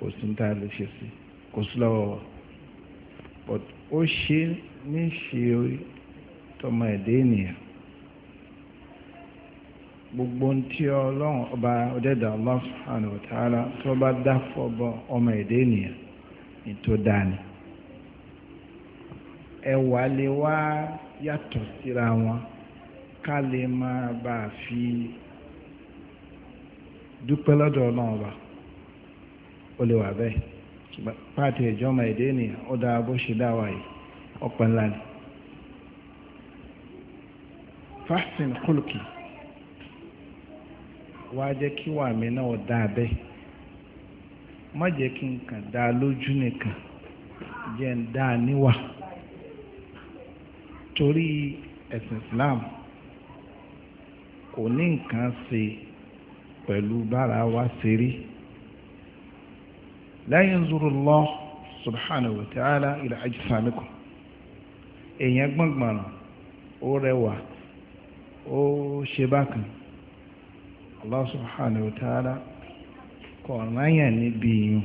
kò sí ní tá a lè ṣe sí kò sí lọ́wọ́ wa but ó ṣe ní ṣe tọmọ ẹ̀dẹ́ ènìyàn gbogbo tí ọlọ́run ọba ọdẹ́dà Allah subhanahu wa ta'ala bá dá fọ́bọ ọmọ ẹ̀dẹ́ ènìyàn ní tó dání ẹwà lè wá yàtọ̀ síra wọn ká lè máa bá a fi dúpẹ́ lọ́dọ̀ ọlọ́run ọba ó lè wà bẹ́ẹ̀ páàtì ẹ̀jọ́ ọmọ èdè ènìyàn ó dáa bó ṣe dáwà yìí ọ̀pẹ ńlá ni. fásitìn kúlùkì wá jẹ́ kí wà mí náà dáa bẹ́ẹ̀ má jẹ́ kí n kàn dáa lójú nìkan jẹ́ ń dáa níwà torí ẹ̀sìn Islam kò ní nǹkan ṣe pẹ̀lú bára wa ṣe rí. لا ينظر الله سبحانه وتعالى إلى أجسامكم إن يقمق مانا أو روا أو شباك الله سبحانه وتعالى قال ما يعني بيو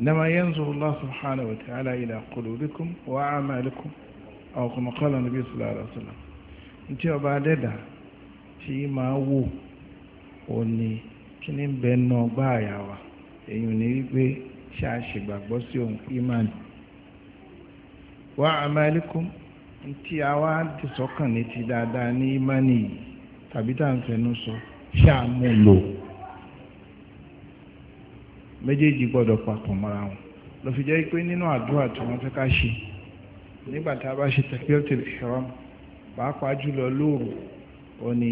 إنما ينظر الله سبحانه وتعالى إلى قلوبكم وأعمالكم أو كما قال النبي صلى الله عليه وسلم أنت بعد ذلك في ما هو ó ní kí ní bẹ́ẹ̀ náà bá àyà wa èyàn ní wípé ṣe àṣègbàgbọ́ sí ohun ìmánì wá amalikum tí a wá ti sọ́kàn ní ti dáadáa ní ìmánì yìí tàbí tá à ń fẹnu sọ ṣàmúlò méjèèjì gbọ́dọ̀ papọ̀ mọ́ra wọn lọ fi jẹ́ pé nínú àdúrà tí wọ́n fẹ́ ká ṣe nígbà tá a bá ṣe takbiratul ihram pàápàá jùlọ lóru ó ní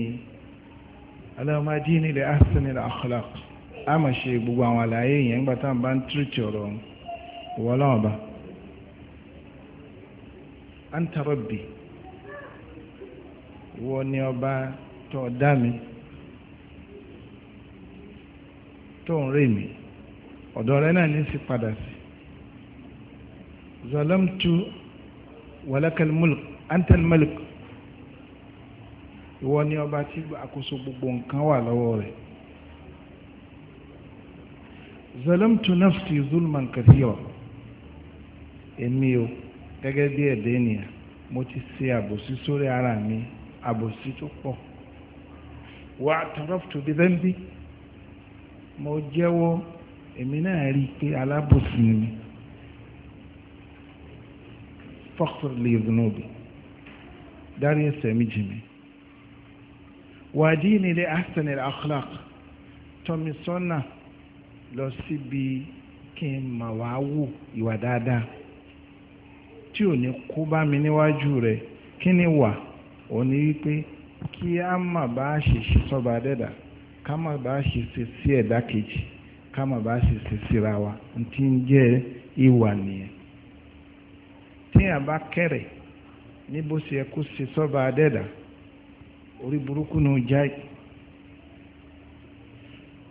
Allahumma adini li ahsanil akhlaq a máa ṣe gbogbo àwọn àlàyé yẹn nígbà tá à ń bá ń tírìtì ọ̀rọ̀ ìwọ ọlọ́run ọba anta rabbi wọ́n ní ọba tó dá mi tó ń rè mí ọ̀dọ̀ rẹ náà ní sí padà sí zalamtu walakal mulk ìwọ ni ọba tí àkóso gbogbo nǹkan wà lọ́wọ́ rẹ̀ zalamtu nafsi zulman kathira èmi o gẹ́gẹ́ bí ẹ̀dẹ́ ènìyàn mo ti ṣe àbòsí sórí ara mi àbòsí tó pọ̀ wa ataraftu bi dhanbi mo jẹ́wọ́ èmi náà rí i pé alábòsí ni mi faghfir li dhunubi dárí ẹ̀ṣẹ̀ mi jì mí wàdíìní lè ahsan al-akhlaq tọ́mi sọ́nà lọ síbi kí n mà wá wò ìwà dáadáa tí ò ní kó bá mi níwájú rẹ̀ kí ni wà ò ní wípé kí a má bá a ṣe ṣe sọ́ba dẹ́dà ká má bá a ṣe ṣe sí ẹ̀dá kejì ká má bá a ṣe ṣe síra wa n ti ń jẹ́ ìwà nìyẹn tí a bá kẹ̀rẹ̀ ní bó ṣe yẹ ṣe sọ́ba dẹ́dà. orí burúkú nù jáì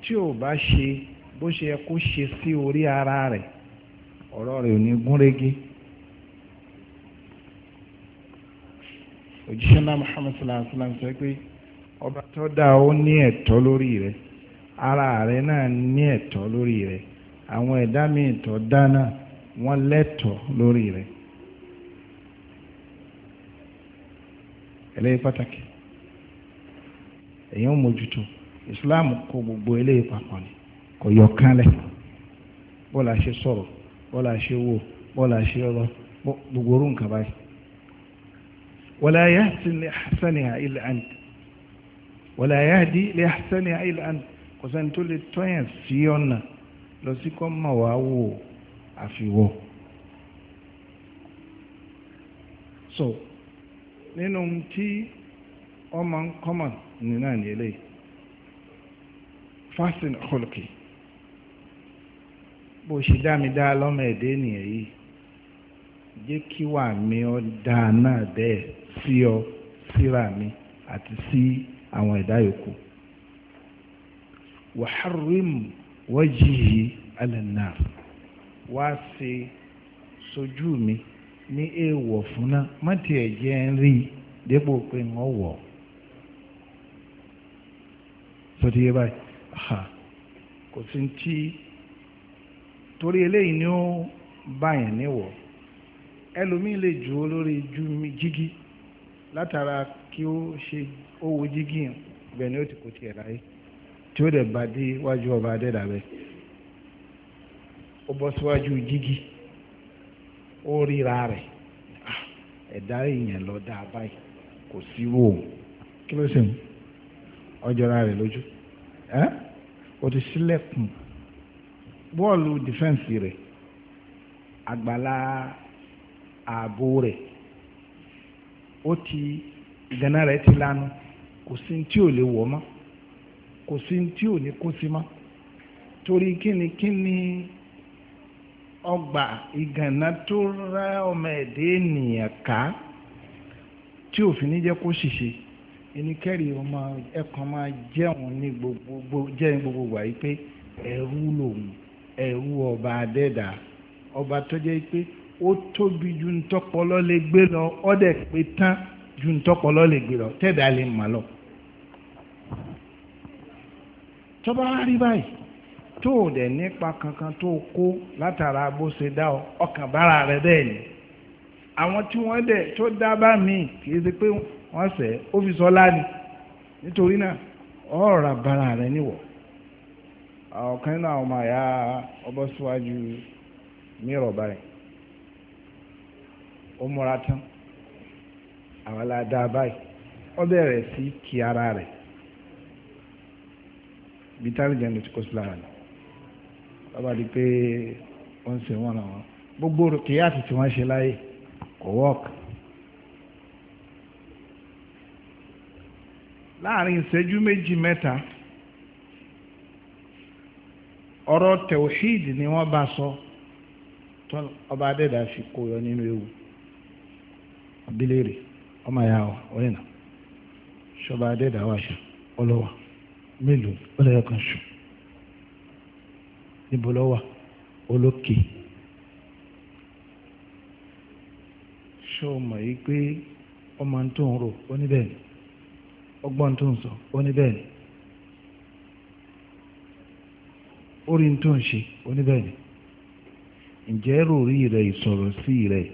tí o bá ṣe bó ṣe yẹ kó ṣe sí orí ara rẹ ọ̀rọ̀ rẹ̀ ò ní gúnrégé òjíṣẹ́ náà Muhammad sallallahu alaihi wa sallam sọ pé ọba tó dáa ó ní ẹ̀tọ́ lórí rẹ̀ ara rẹ̀ náà ní ẹ̀tọ́ lórí rẹ̀ àwọn ẹ̀dá míì tó dá wọ́n lẹ́tọ̀ọ́ lórí rẹ̀ pàtàkì. èyàn ò mójútó islam kó gbogbo eléyìí papọ̀ ni kò yọ kánlẹ̀ bọ́ọ̀lù àṣẹ sọ̀rọ̀ bọ́ọ̀lù àṣẹ wò bọ́ọ̀lù àṣẹ rọ gbogbo orú nǹkan báyìí. wala yahdi li ahsaniha illa ant wala yahdi li ahsaniha illa ant kò sẹ́ni tó lè tọ́yàn sí ọ̀nà lọ sí kọ́ mọ̀ wá wò àfiwọ́. so nínú tí ọmọ ń kọ́mọ̀ ní náà ní eléyìí fasin khulqi bó ṣe dá mi dá lọ́mọ ẹ̀dẹ́ nìyẹn yìí jẹ́ kí wà mí ọ́ dáa náà bẹ́ẹ̀ sí ọ síra mi àti sí àwọn ẹ̀dá yòókù wàhárìm wajhi ala nar wá ṣe sojú mi ní èèwọ̀ fún náà má tiẹ̀ ń rí dépò pé wọ́n wọ̀ ọ́ tó ti yé báyìí kò sí ti torí eléyìí ni ó báyìí níwọ̀ ẹlòmíì lè jù ó lórí jígí látara kí ó ṣe owó jígí bẹ́ẹ̀ ni ó ti kò tiẹ̀ láyé tí ó dẹ̀ bá dé wájú ọba adẹ́dàbẹ́ ó bọ́ síwájú jígí ó ríra rẹ̀ ah, ẹ̀dá èèyàn lọ dáa báyìí kò sí wò ó kí ló ṣe ń ọjọ́ra rẹ̀ lójú ẹ́ o ti sílẹ̀kùn bọ́ọ̀lù dìfẹ́ǹsì rẹ̀ àgbàlá ààbò rẹ̀ ó ti ìgànnà rẹ̀ ti lanu kò sí tí ò lè wọ̀ mọ́ kò sí tí ò ní kó sí mọ́ torí kíni kíni ọgbà ìgànnà tó rẹ ọmọ ẹ̀dẹ́ ènìyàn ká tí òfin ní jẹ́ kó ṣìṣe ẹnikẹ́rì ọmọ ẹ̀kan máa jẹun ní gbogbo jẹun gbogbo wà yìí pé ẹ̀rú lòun ẹ̀rú ọba adẹ́dà ọba tó jẹ́ pé ó tóbi ju ntọ́pọlọ lè gbé lọ ọ̀dẹ̀ pé tán ju ntọ́pọlọ lè gbé lọ tẹ́ẹ̀dá lè mà lọ. tọ́ba wá rí báyìí tó o dẹ̀ nípa kankan tó o kó látara bó ṣe dá ọkàn bára rẹ bẹ́ẹ̀ ni àwọn tí wọ́n dẹ̀ tó dá mi kì í ṣe pé wọ́n sẹ́ ó fi sọ́lá ni nítorí náà ọ̀ọ́ra níwọ̀ ọ̀kan àwọn ọmọ àyà ọbọ̀ síwájú mírọ̀ báyìí ó múra tán àwọn aládàá báyìí ó bẹ̀rẹ̀ sí kí ara rẹ̀ bí tálíjà ló ti kó ọba di pé ń wọn gbogbo kìí àti tí wọ́n ṣe kò wọ́ọ̀kì. láàrin ìṣẹ́jú méjì mẹ́ta ọ̀rọ̀ tẹ̀wíìd ni wọ́n bá sọ tó ọba adẹ́dà fi kó yọ nínú ewu abilérè ọmọ ya ọ ọ̀rẹ́nà ṣọba adẹ́dà wà ṣá ọlọ́wà mélòó ọlọ́yà kan ṣù níbo lọ́wà olókè ṣọ́ mọ̀ yí pé ọmọ tó ń rò ó níbẹ̀ ni. ọgbọ́n tó ń sọ oníbẹ̀ẹ̀ni orin tó ń ṣe oníbẹ̀ẹ̀ni ǹjẹ́ ròrí rẹ̀ ìsọ̀rọ̀ sí rẹ̀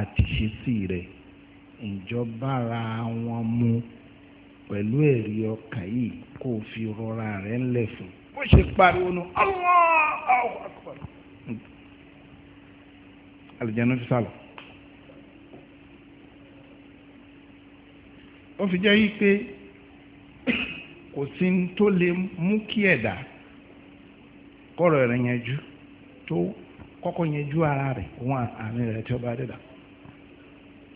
àtìṣe sí rẹ̀ ìjọbára wọn mu pẹ̀lú ẹ̀rí ọkàn yìí kó o fi rọra rẹ̀ ńlẹ̀ fún bó ṣe pariwo nu Allahu Akbar alìjẹ́nu fi sálọ. ó fi jẹ́ wípé kò sí tó lè mú kí ẹ̀dá kọ́rọ̀ rẹ̀ yanjú tó kọ́kọ́ yanjú ara rẹ̀ òun àmì rẹ̀ tí ó bá dẹ̀dà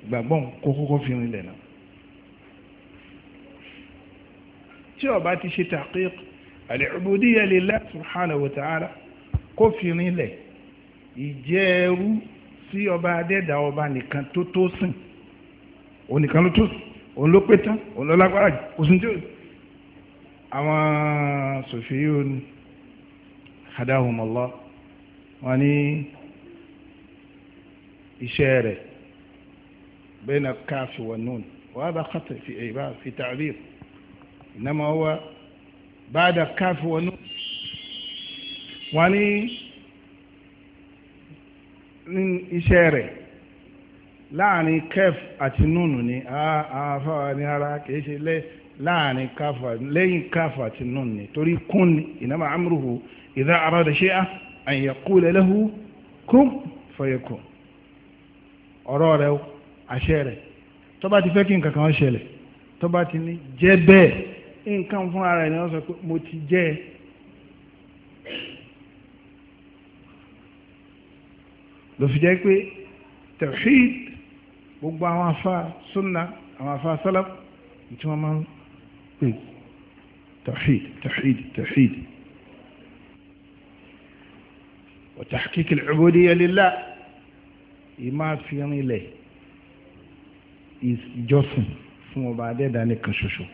gbàgbọ́n kó kọ́kọ́ fi rinlẹ̀ náà tí ó ti ṣe tàkík al-ubudiyya lillah subhanahu wa ta'ala kó fi rinlẹ̀ ìjẹ́ ẹrú sí ọba adẹ́dà ọba nìkan tó tó sìn òun nìkan ló tó sìn òun ló pé tán òun ló lágbára jù òsùn tí ó àwọn sòfin hadahumullah wọn ní iṣẹ́ rẹ̀ bẹ́ẹ̀na káfí wà nùn wàá bá kàtà fi ẹ̀yìnbá eh, fi tàbí ìnáma wá báadà káfí wà nùn wọn ní iṣẹ́ rẹ̀ láàrin kef àti nùnù ni àfáà ní ara kìí ṣe lẹ́ láàrin káfà lẹ́yìn káfà àti nùnù ni torí kún ni ìnáma amúrùhù ìdá arada shay'a an yaqula lahu kún fayakun ọ̀rọ̀ rẹ̀ àṣẹ rẹ̀ tó bá ti fẹ́ kí nǹkan kan ṣẹlẹ̀ tó ti ní jẹ́ bẹ́ẹ̀ nǹkan fúnra rẹ̀ ni wọ́n sọ pé mo ti jẹ́ ẹ lọ pé tawhid gbogbo àwọn afá súnà àwọn afá sálàf tí wọ́n máa ń pè tawhid tawhid tawhid wa tahqiq al-ubudiyya lillah ìmá fi rinlẹ̀ ìjọsìn fún ọba adẹ́dá nìkan ṣoṣo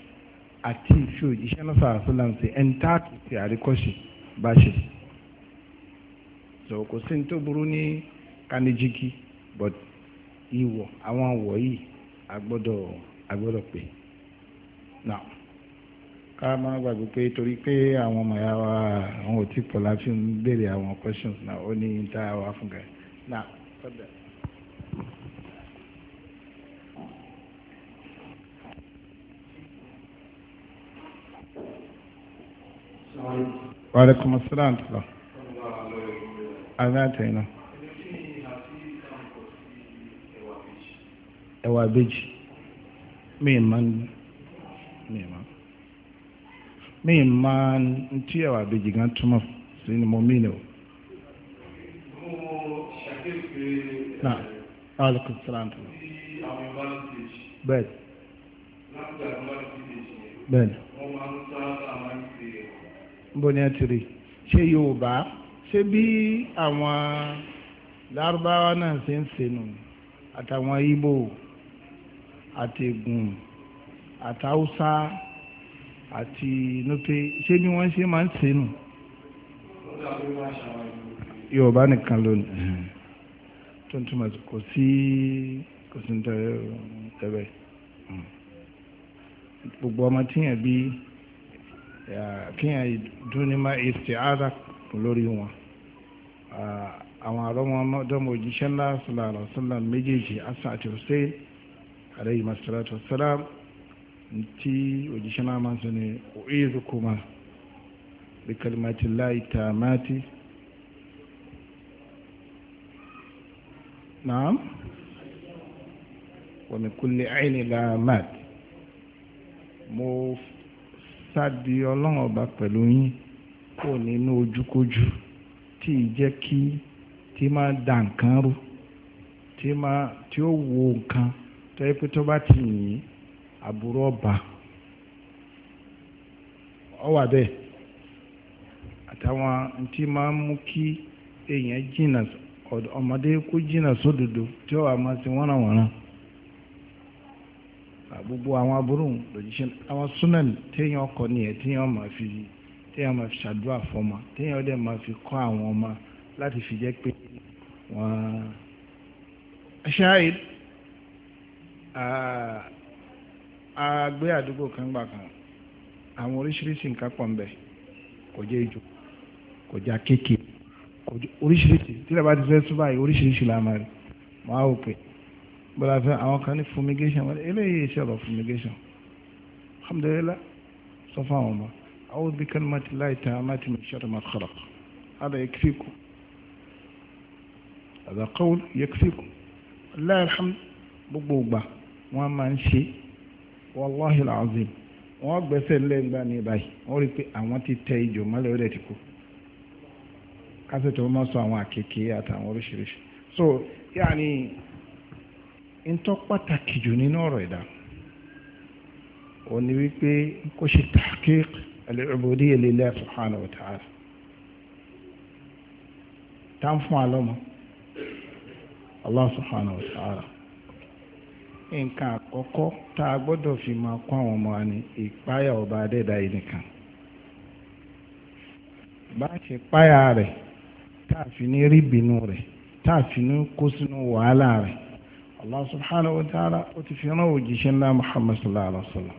àti ìfi òjíṣẹ́ náà sàásùlà ń ṣe ẹ̀ńtáàkì ti àríkọ́ṣe bá ṣe so kò sí ní tó burú ní kanijiki but ìwọ̀ àwọn àwọ̀ yìí agbọ́dọ̀ agbọdọ pé náà ká má gbàgbé pé torí pé àwọn ọmọ ya àwọn ò tí pọ̀ láti ń béèrè àwọn questions náà ó ní tá a wá fún gẹ̀ ẹwà bèjì mímá ntí ẹwà bèjì gan túmọ̀ sí ni mo mí o. na alaikum salaam tó. bẹ́ẹ̀. bẹ́ẹ̀. nbọ ni Yorùbá ṣé bí àwọn Lárúbáwá náà ṣe ń ṣe nù àtàwọn Ìgbò. àtẹ̀gùn àtàwùsá àti nupe ṣé bí wọ́n ṣe máa ń ṣe nù. yorùbá nìkan lónìí tó ń túmọ̀ kò sí kò sí ní tẹ́lẹ̀ gbogbo ọmọ tíyàn bí kíyàn dún ní máa ìsì áádá lórí wọn àwọn àrọ́mọdọ́mọ òjíṣẹ́ ńlá sallallahu alaihi wasallam méjèèjì asa àti hussein alayhi masalatu wasalam tí òjíṣẹ́ náà máa ń sọ ní u'idhukuma bi kalimatillahi taamati naam wa min kulli ayni laamat mo sádi ọlọ́run ọba pẹ̀lú yín kò nínú ojúkójú tí ì jẹ́ kí tí máa da nǹkan rú tí ó wo nǹkan tẹ́ pé tó bá ti yìn àbúrò ọba ọ wà bẹ́ẹ̀ àtàwọn tí máa ń mú kí ọdụ jìnnà tí ó ma máa ti wọ́nà wọ́nà gbogbo àwọn aburú lòjíṣẹ́ àwọn súnmẹ́n téèyàn kọ nìyẹn téèyàn fi fi ṣàdúrà fọmọ téèyàn dẹ̀ fi láti fi a gbé àdúgbò kan gbà kan àwọn oríṣiríṣi nǹkan pọ̀ ń bẹ kò jẹ́ ìjò kò já kéèké kò jẹ́ oríṣiríṣi tí ìjọba ti fẹ́ tún báyìí oríṣiríṣi la máa rí wọ́n á wò bọ́lá fẹ́ àwọn kan ní fumigation wọ́n eléyìí ṣe ọ̀rọ̀ fumigation alhamdulilah sọ fún àwọn ọmọ àwọn òbí kan máa ti láì tán máa ti mọ̀ ṣọ́ọ̀tà máa kọ̀rọ̀ hada yakfiku hada qawl yakfiku láì alhamdu gbogbo ògbà wọ́n máa ń ṣe wàláhi làzim wọ́n gbẹ́sẹ̀ lẹ́gbà ní báyìí wọ́n rí ti tẹ ìjò mọ́lẹ̀ rẹ̀ ti kú kásìtì wọ́n máa sọ àwọn àkèké so yaani ntọ́ pàtàkì jù nínú ọ̀rọ̀ ẹ̀dá ó wípé kó ṣe tahqiq al-ubudiyya lillahi subhanahu wa ta'ala ń fún alọ́mọ Allah subhanahu nǹkan àkọ́kọ́ tá a gbọ́dọ̀ fi máa kọ́ àwọn ọmọ wa ní ìpáyà ọba adẹ́dá yìí nìkan bá a ṣe páyà rẹ̀ tá a fi ní rí ìbínú rẹ̀ tá a fi ní kó sínú wàhálà rẹ̀ allah subhanahu wa ta'ala ó ti fi rán òjíṣẹ́ ńlá muhammad sallallahu alaihi wa sallam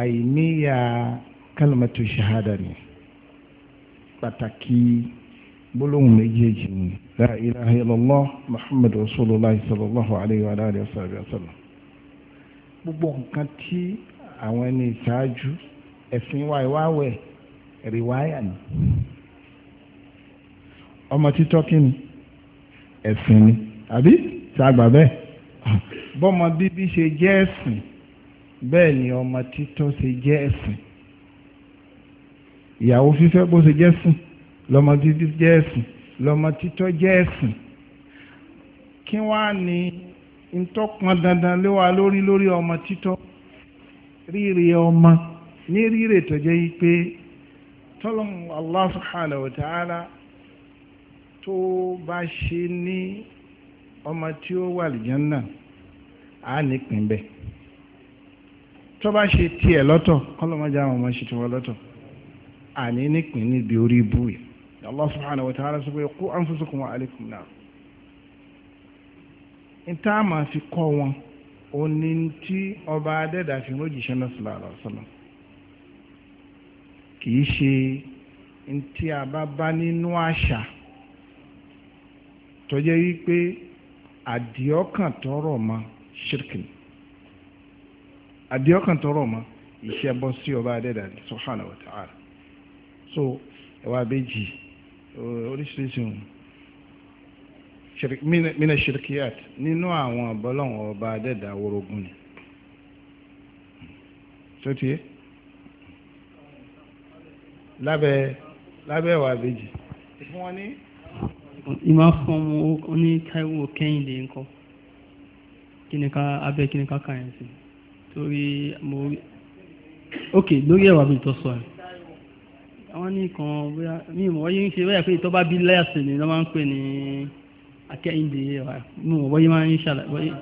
àìníyà kalimatu shahada ni pàtàkì gbólóhùn méjèèjì ni la ilaha illallah muhammadu rasulullah sallallahu alayhi wa alayhi wa sallam gbogbo nǹkan tí àwọn ẹni ìṣáájú ẹ̀sìn wa ìwáwẹ̀ rìwáyà ni ọmọ títọ́ kí ni ẹ̀sìn ni àbí ṣàgbà bẹ́ẹ̀ bọ́mọ bíbí ṣe jẹ́ ẹ̀sìn bẹ́ẹ̀ ni ọmọ títọ́ ṣe jẹ́ ẹ̀sìn ìyàwó fífẹ́ bó ṣe jẹ́ ẹ̀sìn lọ́mọ dídí jẹ́ ẹ̀sìn lọ́mọ títọ́ jẹ́ ẹ̀sìn kí wàá ní ntọ́pọn dandan lé wa lórí lórí ọmọ títọ́ rírè ọmọ ní rírè tó jẹ́ yí pé tọ́lọ́mù Allah subhanahu wa ta'ala tó bá ṣe ní ọmọ tí ó wà lìjánná á nípìn bẹ́ẹ̀ tó bá ṣe tiẹ̀ lọ́tọ̀ kọ́lọ́mọdé àwọn ọmọ ṣe tiwọn lọ́tọ̀ àní nípìn níbi orí ibú yìí. Allah subhanahu wa ta'ala sọ pé qu anfusakum wa alaykum nar n tá a máa fi kọ́ wọn òní tí ọba adẹ́dà fi rọ́jìṣẹ́ náà sallallahu alaihi wasallam kì í ṣe n tí a bá bá nínú àṣà tọ́jẹ́ wípé àdìọ́kàn tọrọ ma ṣírkìn àdìọ́kàn tọrọ ma ìṣẹ́bọ sí ọba adẹ́dà subhanahu wa ta'ala so ẹwà bẹ́ẹ̀ jì Eh, oríṣiríṣi mina shirkiyat nínú àwọn ọ̀bọ́lọ́wọ́n ọba adẹ́dà worogun ni sotie lábẹ́ lábẹ́ wà bèjì fún wọn ní. ìmọ̀ fún ọmọ ní Táíwò Kẹ́hìndé ńkọ́ kí ni ká abẹ́ kí ni ká kàn yẹn sí torí mo ok lórí ẹ̀wà mi tó sọ yẹn àwọn ní kan bóyá mi ò mọ̀ wọ́n yé ń ṣe bẹ́ẹ̀ pé ìtọ́ba bí lẹ́ẹ̀sì ni wọ́n máa ń pè ní akẹ́yìndé wa mi ò mọ̀ wọ́n yé máa ń ṣàlàyé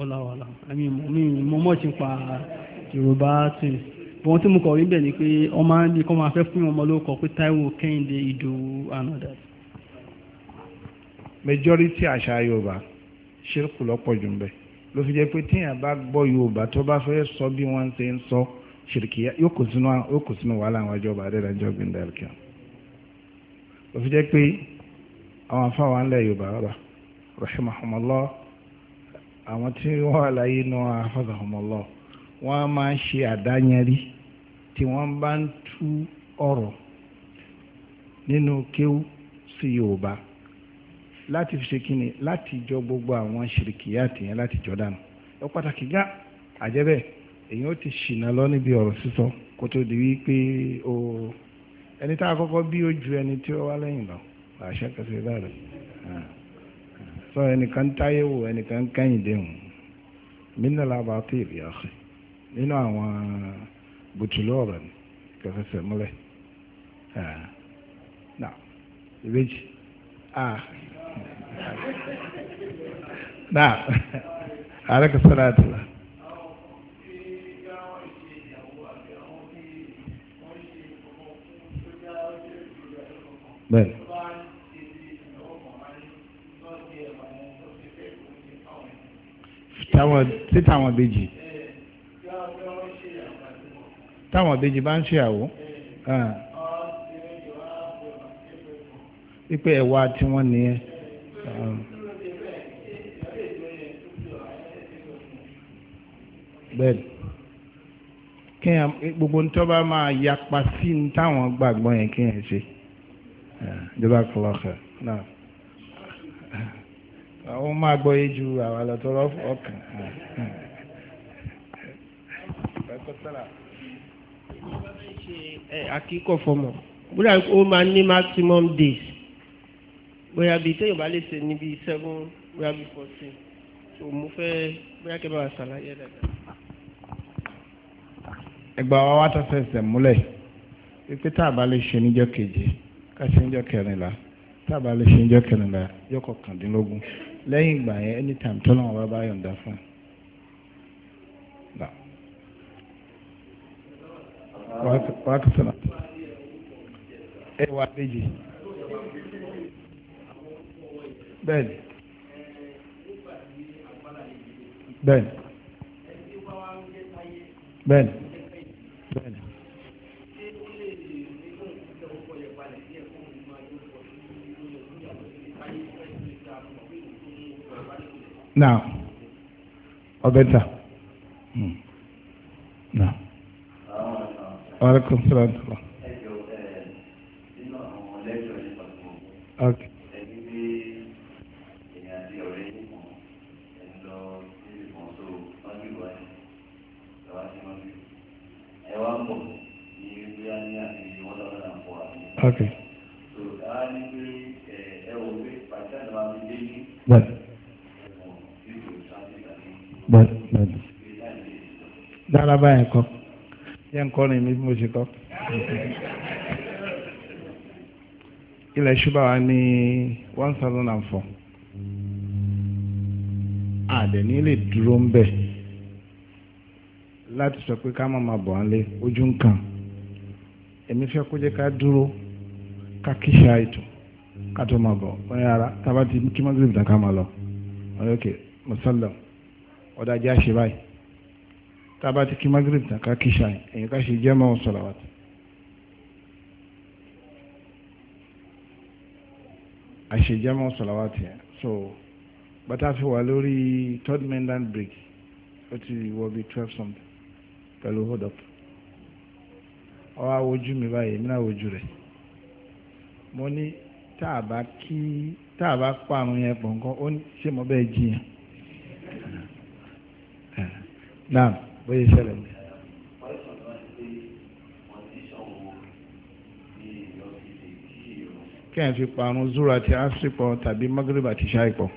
ọ̀làwọ̀là àmì ìmọ̀ mi ìmọ̀ mọ̀ ti pa Yorùbá tì bọ́n tí mo kọ̀ wíbẹ̀ ni pé ọmọ ní kọ́ máa fẹ́ fún ọmọ ló pé Táíwò Kẹ́hìndé Ìdòwú anoda. majority àṣà Yorùbá ṣírkù lọ́pọ̀ jù ń bẹ̀ ló fi jẹ́ pé téèyàn bá gbọ́ Yorùbá tó bá fẹ́ sọ bí wọ́n ṣe ń sọ ṣìrìkìyà yóò kò sínú wàhálà àwọn ọjọ́ bàdé ìdájọ́ gbìndà ẹ̀kẹ́ ó fi jẹ́ pé àwọn afáwọn ńlẹ̀ yorùbá rà rahimahumallah àwọn tí wọ́n wà láyé inú afáfàhumallah wọ́n á máa ṣe àdáyẹrí tí wọ́n bá ń tú ọ̀rọ̀ nínú kéwú sí yorùbá láti fi ṣe kíni láti jọ gbogbo àwọn ṣìrìkìyà tìyẹn láti jọ dànù ó pàtàkì gá àjẹbẹ́ẹ̀ èyàn ti ṣìnà lọ níbi ọ̀rọ̀ sísọ kó tó di wípé o ẹni tá a kọ́kọ́ bí ó ju ẹni tí ó wá lẹ́yìn lọ àṣẹ kẹsẹ̀ dáadáa sọ ẹnìkan táyé wò ẹnìkan kẹ́yìn déhùn mínà làbà tó ìrì ọ̀sẹ̀ nínú àwọn bùtùlù ọ̀rọ̀ ni kẹfẹsẹ̀ múlẹ̀ nà ìbejì nà àrẹ kẹsẹ̀ dáadáa. bẹ́ẹ̀. tí táwọn bèjì táwọn bèjì bá ń ṣèyàwó ah. wípé ẹ̀wà tí wọ́n nìyẹn. Ah. bẹ́ẹ̀ kí gbogbo ń tọ́ bá máa yapa sí ní táwọn gbàgbọ́ yẹn kí yẹn ṣe. Jazakallah khair náà àwọn máa gbọ́ yé ju àwọn àlọ́tọ́rọ́ ọkàn. akíkọ̀ fọmọ bóyá ó máa ní maximum days bóyá bíi téèyàn bá lè ṣe níbi seven bóyá bíi fourteen so mo fẹ́ bóyá kẹ́ bá wa ṣàlàyé dáadáa. ẹgbàá wa wá tó fẹsẹ̀ múlẹ̀ pípẹ́ tá a bá lè ṣe níjọ́ keje káṣí ń jọ kẹrìnlá tábà lè ṣe kẹrìnlá jọ kọkàndínlógún lẹ́yìn ìgbà yẹn anytime tó lọ́wọ́ bá bá yọ̀ǹda fún un. ẹ wá méjì bẹ́ẹ̀ni bẹ́ẹ̀ni bẹ́ẹ̀ni bẹ́ẹ̀ni. now ọbẹ̀ ta hmm. now alaikum salaam tala. Okay. Okay. lálábá yẹn kọ yẹ ń kọrin mi bí mo ṣe kọ. ilẹ̀ ṣúbà wa ní one thousand and four àdẹ̀ní lè dúró ń bẹ̀ láti sọ pé ká má máa bọ̀ ánlé ojú ń èmi fẹ́ kó jẹ́ ká dúró ká kíṣà ètò ká tó máa bọ̀ wọ́n yára tábà ti kí mọ́tò ìbùdó ká lọ. ok musalam ọ̀dà jẹ́ báyìí tába ti kí magrib tán ká kí ṣáì èyí ká ṣe salawat mọ́ sọ̀làwàtì. àṣejẹ́ mọ́ sọ̀làwàtì so bàtà fi wà lórí third mainland bridge ó ti wọ bí twelve something pẹ̀lú hold up ọ wá wojú mi báyìí mi náà wojú rẹ̀ mo ní tá a bá kí tá a bá pààrùn yẹn pọ̀ nǹkan ó ní ṣé mo bẹ́ẹ̀ jiyàn. Naam bóyá ìṣẹ̀lẹ̀ mi. kí ẹ̀ fi parun zura ti asipọ̀ tàbí magreba ti ṣáìpọ̀.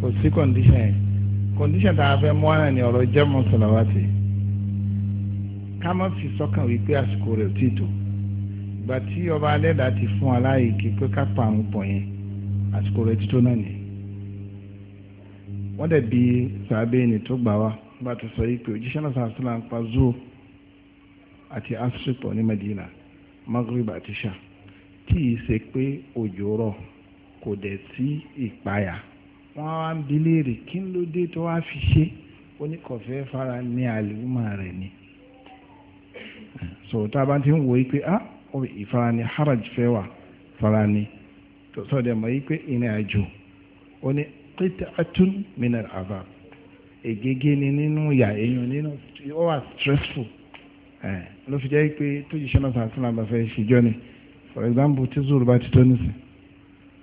kò sí kọ́ndíṣàn yẹn kọ́ndíṣàn tá a fẹ́ mú ara ni ọ̀rọ̀ jẹ́ mọ́sálàwátì ká má fi sọ́kàn wípé àsìkò rẹ̀ ti tó ìgbà tí ọba alẹ́dàá ti fún aláìkí pé ká parun pọ̀ yẹn àsìkò rẹ̀ ti tó náà nìyẹn wọ́n dẹ̀ bí sàbẹ́ ni tó gbà wá bá tó sọ yìí pé òjíṣẹ́ náà sàn sílá ń pa zoo àti asopọ̀ ní Medina Maghrib àti sha tí ì ṣe pé òjò rọ̀ kò dẹ̀ sí ìpayà wọ́n á ń bi léèrè kí ló dé tó wá fi ṣe oníkọ̀fẹ́ fara ní àlùmọ́ rẹ̀ ni so tá a bá ti ń wò ó pé ah ìfara ni haraj fẹ́ wà fara ni sọ̀dẹ̀ mọ̀ yí pé ìrìn àjò ó ní qit'atun min al-azab ni nínú ìyà èèyàn nínú ó wà stressful ló fi jẹ́ pé tó jíṣẹ́ náà sàn sílẹ̀ àbáfẹ́ ìṣèjọ́ ni for example tí zuru bá ti tó nísìn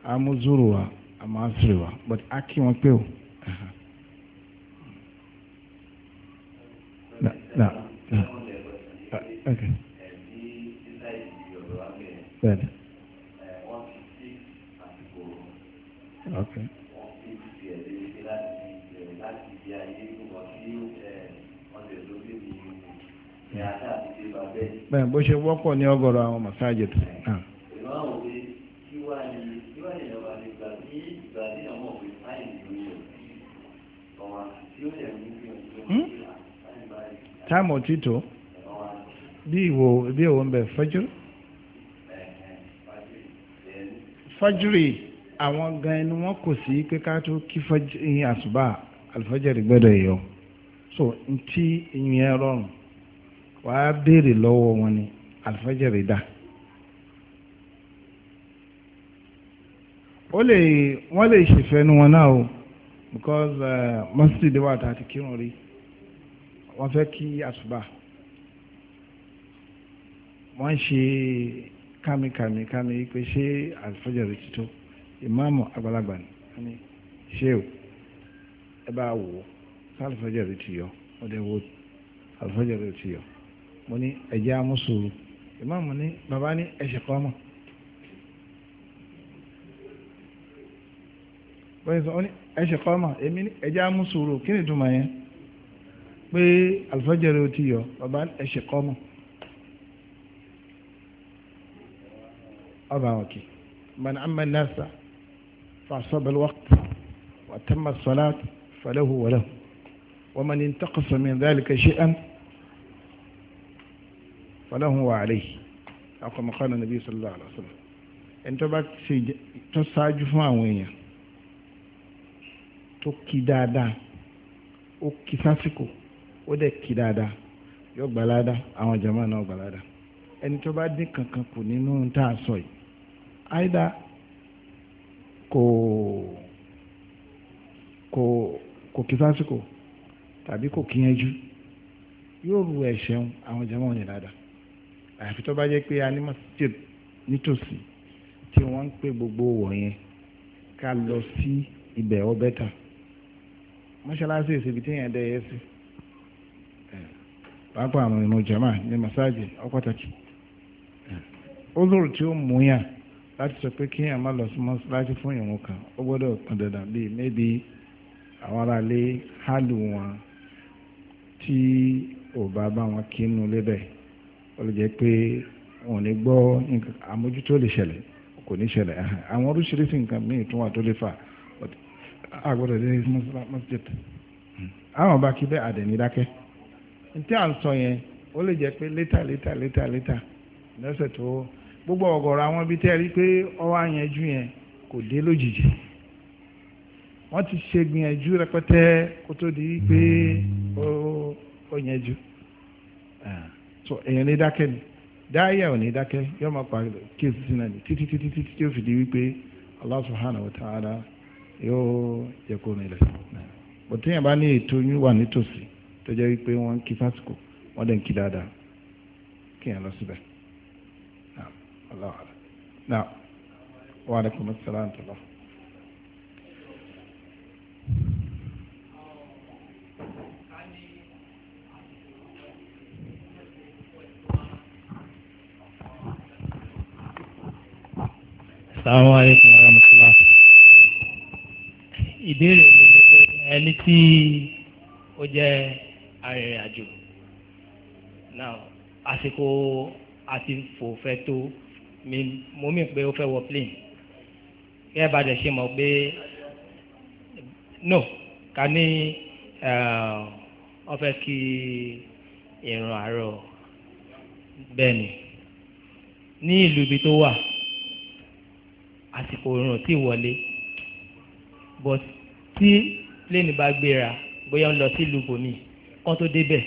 a zuru wa a máa wa but a kí wọn pé o. Okay. Okay. bẹ́ẹ̀ bó ṣe wọ́pọ̀ ní ọgọ́rọ̀ àwọn masajid. táàmù hmm? títò bí ìwò bí ìwò ń bẹ fajiri fajiri àwọn gan ẹni wọn kò sí pé ká tó kí fajiri àsùbà alfajiri gbọ́dọ̀ yọ so ntí ìyẹn rọrùn wàá béèrè lọ́wọ́ wọn ni àlùfájàre dà. ó lè wọ́n lè ṣèfẹ́ nu wọn náà o because uh, mọ́sídìí wà tá a ti kírun rí wọ́n fẹ́ kí àsùbà wọ́n ṣe kàmìkàmì kàmì pé ṣé àlùfájàre ti tó ìmáàmù àgbàlagbà ni ṣé o ẹ bá wò ó sálùfájàre ti yọ ọdẹ wo àlùfájàre ti yọ. mo ní ẹ̀jẹ̀ amúsòrò ìmáàmù ní bàbá ní ẹ̀ṣẹ̀ kọ́ mọ̀ bẹ́ẹ̀ sọ ní ẹ̀ṣẹ̀ kọ́ mọ̀ èmi ní ẹ̀jẹ̀ amúsòrò kí ni ìtumọ̀ yẹn pé àlùfáàjẹ̀rẹ̀ ò ti yọ bàbá ní ẹ̀ṣẹ̀ kọ́ mọ̀ ọba òkè man amma nasa fa asaba alwaqt wa tamma as-salat falahu wa lahu wa man intaqasa falahu wa alayhi akọmọkànlá nàbí sallallahu alaihi wasallam ẹni tó bá ṣe tó ṣáájú fún àwọn èèyàn tó kí dáadáa ó kí sásìkò ó dẹ̀ kí dáadáa yóò gbalada àwọn jama náà gbalada ẹni tó bá dín kankan kù nínú tá a sọ yìí àìdá kò kò kò kí sásìkò tàbí kò yóò ru ẹ̀ṣẹ̀ àwọn jama wọn dáadáa àfi tó bá jẹ́ pé a ní masjid nítòsí tí wọ́n ń pè gbogbo wọ̀nyẹn ká lọ sí ibẹ̀ ọbẹ̀ tà mọ́ṣáláṣí ìsèbí tí yẹn dẹ́yẹ sí pàápàá àwọn ìmọ̀ jama ní masáàjì ọ̀pọ̀tàkì ó lóòrò tí ó mú yàn láti sọ pé kí àmà lọ sí mọ́ṣáláṣí fún ìwọ̀n kan ó gbọ́dọ̀ pọn dandan bíi mẹ́bí àwọn aráalé hálù wọn tí ò bá bá wọn kí inú lébẹ̀ ó lè jẹ́ pé wọn ò ní gbọ́ àmójútó lè ṣẹlẹ̀ kò ní ṣẹlẹ̀ àwọn oríṣiríṣi nǹkan míì tún wà tó lè fà àgbọ̀dọ̀ dé masjid hmm. àwọn bá kí bẹ́ẹ̀ àdẹ̀ní dákẹ́ ntí à ń sọ yẹn ó lè jẹ́ pé létà létà létà létà lọ́sẹ̀ tó gbogbo ọ̀gọ̀rọ̀ àwọn ibi tẹ́ ẹ rí pé ọwọ́ àyànjú yẹn kò dé lójijì wọ́n ti ṣe gbìyànjú rẹpẹtẹ kó tó di pé hmm. ó yanjú. sọ èèyàn ní dákẹ́ ni dáyà ò ní dákẹ́ yóò máa pa kéésì sí náà ni títí títí títí tí ó fi di wípé yóò kó nílẹ̀ yẹn bá ní ètò yín wà nítòsí tó jẹ́ wípé wọ́n ń kí fásitì Assalamu alaikum warahmatullah. ìbéèrè mi ni pé ẹni tí ó jẹ́ arìnrìn-àjò now àsìkò àti fò fẹ́ tó mo mì pé ó fẹ́ wọ plane kẹ́ ẹ bá dẹ̀ ṣe mọ̀ pé no ká ní ọ uh, fẹ́ kí ìrun àárọ̀ bẹ́ẹ̀ ni ní ìlú ibi tó wà àsìkò òòrùn tí wọlé but tí pléènì bá gbéra bóyá ń lọ sí ìlú bòmí kán tó débẹ̀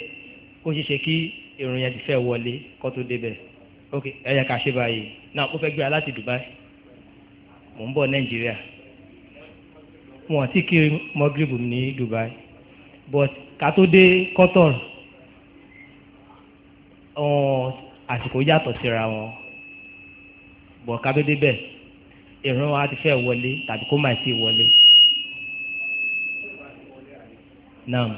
ó ṣeé ṣe kí èrò yẹn ti fẹ́ wọlé kán tó débẹ̀ ok ẹ yẹ ṣe báyìí náà ó fẹ́ gbéra láti Dubai mò ń bọ̀ Nàìjíríà wọn àti kiri mọ́gìrìbù ní Dubai but ká tó dé Qatar àsìkò yàtọ̀ síra wọn bọ̀ ká tó débẹ̀ ìrun wa ti fẹ́ wọlé tàbí kó má ti wọlé. Naam.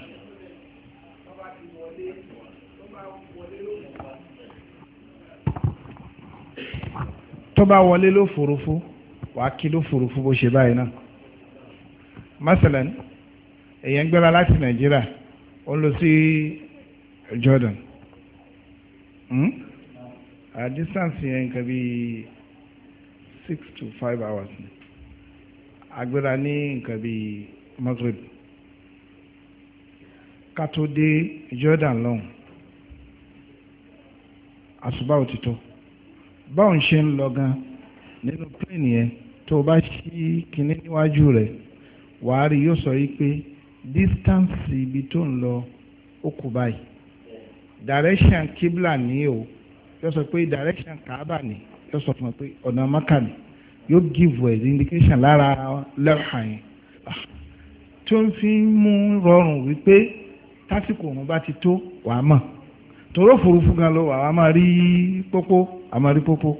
tó bá wọlé ló fòròfó wàá kí ló fòròfó bó ṣe báyìí náà masalan èèyàn gbéra láti nàìjíríà ó lọ sí Jordan hmm? a distance yẹn nǹkan bíi six to five hours ni agbéra ní nǹkan bíi Maghrib ká tó dé Jordan lọ́hùn àṣùbà òtítọ́ báwo ń ṣe ń lọ gan nínú plane yẹn tó o bá ṣí kinní níwájú rẹ̀ wàá rí yóò sọ yìí pé distance ibi tó ń lọ ó kù báyìí direction kibla ní o yóò sọ pé direction kaaba ni yóò sọ fún wọn pé ọ̀nà maka ni yóò give us indication lára lẹ́hàn yẹn tí ó ń fi mú rọrùn wípé tásìkò òun bá ti tó wàá mọ̀ tòró òfurufú gan lọ wàá máa rí pópó àmọ́ rí pópó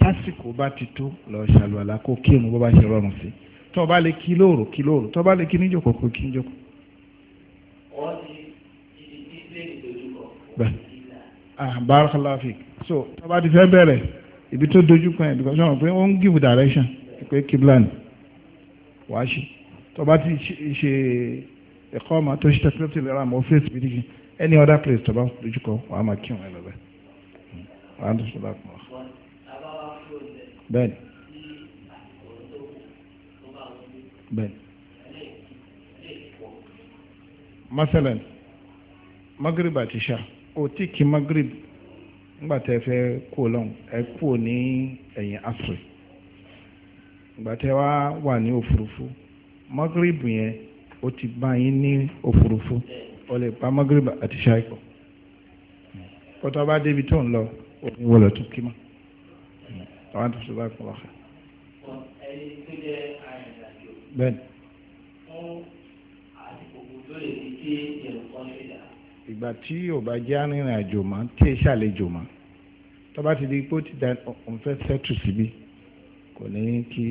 tásìkò bá ti tó lọ ṣàlùwàlà kó kírun bó bá ṣe rọrùn sí tó o bá lè kí lóòrò kí lóòrò tó o bá lè kí níjòkó kó kí níjòkó. wọ́n ti di ilé ìdojúkọ. bẹ́ẹ̀ ah barakallahu fik so tó o bá ti fẹ́ bẹ̀rẹ̀ ibi tó dojú kan ẹ̀ because wọ́n pé ó give direction pé kíbla ni wàá ṣe tó bá ti ṣe ẹ̀kọ́ ọmọ tó ṣe tẹ́tí lọ́wọ́ àmọ́ face bí any other place tó bá dojú kọ wàá máa kí wọn ẹ lọ́bẹ̀ wàá ń sọ lápò wá. bẹ́ẹ̀ni bẹ́ẹ̀ni masalan magrib àti ṣá kò tí kí magrib nígbà tẹ́ fẹ́ kú lọ́hùn ẹ kú ní ẹ̀yìn asre nígbà tẹ́ wá wà ní o mọ́gírìbù yẹn ó ti bá yín ní òfurufú ó lè pa mọ́gírìbù àti ṣáìkọ̀ kótó bá débi tó ń lọ òní wọlé tó kí mọ́ àwọn tó sọ bá kọ́ wá. bẹ́ẹ̀ni. fún ìgbà tí ò bá jẹ́ arìnrìn àjò mọ́ tí èsì àlejò mọ́ tó bá ti di pé ó ti da òun fẹ́ sẹ́tù síbí kò ní kí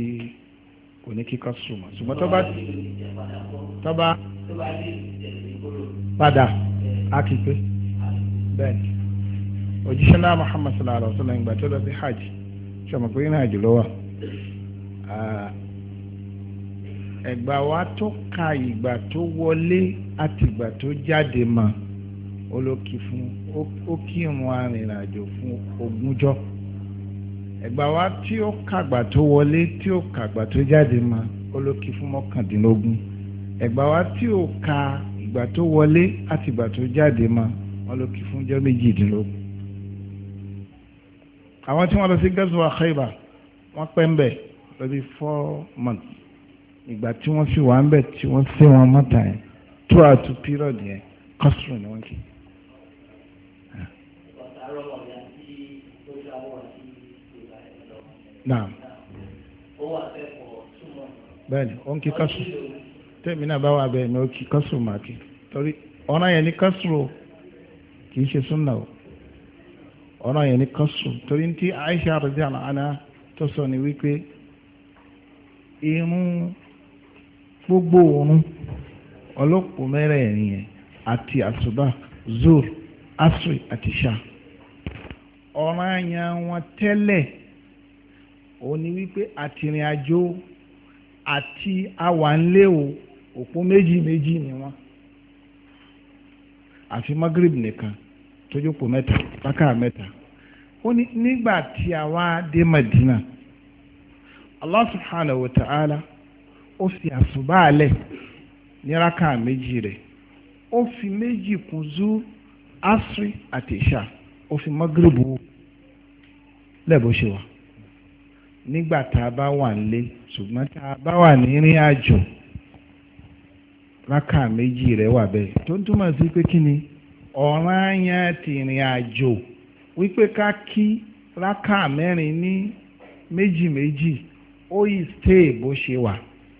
kò ní kí kọ́sùn mọ́ ṣùgbọ́n tó bá tó bá padà á kì í pé bẹ́ẹ̀ òjíṣẹ́ náà Muhammad sallallahu alaihi wa sallam ìgbà tó lọ sí hajj ṣe mọ̀ pé ìrìn àjò ló wà ẹ̀gbà wa tó ka ìgbà tó wọlé àti ìgbà tó jáde mọ́ ó ló kí fún ó kí irun arìnrìnàjò fún ogúnjọ́ ẹ̀gbà wa tí ó kàgbà tó wọlé tí ó kàgbà tó jáde mọ́ ó ló kí fún mọ́kàndínlógún ẹ̀gbà wa tí ó ka ìgbà tó wọlé àti ìgbà tó jáde mọ́ wọ́n fún jọ́ méjìdínlógún àwọn tí wọ́n lọ sí gẹ́sùwà Khaybar wọ́n pẹ́ ń bẹ̀ lórí four months ìgbà tí wọ́n fi wà ń bẹ̀ tí wọ́n sí mọ́ta yẹn throughout period yẹn kọ́sùrù ni wọ́n kì í. náà. ó wà lẹ́kọ̀ọ́ túmọ̀. bẹ́ẹ̀ni ó kí kásù tẹ́mi náà bá wà bẹ́ẹ̀ ni ó kí kásù máa kí torí ọ̀ràn yẹn ní kásù kì í ṣe súnà o ọ̀ràn yẹn ní kásù torí ti Aisha radiyallahu anha tó sọ ni wípé irun gbogbo ọlọ́pọ̀ yẹn àti zoro asri àti òun ni wípé àtìrìn àjò àti awànlé o méjì méjì ni wọn àfi magrib nìkan tójú pò mẹ́ta bákà mẹ́ta ó ní nígbà tí a wá dé Madina Allah subhanahu wa ta'ala ó fi àsùbá alẹ̀ ní rákà méjì rẹ̀ ó fi méjì kún zúr asri àti ìṣà ó fi magrib wò lẹ́bùn ṣe wà. nígbà tá a bá wà nílé ṣùgbọ́n tá a bá wà ní rìn àjò méjì rẹ wà bẹ́ẹ̀ tó ń túmọ̀ sí pé kí ni ti rìn àjò wípé ká kí rákà mẹ́rin ní méjì méjì ó yìí stay bó ṣe wà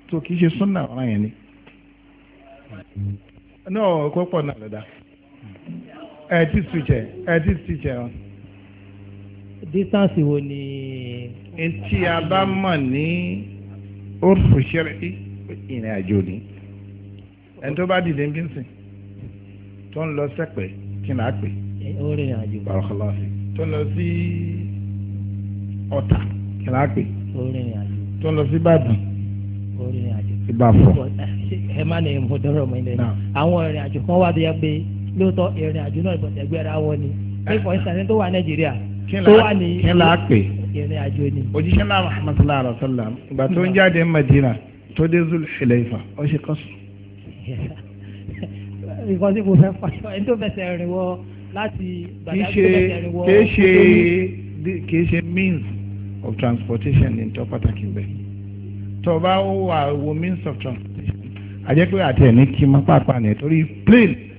tó kì í ṣe súnà ni náà kó pọ̀ náà lọ́dà ẹ̀ tí switch ẹ̀ ẹ̀ wo ni. etí a bá mọ̀ ní orfu shar'i ìrìn àjò ni ẹni tó bá dìde bí ń sìn tó ń lọ sẹ́pẹ̀ kí n á pè tó ń lọ sí ọ̀tà kí n á pè tó ń lọ sí ìbàdàn ìbàfọ̀. ẹ má ní mo dọ́rọ̀ mọ́ ilé àwọn ìrìn àjò kan wà tó pé lóòótọ́ ìrìn àjò náà ìbọn ẹgbẹ́ ni. pé for tó wà Nàìjíríà tó wà ní. kí n là pè ìrìn àjò ni. òjíṣẹ́ náà Muhammad sallallahu alaihi tó ń jáde Madina tó dé zul Hulaifa ó ṣe kọ́sù. ìkọ́sí kò fẹ́ fà ẹni tó fẹsẹ̀ rìn wọ láti gbàdá tó fẹsẹ̀ rìn wọ. kì í ṣe kì í ṣe means of transportation ní tó pàtàkì bẹ́ẹ̀ tó bá wà wo means of transportation àjẹpẹ́ àtẹ̀ ní kí n má pàápàá nítorí plane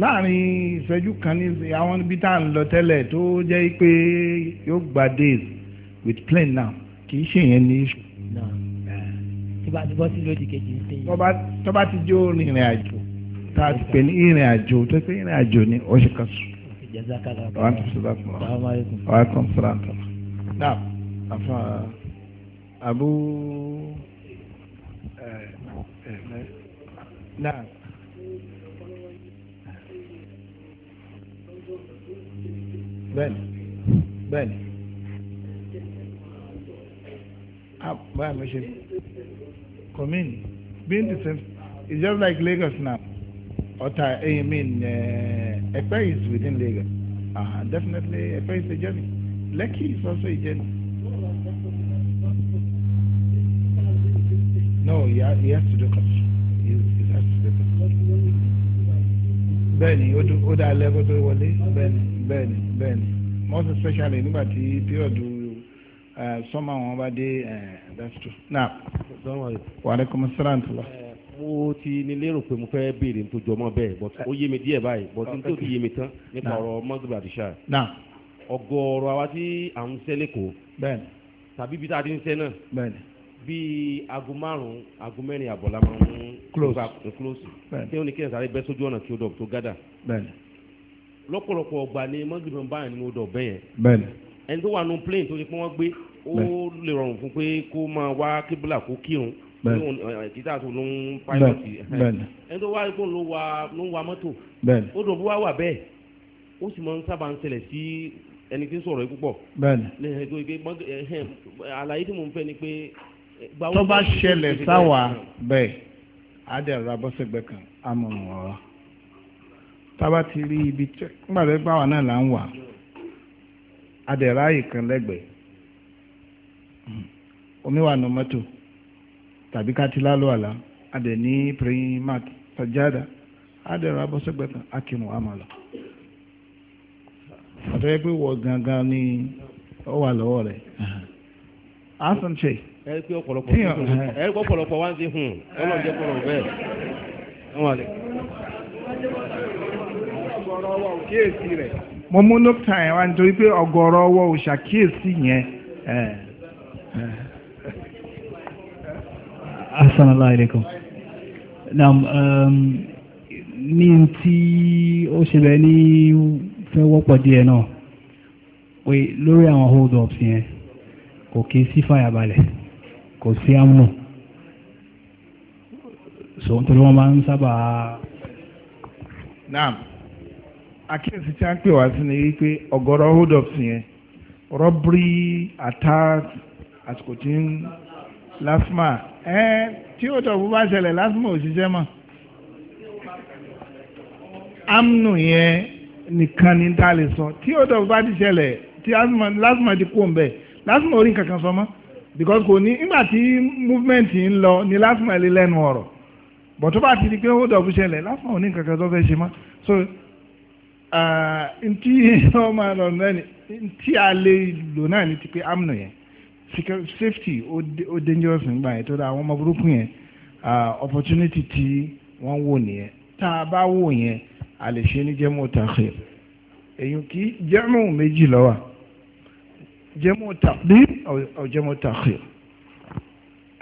láàrin ìṣẹ́jú kan ní àwọn ibi tá à ń lọ tẹ́lẹ̀ tó jẹ́ pé yóò gba days with plane now kì í ṣe yẹn ní iṣu. tọ́ba ti bọ́ sí lódì kejì ń sè é. tọ́ba ti jó ìrìn àjò tá a ti pè ní ìrìn àjò tó pé ìrìn àjò ni ó kan sùn. wa alaikum salaam. naam afa abu eh, eh, naam. bẹ́ẹ̀ni bẹ́ẹ̀ni Ah, mo ṣe come in being the same it's just like Lagos now I, ẹ̀yìn mi eh, Ẹ̀pẹ́ is within Lagos uh, definitely Ẹ̀pẹ́ is a journey Lekki is also a journey. No, he has, he has to do construction. bẹ́ẹ̀ni o dá alẹ́ kó tó wọlé bẹ́ẹ̀ni bẹ́ẹ̀ni bẹ́ẹ̀ni most especially nígbà tí period sọ́mà wọn bá dé that's true. now wàlẹ́kùn sàrán tó lọ. mo ti ní lérò pé mo fẹ́ béèrè tó jọ mọ́ bẹ́ẹ̀ but ó yé mi díẹ̀ báyìí but n tó ti yé mi tán nípa ọ̀rọ̀ mọ́gbìlá àdìsá. now ọ̀gọ̀ọ̀rọ̀ àwa tí à ń sẹ́lẹ̀ kó. bẹ́ẹ̀ni. tàbí bí tá a ti ń sẹ́ náà. bẹ́ẹ̀ni bíi aago márùn-ún aago mẹ́rin àbọ̀lá máa ń close close tí ó ní kí ẹ̀ sáré bẹ́ sójú ọ̀nà kí ó dọ̀ tó gádà lọ́pọ̀lọpọ̀ ọgbà ni mọ́gìrì ń báyìí nínú ọdọ̀ bẹ́yẹn ẹni tó wà nù plane tó ti pọ́n wọ́n gbé ó lè rọrùn fún pé kó máa wá kébìlà kó kírun títà tó ló ń pilọ̀tì ẹni tó wá kó ló ń wa mọ́tò ó dùn bó wá wà bẹ́ẹ̀ ó sì máa ń sábà ń ṣẹlẹ̀ sí ẹni tí ń sọ̀rọ̀ púpọ̀ àlàyé tó bá ṣẹlẹ̀ sáwà bẹ́ẹ̀ á dẹ̀ ra bọ́sẹ̀gbẹ́ kan á mọ̀ ti rí ibi tẹ́ nígbà tó náà là ń wà á dẹ̀ ráàyè kan lẹ́gbẹ̀ẹ́ hmm. omi wà nù mọ́tò tàbí lálọ́ kan á á mọ̀ lọ gangan ni ó wà lọ́wọ́ rẹ̀ á ẹ pé ọ̀pọ̀lọpọ̀ ẹ pé ọ̀pọ̀lọpọ̀ wá ń ṣe hùn ọlọ́run jẹ́ kọ́rọ̀ bẹ́ẹ̀. mo mú nọ́pítà yẹn wá nítorí pé ọ̀gọ̀rọ̀ ọwọ́ ò ṣàkíyèsí yẹn. asanala aleykum naam um, ní tí o ṣẹlẹ̀ ní fẹ́ wọ́pọ̀ díẹ̀ náà pé lórí àwọn hold ups yẹn kò kí sí fàyàbalẹ̀ kò sí àmú so nítorí wọ́n máa ń sábà. naam àkíyèsí tí a ń pè wá sí ni wípé ọ̀gọ̀rọ̀ hold up sí yẹn rọ́bìrì attack àsìkò tí ń lásìmà ẹ tí ó tọ̀ bó bá ṣẹlẹ̀ lásìmà ò ṣiṣẹ́ mọ́ amnu yẹn nìkan ni tá a lè sọ tí ó tọ̀ bó bá ti ṣẹlẹ̀ tí lásìmà ti kú òun bẹ́ẹ̀ lásìmà orí kankan sọ mọ́ because kò ní nígbà tí movement ń lọ ni last mile lẹ́nu ọ̀rọ̀ bọ̀ tó bá ti di pé ó dọ̀bù ṣẹlẹ̀ last mile ò ní kankan tó fẹ́ ṣe mọ́ so ntí ọmọ ọ̀rọ̀ náà ni ntí a lè lò náà ni ti pé amnu yẹn safety ó dangerous nígbà yẹn tó dá àwọn ọmọ burúkú yẹn uh, opportunity tí wọ́n wò nìyẹn tá a bá wò yẹn a lè ṣe ní jẹ́mú tàxir èyí kì í jẹ́mú méjì lọ́wọ́ jẹ́mú tàbí ọ̀jẹ́mú tàkìr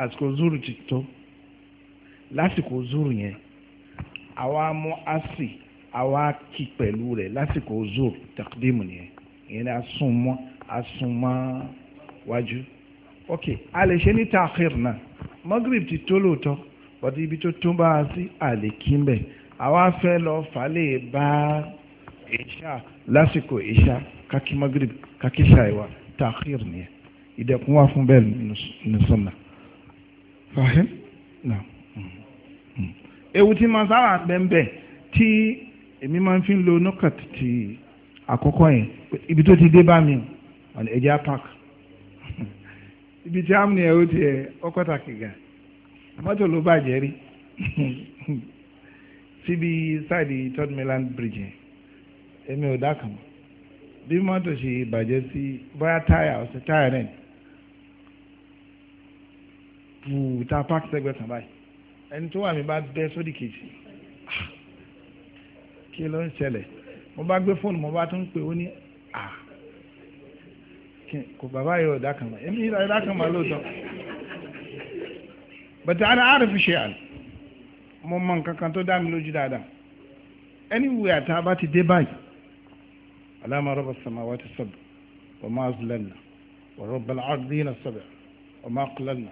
àsìkò zuru ti tó lásìkò zuru yẹn àwa mú asi àwa kì pẹ̀lú rẹ̀ lásìkò zuru tàkìdímù yẹn yẹn asúnmọ́ asúnmọ́ wájú ok a lè ṣe ní tàkìr náà magrib ti tó lóòótọ́ bọ́dí ibi tó tún bá a sí àlè kí n lọ falẹ̀ bá ìṣá lásìkò ìṣá kákí magrib kákí ṣàìwá takhir nìyẹn ìdẹ̀kùn wà fún bẹ́ẹ̀ ní sọ́nà Na, nà ewu tí máa sábà bẹ́ẹ̀ tí èmi máa fi lo nọ́kàt ti àkọ́kọ́ yẹn ibi tó ti dé bá mi ọ̀nà ẹ̀jẹ̀ park ibi tí àmì ẹ̀ ó tiẹ̀ ọkọ̀ tàkì gà mọ́tò ló bàjẹ́ rí síbi sáàdì third mainland bridge yẹn èmi ò dá kàn mọ́ bí mọ́tò ṣe bàjẹ́ sí bóyá táyà ọ̀sẹ̀ táyà rẹ̀ bùtà park sẹ́gbẹ̀ẹ́ kan báyìí ẹni tó wà mí bá bẹ́ sódì kejì ah, kí ló ń ṣẹlẹ̀ mo bá gbé fóònù mo bá tún pè ó ní à ah, kò bàbá yóò dá kan mọ́ èmi yóò dá kan mọ́ lóòótọ́ bàtà àdá àrùn ṣe àná mo mọ nǹkan kan tó dá mi lójú dáadáa anywhere tá a bá ti dé báyìí. على ما رب السماوات السبع وما أزللنا ورب العرضين السبع وما أقللنا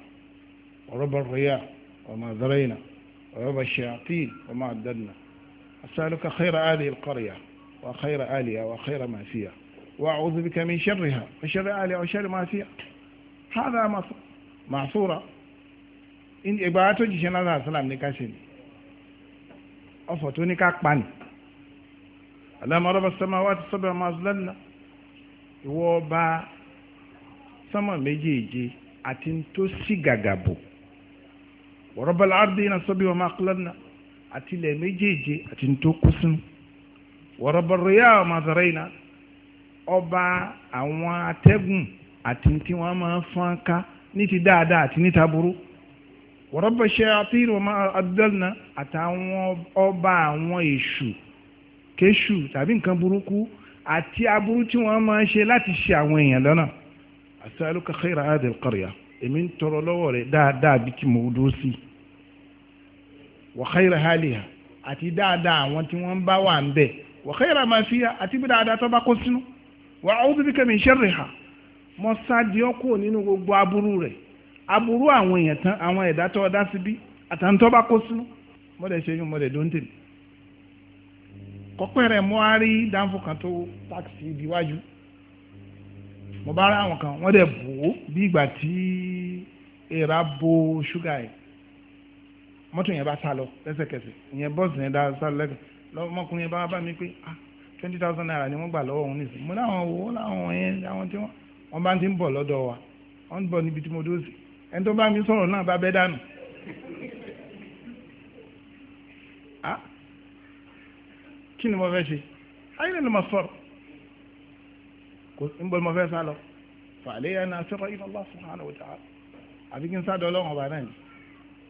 ورب الرياح وما ذرينا ورب الشياطين وما عددنا أسألك خير هذه القرية وخير آلها وخير ما فيها وأعوذ بك من شرها وشر آلها وشر ما فيها هذا معصورة إن إباعته جشنا الله سلام نكاسيني أفتوني كاكباني Allahumma rabbas samawati sab'a ma azlalna ìwọ ọba sánmà méjèèje àti tó sí gàgàbò wa rabbal ardi náà sab'a ma aqlalna àti ilẹ̀ méjèèje àti tó kú sínú wa rabbir riyahi ma zarayna ọba àwọn atẹ́gùn àti tí wọ́n máa fọ́n ká ní ti dáadáa àti níta burú wa rabbash shayatin wa ma adlalna àtàwọn ọba àwọn èṣù kéṣù tàbí nǹkan burúkú àti aburú tí wọ́n máa ń ṣe láti ṣe àwọn èèyàn lọ́nà asaluka khaira adil qarya èmi ń tọrọ lọ́wọ́ rẹ̀ dáadáa bí tí mo dúró sí wa khaira haliha àti dáadáa àwọn tí wọ́n bá wà ń bẹ̀ wa khaira ma fiha àti bí dáadáa tó bá kó sínú wa a'udhu bika min sharriha mo sáàdì ọkọ nínú gbogbo aburú rẹ̀ aburú àwọn èèyàn tán àwọn ẹ̀dá tó dá síbí àtàntọ́ bá kó sínú mo dẹ̀ ṣe yún mo dẹ̀ dóńtèlè kọ́pẹ́ rẹ̀ mo á rí dáńfò kan tó táàkì ibi iwájú mo bá rá àwọn kan wọ́n dẹ̀ bò ó bí ìgbà tí èèrà bo ṣúgà yìí mọ́tò yẹn bá sá lọ lẹ́sẹ̀kẹsẹ̀ ìyẹn bọ́ọ̀sì yẹn dá sá lọ lọ́mọkùnrin yẹn bá bá mi pé ah twenty thousand naira ni wọ́n gbà lọ́wọ́ òun nìsín mo láwọn owó láwọn yẹn àwọn tí wọ́n bá ti ń bọ̀ lọ́dọ̀ wa wọ́n ń bọ̀ níbi tí mo dó sí ẹni tó bá mi sọ̀rọ̀ náà bá bẹ́ dànù kí ni mo fẹ́ ṣe ayé ni mo sọ̀rọ̀ kò ń bọ́ mo fẹ́ sá lọ fàlẹ́ yẹn náà sọ̀rọ̀ ilé Allah subhanahu wa ta'ala àfi kí n sá dọ́lọ́ ọba náà ni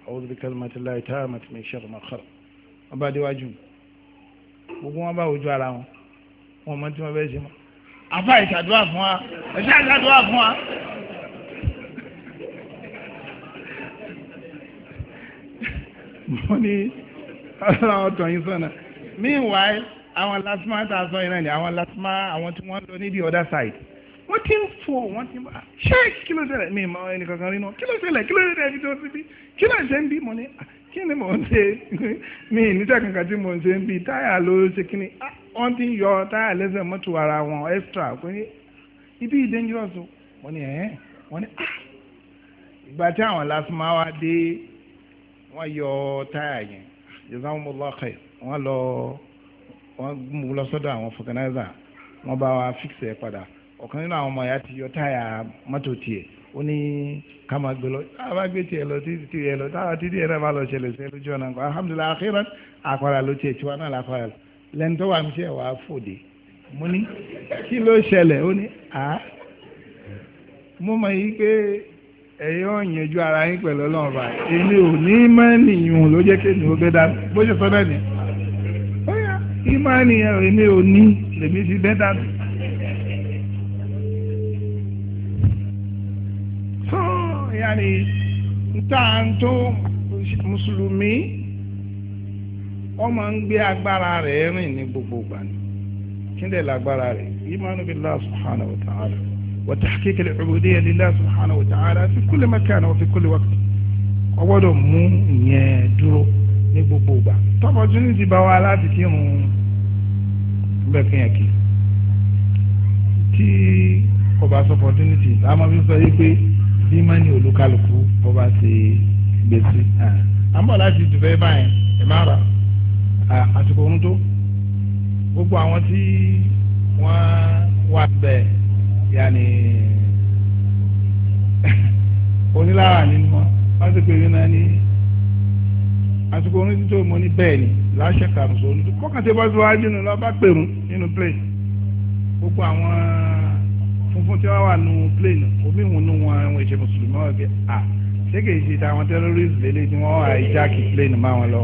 a'udhu bi kalimatillahi tammati min sharri ma khalaq ọba adéwájú gbogbo wọn bá ojú ara wọn wọn mọ tí wọn fẹ́ ṣe mọ́ àfa ìṣàdúrà fún wa ẹ̀ṣẹ́ ìṣàdúrà fún wa. mo ní ọlọ́run ọ̀tọ̀ yín sọ̀nà meanwhile àwọn lasma tá a sọ yìí náà ni àwọn lasma àwọn tí wọ́n lọ ní the other side wọ́n ti ń fò wọ́n ti ń bá ṣé kí ló ṣẹlẹ̀ mi ìmọ̀ ẹnì kankan rí náà kí ló ṣẹlẹ̀ kí ló ṣẹlẹ̀ ẹni tó ti bí kí ló ṣe ń bí mo ní ah, kí ni mò ń ṣe mi ìníṣẹ́ kankan tí mò ń ṣe ń bí táyà ló ṣe kí ni ah, wọ́n ti ń yọ táyà lẹ́sẹ̀ mọ́tò ara wọn extra pé ah, ibi dangerous mo ní ẹ̀ wọ́n ní ìgbà tí àwọn lasma wa dé wọ́n yọ táyà yẹn jazakumullahu khair wọ́n lọ wọ́n mú lọ sọ́dọ̀ àwọn fọkànáìzà wọ́n bá wa fíksì ẹ̀ padà ọ̀kan nínú àwọn ọmọ ya ti yọ táyà mọ́tò tiẹ̀ ó ní ká máa gbé lọ tá a bá gbé tiẹ̀ lọ títí tiẹ̀ lọ táwa títí ẹ̀ náà bá lọ ṣẹlẹ̀ ṣẹlẹ̀ lójú ọ̀nà nǹkan alhamdulilayi akhiran àpàrà ló tiẹ̀ tiwa náà lápàrà lẹ́nu tó wà ń ṣe wàá fòde mo ní kí ló ṣẹlẹ̀ ó ní à mo mọ̀ yí pé ẹ̀yọ́ ìyẹ̀jú ara yín pẹ̀lú ọlọ́run báyìí èmi ò ní mọ́ nìyún ló jẹ́ kéènì ó gbé dá bó ṣe sọ náà nìyẹn. ìmánì èmi ò ní lèmi fi bẹ́ dànù. so yàrá ntaàntó mùsùlùmí ọmọ ń gbé agbára rẹ̀ rìn ní gbogbo ìgbà ni kí ni lágbára rẹ̀ ìmánu billah subhanahu wa ta'ala wa tahqiq al-ubudiyyah lillah subhanahu wa ta'ala fi kulli makan wa fi kulli waqt ọgbọ́dọ̀ mu nye duro ní gbogbo ìgbà tọpọtúnìtì bá wa láti kírun bẹ́ẹ̀ fi hàn kí tí ọba sọpọtúnìtì àmọ́ fi sọ yìí pé bí mọ́ni olúkálùkù ọba ṣe gbèsè àmọ́ láti dùbẹ́ báyìí ẹ̀ má ra àsìkò ohun tó gbogbo àwọn tí wọ́n wà bẹ́ẹ̀ yàní onílára nínú wọn wọ́n ti pè mí náà ní àsìkò orin títí mo ní bẹ́ẹ̀ ni láṣẹ kàmùsọ orin kọ́kàtí bá tó wá nínú lọ́ba pèrún nínú plane gbogbo àwọn funfun tí wọ́n wà nù plane omi ìwọ̀n nù wọn àwọn ìṣe mùsùlùmí wọn gbé à ṣé kìí ṣe àwọn terrorist lélẹ̀ tí wọ́n àìjákì plane máa wọn lọ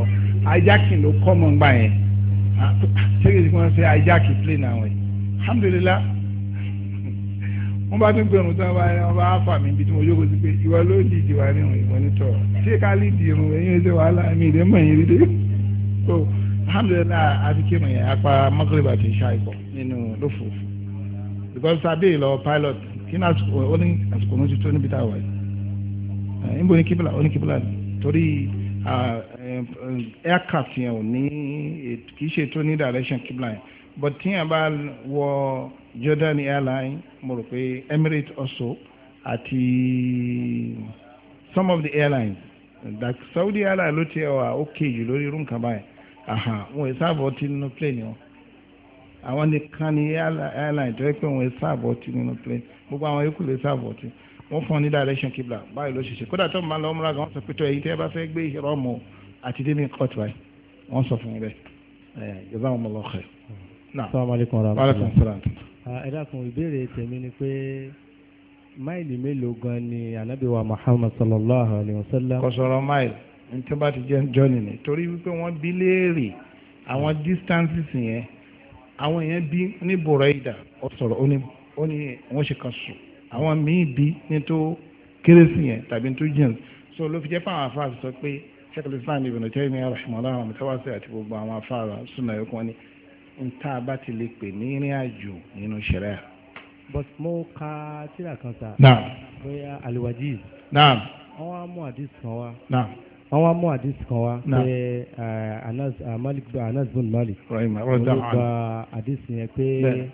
àìjákì ló kọ́ mọ̀ ń gbà yẹn ṣé kìí ṣe wọ́n ṣe àìjákì plane àwọn yìí alhamdulilayi wọ́n bá tún gbẹ̀rún tán wáyé wọ́n bá fà mí ibi tí mo yóò sí pé ló di ìdìwà ní ìrìn ìmọ̀ nítọ̀ ṣé ká lè di irun ẹ̀yìn ẹ̀ṣẹ̀ wàhálà mi ìdẹ́ mọ̀ yín rídé so alhamdulilayi adikirun yẹn apá mọ́kìlìbà ti ṣá ikọ̀ nínú lófòófó because sabi lọ pilot kí ní àsìkò ó ní àsìkò ní ti tó níbi tá a wáyé níbo ní kíbla ó ní kíbla torí aircraft yẹn ò ní kì í ṣe tó ní direction kíbla yẹn but tíyẹn bá wọ Jordan airline mo rò pé Emirates also àti some of the airlines That Saudi airlines ló ti wà ókè jù lórí irú nǹkan báyìí wọn ò sáàbù ọtí nínú plane wọn àwọn nìkan ni airline tó yẹ pé wọn ò sáàbù ọtí nínú plane gbogbo àwọn yòókù lè sáàbù ọtí wọ́n fún ọ ní direction kibla báyìí ló ṣe ṣe kódà tó ń bá lọ ọmọ làgàn wọ́n sọ pé tó ẹ̀yin tẹ́ ẹ bá fẹ́ gbé rọ́ọ̀mù àti dèmí court báyìí wọ́n sọ fún yín bẹ́ẹ̀ ẹ̀ yorùbá wọn lọ ọkọ̀ yìí. salaamaleykum wa rahmatulah ẹ dákun ìbéèrè tèmi ni pé máìlì mélòó gan ni ànábì wa muhammad sallallahu alayhi wa sallam. kọsọrọ máìlì ní tí ó bá ti jẹ́ jọ́nì ni torí wípé wọ́n bí léèrè àwọn distances yẹn àwọn èèyàn bí ní buraida ó sọ̀rọ̀ ó ní wọ́n ṣe kan sùn àwọn míì bí ní tó kérésì yẹn tàbí tó jìn so ló fi jẹ́ pé àwọn afáàfin sọ pé sheikh islam ibn taymiyyah rahimahullah àwọn mùsàwásì àti gbogbo àwọn afáàfin sunna yòókù wọn ni nta bá ti lè pè ní ìrìn àjò nínú ṣẹ̀ríà. but mo ka tíra kan ta. naam. bóyá aliwajiz. naam. wọ́n wá mú àdìs kan wá. naam. wọ́n wá mú àdìs kan wá. naam. pé eh, anas eh, malik anas bin malik. rahima rahima. wọ́n gba àdìs yẹn pé. bẹ́ẹ̀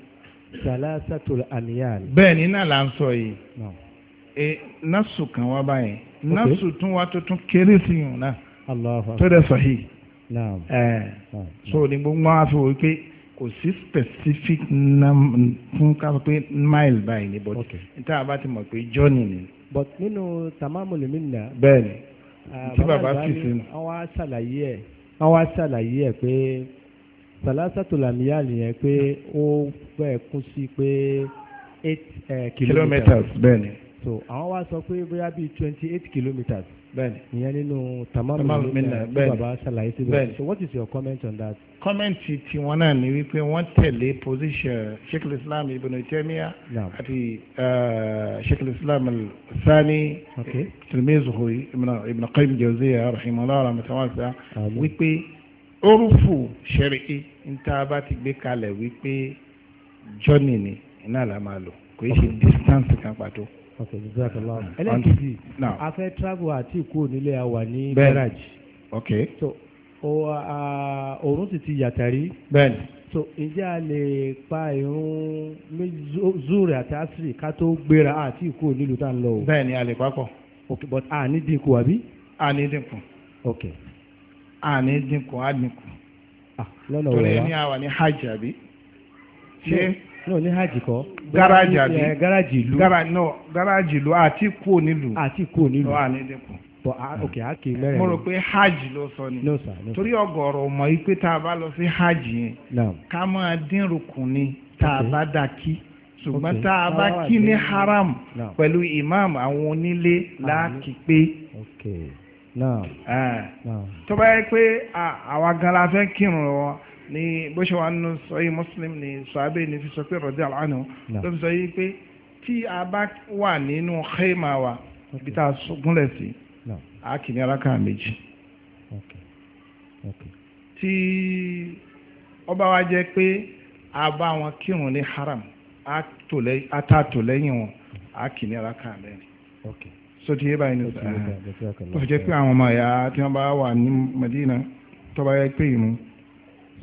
salasatul amiyal. bẹ́ẹ̀ni náà la ń sọ yìí. e nasu kan wá báyìí. nasu tún wá tuntun kéré sí yìí náà. alahu akbar. tó dẹ sọ yìí. naam. ẹẹ eh. so ni gbogbo wọn á fi wò pé kò specific fún ká pé mile báyìí ni but níta bá ti mọ̀ pé journey ni. but nínú tamamu lèmi nà. bẹ́ẹ̀ni ah, tí bàbá fi sínú. wọ́n wá ṣàlàyé ẹ̀ wọ́n wá ṣàlàyé ẹ̀ pé salasatu lamiya nìyẹn pé ó eight eh, kilometers. kilometers bẹ́ẹ̀ni. so àwọn wá sọ pé bóyá bíi twenty eight kilometers bẹ́ẹ̀ni ìyẹn nínú tamamu minna bẹ́ẹ̀ni bàbá ṣàlàyé sí bẹ́ẹ̀ni so what is your comment on that. Comment kọ́mẹ́ǹtì tiwọn náà ni wípé wọ́n tẹ̀lé position sheikh islam ibn taymiya àti uh, sheikh islam sani tilmizuhu ibn qayyim jawziya rahimahullah rahmatulahi wípé orúfù ṣẹ̀rìí níta bá ti gbé kalẹ̀ wípé journey ni iná la máa lò kò í ṣe distance kan pàtó ok jesus allah mm. ẹlẹ́kìtì a fẹ́ travel àti ìkó nílé a wà ní garage. ok so òórùn sì ti yàtàrí. bẹ́ẹ̀ni. so ǹjẹ́ a lè pa irun zuri àti asiri ká tó gbéra àti ìkó nílùú tá n lọ o. bẹ́ẹ̀ni a lè papọ̀. Okay. but a ní dínkù àbí. a ní dínkù. Okay. a ní dínkù a dínkù. ah lọ́nà òwe wa torí ẹni a wà ní hajj àbí. ṣé. Yeah no ní hajj kọ́. garaji àbí eh, garaji ìlú. garaji no garaji ìlú àti kúò nílùú. àti kúò nílùú. wà á ní dẹ́kun. bọ ok a kì í mẹ́rẹ̀. mo rò pé hajj ló sọ ni. no sir no sir. torí ọ̀gọ̀rọ̀ mọ̀ yìí tá a bá lọ sí hajj yẹn. naam ká máa dín rukun ni tá a bá dà kí ṣùgbọ́n tá a bá kí ní haram pẹ̀lú imam àwọn onílé láàkì ok eh. naam. tó bá yẹ pé àwa gan la fẹ́ kírun wọn ní bó ṣe wà nínú sọyí muslim ní sàbẹ̀ ní fi sọ pé rọ̀dí àlánà ló fi sọ yìí pé tí a bá wà nínú xeyma wa ibi tá a gúnlẹ̀ sí a kì ní alaka méjì tí ọba wa jẹ́ pé a bá wọn kírun ní haram a ta tò lẹ́yìn wọn a kì ní alaka mẹ́rin so yé báyìí ní sàn án tó fi jẹ́ pé àwọn ọmọ ẹ̀yà tí wọ́n bá wà ní Madina tó yẹ pé ìmú.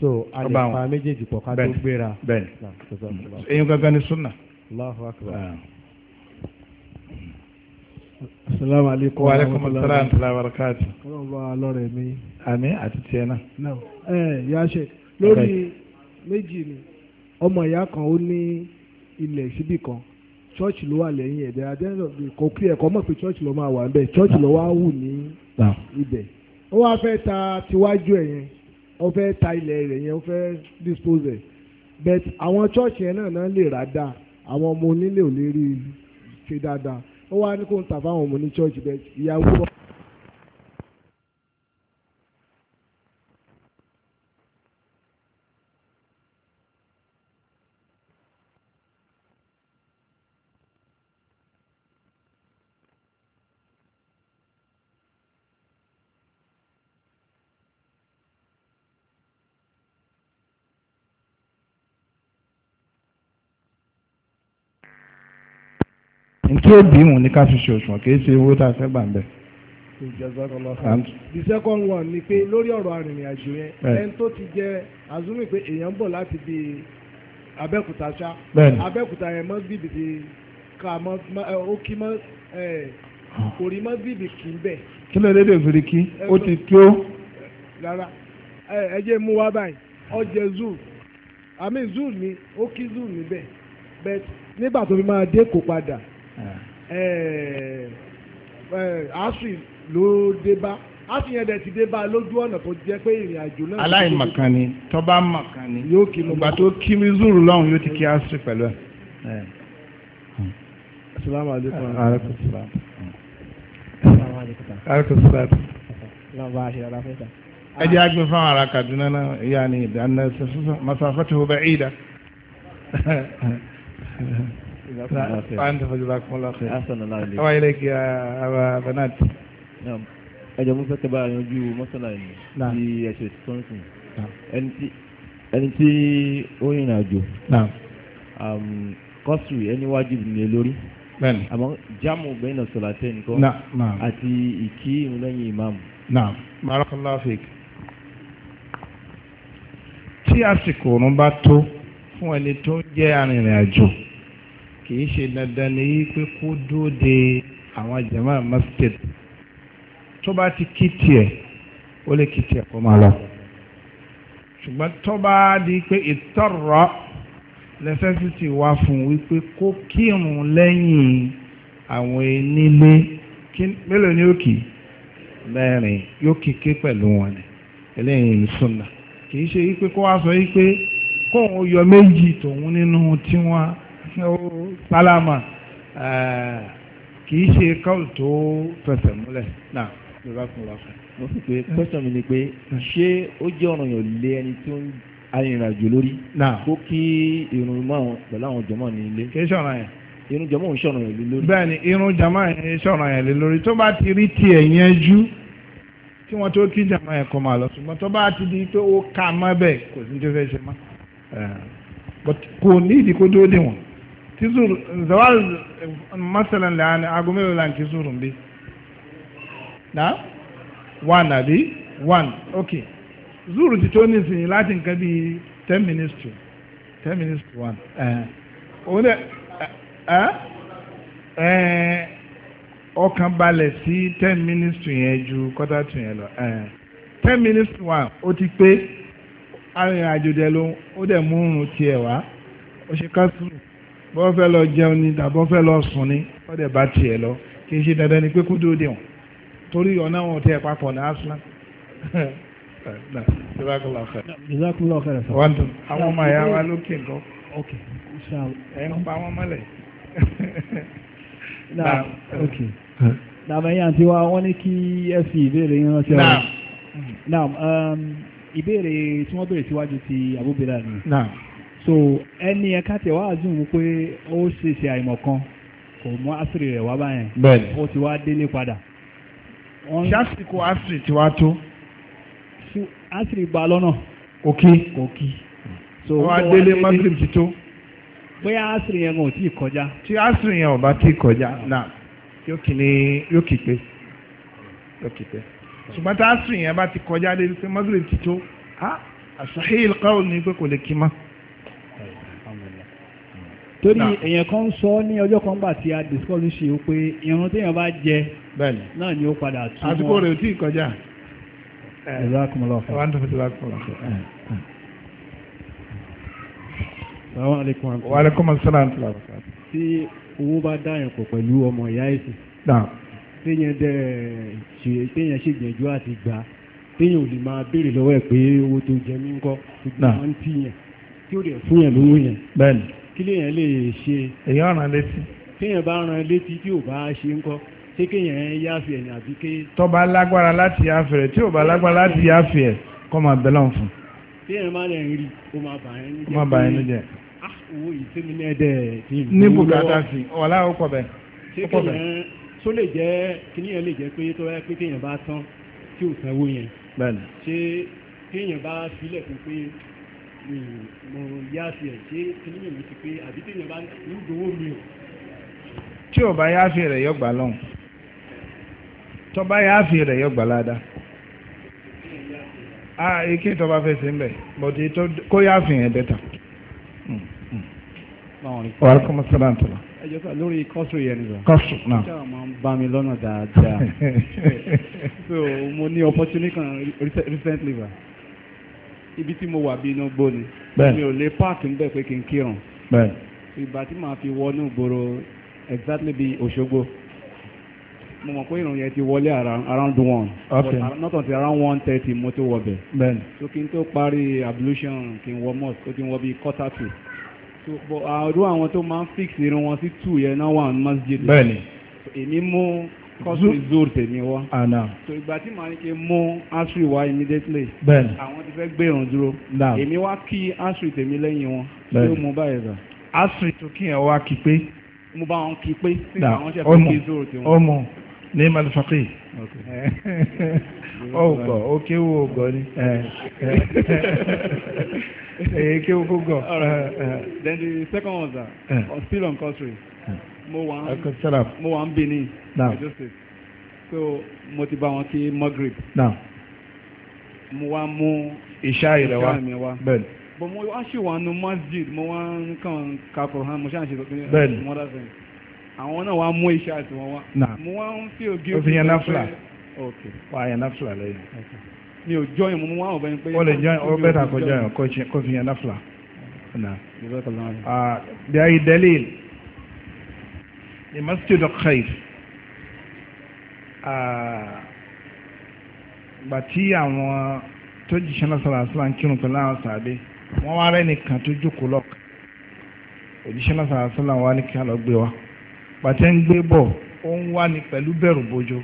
so a lè fa méjèèjì pọ̀ ká tó gbéra. bẹ́ẹ̀ni eyín gangan ni sunna. Allahu akbar. asalaamu aleykum wa rahmatulahi wa barakati. kọ́lọ́ bá a mi. àmì àti tiẹ̀ náà. ẹ lórí méjì ni ọmọ ìyá kan ó ní ilẹ̀ síbì kan church ló wà lẹ́yìn ẹ̀ bẹ́ẹ̀ kò kí ẹ̀kọ́ mọ̀ pé church ló máa wà ń bẹ̀ church ló wá wù ní ibẹ̀ ó wá fẹ́ ta tiwájú ẹ̀ wọ́n fẹ́ ta ilẹ̀ rẹ̀ yẹn wọ́n fẹ́ dispose ẹ̀ but àwọn church yẹn náà náà lè rà dáa àwọn ọmọ onílé ò lè rí i ṣe dáadáa ó wá ní kó ń tà fáwọn ọmọ ní church bẹ́ẹ̀ ìyàwó tí ó bí òun ní ká fi ṣe òṣùwọ̀n kì í ṣe owó tá a fẹ́ gbà ń bẹ̀. the second one ni pé lórí ọ̀rọ̀ arìnrìn-àjò yẹn ẹni tó ti jẹ azumi pé èèyàn ń bọ̀ láti bí abẹ́òkúta ṣá abẹ́òkúta yẹn mọ́ bíbí ti ká mọ́ ó kí mọ́ kò rí mọ́ bíbí kì í bẹ̀. kí ló dé dé òfin kí ó ti kí ó. rárá ẹ jẹ́ mú wá báyìí ọjẹ́ zoo àmì zoo ni ó kí zoo níbẹ̀ bẹ́ẹ̀ nígbà tó fi máa dé kó padà àásù eh, eh, ló dé bá àásù yẹn dẹ̀ ti dé bá lójú ọ̀nà tó jẹ́ pé ìrìn àjò náà. aláìmọ̀kan makani tọ́ba Makani, ni yóò kí ló gbà tó kí mi zúrù lọ́hùn yóò ti kí àásù pẹ̀lú ẹ̀. Eh. asalaamu aleykum. aleykum ah, salaam. aleykum salaam. ẹ jẹ́ àgbẹ̀ fún ara Kaduna náà yáa ni ìdáná masafatihù Àwọn ilé kí àwọn Bernard. Ẹjọ́ mú fẹ́kẹ́ bá yanjú mọ́sálà yìí tí ẹ ṣe sọ́nsìn. Ẹni tí ó rìnrìn àjò. Kọ́sù ẹni wájú ni lórí. Àmọ́ jáàmù bẹ́ẹ̀nà sọ̀lá tẹ́ nìkan àti ìkí ìrìnlẹ́yìn ìmáàmù. Barakallahu fik. Tí àsìkò òun bá tó fún ẹni tó ń jẹ́ arìnrìn àjò kì í ṣe dandan ni pé kó dúró de àwọn jama masjid tó bá ti kí tiẹ̀ ó lè kí tiẹ̀ kó máa lọ ṣùgbọ́n tó bá di pé ìtọ̀rọ̀ necessity wá fún wípé kó kírun lẹ́yìn àwọn enílé mélòó ni ó kì mẹ́rin yóò kíké pẹ̀lú wọn ni eléyìí ní sunna kì ṣe wípé kó wá sọ wípé kóun yọ méjì tòun nínú tiwọn ó sálámà kì í ṣe káwù tó fẹsẹ̀ múlẹ̀ náà ló bá kún un lọ́kàn. mo sì pé question mi ni pé ṣé ó jẹ́ ọ̀ràn yàn lé ẹni tó ń arìnrìnàjò lórí kó kí irun márùn pẹ̀lú àwọn jọmọ́ ní ilé. kì í ṣọ̀ràn yẹn. irun jọmọ́ òun ṣọ̀ràn yẹn lé lórí. bẹ́ẹ̀ni irun jọmọ́ yẹn ṣọ̀ràn yẹn lé lórí tó bá ti rí tiẹ̀ yẹn jú kí wọ́n tó kí jàmọ́ yẹn kọ́ máa lọ ṣùgbọ́n tó bá ti di pé ó kà á bẹ́ẹ̀ kò ní tó fẹ́ ṣe mọ́ kò ní ìdíkójú ó dì wọ́n tí zuru zawal masalan laani aago mélòó la ń kí bi na one àbí one ok zuru ti tó nísìnyí láti nǹkan bíi ten minutes to ten minutes to one òun dẹ ọkàn balẹ̀ sí ten minutes to yẹn ju quarter to yẹn lọ eh. ten minutes to one ó ti pé arìnrìn àjò dẹ ló ó dẹ̀ mú oorun tiẹ̀ e wá ó ṣe ká sùúrù bọ́ fẹ́ lọ jẹun ni tàbọ́ fẹ́ lọ sùn ni wọ́n dẹ̀ bá tiẹ̀ lọ kì í ṣe dandan ni pé kó dúró dé wọn torí ọ̀nà wọn tẹ́ ẹ papọ̀ ní aslan. àwọn ọmọ ẹ̀yà wa lókè nǹkan ẹ̀ ń pa wọn mọ́lẹ̀. Nàmẹ́yà àti wa wọ́n ní kí ẹ fi ìbéèrè yín rántí ọ̀rọ̀. Um, ìbéèrè tí wọ́n béèrè síwájú ti Abu Bilal so ẹni ẹka káàtì wá àzùn pé ó ṣe ṣe àìmọ̀ kan kò mú àṣírí rẹ̀ wá báyẹn ó ti wá délé padà. asiri àṣírí ti wá tó. asiri gba lọ́nà. oke so wọ́n á délé magrib ti tó. bóyá ya yẹn ò tí ì kọjá. tí àṣírí yẹn ò bá tí kọjá náà yóò kì ní yóò kì pé yóò kì pé. ṣùgbọ́n tí yẹn bá ti kọjá délé pé magrib ti tó. àṣàhí ìlú káwọn ní pé kò lè kí torí èèyàn kan sọ ní ọjọ́ kan gbà tí a discuss ṣe o pé irun téèyàn bá jẹ náà ni ó padà tún wọn. àsìkò rẹ̀ ò tí ì kọjá. wàlẹ́kùn sálàm tó lọ́wọ́. tí owó bá dá yẹn pọ̀ pẹ̀lú ọmọ ìyá ẹ̀sìn téèyàn dẹ̀ téèyàn ṣègbìyànjú àti gbà téèyàn ò lè máa béèrè lọ́wọ́ ẹ̀ pé owó tó jẹ mí ń kọ́ ṣùgbọ́n wọ́n ń tì yẹn tí ó dẹ̀ fún yẹn lówó yẹn kí lèèyàn lè ṣe. èèyàn ràn létí. kéèyàn bá ràn létí tí ò bá ṣe ń kọ́ ṣé kéèyàn yáfẹ́ ẹ̀yìn àbí ké. tó bá lágbára láti yáfẹ́ rẹ̀ tí ò bá lágbára láti yáfẹ́ ẹ̀ kọ́ máa bẹ̀ lọ́n fún. kéèyàn má lè rí o máa bà yẹn níjẹ́. o máa bà yẹn níjẹ́. Ah, owó ìsẹ́mínẹ́dẹ̀ ti ń bọ̀. ní bùkátà sí ọ̀la ó kọ bẹ́ẹ̀. ṣé kéèyàn tó lè jẹ́ kíníyàn lè jẹ́ pé tó yẹ pé kéèyàn bá tán tí ò sanwó yẹn. bẹ́ẹ̀ ṣé kéèyàn bá filẹ̀ fún pé Hmm, mo yá sí ẹ̀ ṣé kíníyàn mi ti pé àbí tí èèyàn bá ń gbowó mi o. tí ò bá yááfì rẹ̀ yọ gbà lọ́hùn tó bá yááfì rẹ̀ yọ gbà ládàá ah ike tó bá fẹ́ sí mbẹ̀ but ètò kó yááfì yẹn bẹ́tà. wàá kọ́ mọ́ sábà ń tọ́lá ẹjọ́ká lórí kọ́sù yẹn nìyọ. kọ́sù náà. ṣé àwọn máa ń bá mi lọ́nà dáadáa. so mo ní opportunity kan recently ba ibi tí mo wà bí inú gbó ni mi ò lè páàkì ń bẹ̀ pé kí n kírun ìgbà tí màá fi wọnú gbòòrò exactly bí Òṣogbo mo mọ̀ pé ìrùn yẹn ti wọlé around one ok but not until around one thirty mo tó wọbẹ̀ so kí n tó parí ablution kí n wọ mosque ó ti wọ bí quarter to so but àdó uh, àwọn tó máa ń fix irun wọn sí two yẹn náà wà ní masjid èmi mú kọ́sùn zoro tèmi wá. àná. Ah, so ìgbà tí màá ní kí n mú asri wá immediately. bẹ́ẹ̀ni. àwọn ti fẹ́ gbé ìrùn dúró. náà èmi wá kí asri tèmi lẹ́yìn wọn. bẹ́ẹ̀ni ṣé mo bá yẹ sà. asri tó kí yẹn wá kí pé. mo bá wọn kí pé. náà ọmọ ọmọ ní malifaki. ọgọ òkè wo ògọ ni. èyí kí o kó gọ. then the second one was that uh, eh. on still on country mo wà ń Benin Joseph so mo ti bá wọn kí Maghrib mo wá mú ìṣá ilẹ̀ wa bẹ́ẹ̀ bọ̀ mo wá ṣì wà nù masjid mo wá ń kàn ka Quran mo ṣáà ṣe tó pé bẹ́ẹ̀ mọ́dà sẹ́yìn àwọn náà wá mú ìṣá àti wọn wá mo wá ń fi ògì òfin yẹn náfìlà wà yẹn náfìlà lẹ́yìn mi ò jọyìn mo wá ọ̀bẹ pé ó lè jọyìn ó bẹ́ẹ̀ tà kó jọyìn kó fi yẹn náfìlà. bí a yìí dẹ́lẹ̀ ní masjid al-khair gbàtí àwọn tó jíṣẹ́ náà sọ̀rọ̀ àṣìlá ń kírun pẹ̀lú àwọn sàbẹ̀ wọ́n wá rẹ́ nìkan tó jókòó lọ́kàn òjíṣẹ́ náà sọ̀rọ̀ àṣìlá wa ní kí á lọ gbé wa gbàtẹ́ ń gbé bọ̀ ó ń wá ní pẹ̀lú bẹ̀rù bójó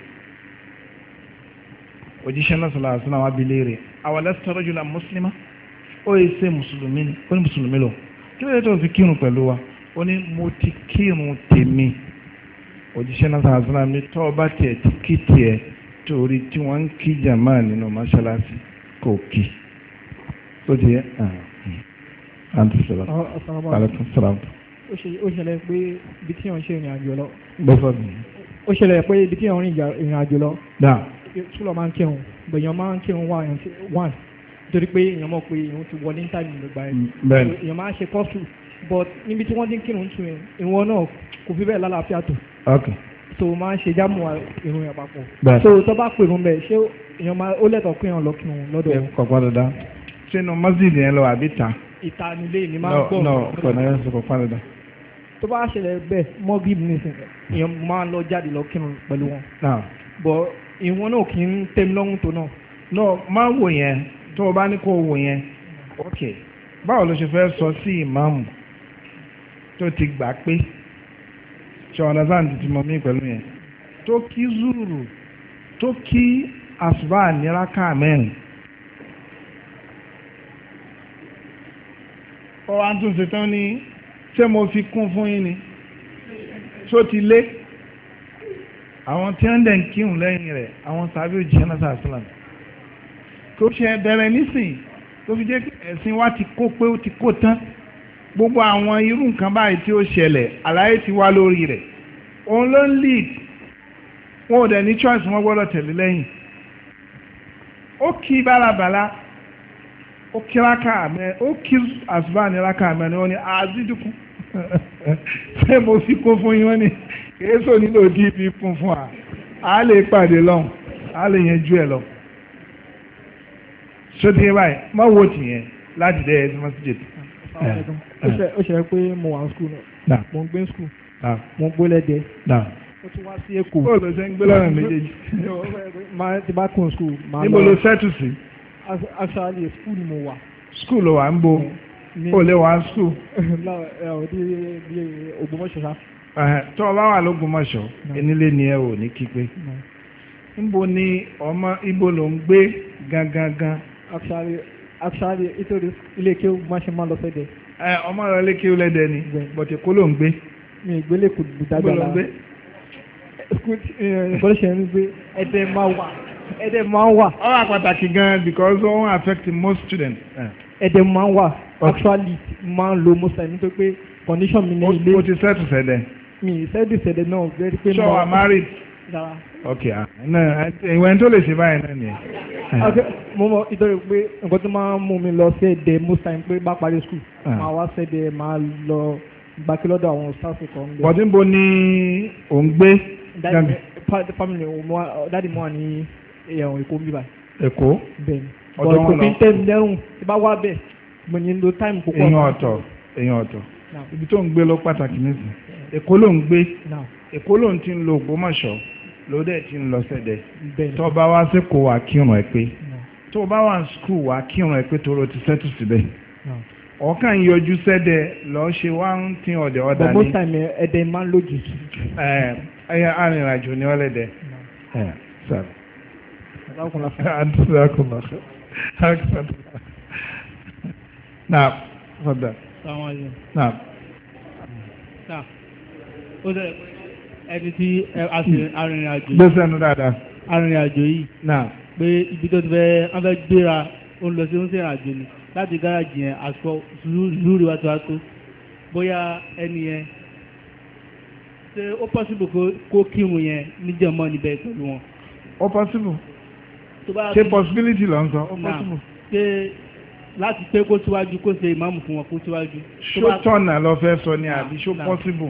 òjíṣẹ́ náà sọ̀rọ̀ àṣìlá wa bi léèrè awalasta rajulan muslima ó yẹ ṣe mùsùlùmí ni ó ní mùsùlùmí lọ kí ló dé tó fi kírun pẹ̀lú wa ó ní mo ti kírun tèmi òjíṣẹ́ náà sàásánà mi tọ́ ọba tiẹ̀ tí kì tiẹ̀ torí tí wọ́n ń kí jàmá nínú mọ́ṣáláṣí kò kí tó ti yẹ ah, hmm. àǹtí sọ̀rọ̀ àlẹ́kùn sọ̀rọ̀ ó ṣẹlẹ̀ pé ibi tí wọ́n ń ṣe ìrìn àjò lọ. gbọ́sọ̀ mi. ó ṣẹlẹ̀ pé ibi tí wọ́n ń rìn ìrìn àjò lọ. dáa. túlọ̀ máa ń kírun bẹ̀yàn máa ń kírun wá one torí pé èèyàn mọ̀ pé èèyàn ti wọlé ní táìmù ìgbà yẹn. Mm, èèyàn máa ṣe kọ́sù but níbi tí wọ́n ti ń kírun tún yẹn ìwọ náà kò fi bẹ́ẹ̀ lálàáfíà tó okay. so máa ń ṣe jámù irun yẹn papọ̀ so tó bá pè irun bẹ́ẹ̀ ṣé èèyàn máa ó lẹ́tọ̀ọ́ pé èèyàn lọ kírun lọ́dọ̀ ẹ̀ kò gbọ́dọ̀ dá sínú mọ́sídìí yẹn lọ àbí ta ìtanilé ni máa ń gbọ́ no no kò náà yẹn kò gbọ́dọ̀ dá tó bá ṣẹlẹ̀ bẹ́ẹ̀ mọ́gìb nìsín èèyàn máa ń lọ jáde lọ kírun pẹ̀lú wọn bọ̀ ìwọ̀n náà kì í tẹ́mi lọ́rùn tó náà. no máa wò yẹn tó o bá o wò yẹn ok báwo ló ṣe fẹ́ sọ sí ìmáàmù tó ti gbà ṣọ̀nà zan ti mọ̀ mí pẹ̀lú yẹn tó zuru toki kí àsùbá níraka mẹ́rin ó wá ń tún ṣe tán ní mo fi kún fún yín ni tó ti lé àwọn tí wọ́n dẹ̀ ń kírun lẹ́yìn rẹ̀ àwọn sábẹ́ òjìṣẹ́ náà sàṣìlá tó ṣe bẹ̀rẹ̀ nísìn tó fi jẹ́ ẹ̀sìn wa ti kó pé ó ti kó tán gbogbo àwọn irú nǹkan báyìí tí ó ṣẹlẹ̀ àlàyé ti wá lórí rẹ̀ òun ló ń lead wọn ò dẹ̀ ní choice wọn gbọ́dọ̀ tẹ̀lé lẹ́yìn ó kí bálabàla ó kí rákà mẹ ó kí àsùbá ní rákà mẹ ni wọn ni àzídùkú ṣé mo fi kó fún yín wọn ni èso nílò díìbì kún fún wa a lè pàdé lọ́hùn a lè yẹn ju ẹ̀ lọ sóde báyìí má wo tìyẹn láti dẹ́ ẹ̀ ẹ́ ti má ti jẹ. Hmm. ó ṣe pé mo wà ní skul náà mo ń gbé skul mo ń gbólẹ́dẹ ó tún wá sí èkó. ó lọ sí ń gbé lọ́nà méjèèjì. máa ti bá kún skul. níbo ló ṣẹ́tù sí. aṣáájú skul mo wà. skul ló wà ń bo ó hmm. lè wà ń skul. Eh, Ògbómọ̀ṣọ́ sá. tó o bá wà lógbómọ̀ṣọ́ enílé hmm. ni ẹ ò ní kígbe. níbo ni ọmọ ibo ló ń gbé gangan. aṣáájú aṣáájú nítorí ilé kí ó máa ṣe máa lọ sẹ́dẹ̀ẹ́ ọmọ rẹ lékè ó lẹ́dẹ̀ ni bọ̀tẹ̀ kó ló ń gbé. mi ì gbélé kò dùdájà la kọ́lẹ́sẹ̀ ń gbé ẹ̀dẹ̀ máa wà ẹ̀dẹ̀ máa wà. ó wà pàtàkì gan because ó ń affect most students. ẹ̀dẹ̀ máa wà actually máa ń lo most time nítorí pé condition mi ní ilé. o ti sẹ́ẹ̀tù sẹ́dẹ̀. mi ì sẹ́ẹ̀tù sẹ́dẹ̀ náà very painful. sọ wa married ok ìwẹ̀n ah, tó lè ṣe báyìí náà ni. mo mọ ìtọ́jú pé nǹkan tó máa ń mú mi lọ sẹ́ẹ̀dẹ̀ most time pé bá parí school ah. máa wá sẹ́ẹ̀dẹ̀ máa lọ gbàkí lọ́dọ̀ àwọn sáfì kan. bọ̀dé ń bo ni ò ń gbé. family dáàdi mo wà ní ẹ̀wọ̀n eh, èkó bíbá. èkó bẹ́ẹ̀ni ọ̀dọ̀ wọn lọ bọ̀ èkó fi ń tẹ̀ lẹ́rùn tí bá wá bẹ́ẹ̀ mo ní lo time púpọ̀. èèyàn ọ̀tọ̀ èèyàn ọ̀tọ̀ ibi tó ń gbé lọ pàtàkì nísìnyí. Èkó ló ń gbé Èkó ló ń ti ń lo Ògbómọ̀ṣọ́ ló dẹ̀ ti ń lọ sẹ́dẹ̀ tó bá wá sí kó wá kírun ẹ̀ pé tó bá wà skul wá kírun ẹ̀ pé tóró ti sẹ́tù síbẹ̀ ọ̀kan ń yọjú sẹ́dẹ̀ lọ́ọ́ ṣe wá ń tin ọ̀dẹ̀ ọ̀dà ni. gbogbo sàmì ẹ̀dẹ̀ máa ń lójú. ẹ arìnrìnàjò ni ọlẹ́dẹ̀. Naam. Naam ó dẹ̀ ẹni tí hmm. arìnrìnàjò gbèsè ẹnu dáadáa arìnrìnàjò yìí náà pé ibi tó ti fẹ́ wọ́n fẹ́ gbéra ó ń lọ sí oúnjẹ ìrìnàjò ni láti gáràjì yẹn àsọ lúrí wa tó wá tó bóyá ẹni yẹn ṣe ó pọ́sibù kó kírun yẹn níjàmọ́ níbẹ̀ pẹ̀lú wọn. ó pọ́sibù ṣe possibility ló ń sọ ó pọ́sibù. ṣe láti pé kó síwájú kó ṣe ìmáàmù fún wọn kó síwájú. ṣó tọ̀nà lọ fẹ́ sọ ni àbí ṣó pọ́sibù.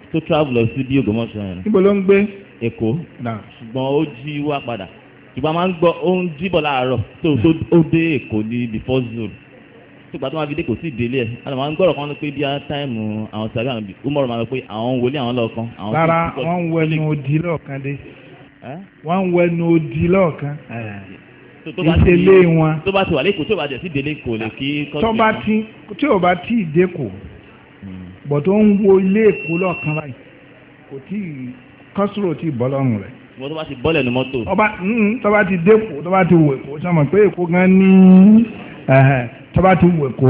tó travel lọ sí bí Ògbómọ̀ṣọ́ yẹn. níbo ló ń gbé. Èkó ṣùgbọ́n ó jí wá padà ṣùgbọ́n a máa ń gbọ́ ó ń jíbọ̀ láàárọ̀ tó ó dé Èkó ní before zoro tó gbà tó máa fi dé kò sí ìdílé ẹ̀ a lè máa ń gbọ́rọ̀ kan pé bí a táìmù àwọn sàbí àwọn bí umaru máa lọ pé àwọn wọlé àwọn lọ́ọ̀kan. rárá wọ́n ń wẹnu odi lọ́ọ̀kan dé wọ́n ń wẹnu odi lọ́ọ̀kan ìṣẹ̀lẹ̀ wọn. tó bá ti wà lẹ́kọ̀ọ́ ah, tó bá jẹ̀ sí ìdílé kò lè kí. tó bá ti tí ò bá tí ì dé kò bọ̀ tó ń wo ilé èkó lọ́ọ̀kan báyìí kò tí ì kọ́sùrò tí ì bọ́ lọ́rùn rẹ̀. ìwọ tó bá ti bọ́lẹ̀ ní mọ́tò. ọba mm-hmm, tó bá ti dẹ́kọ̀ tó bá ti wò èkó sọmọ pé èkó gan ní tó bá ti wò èkó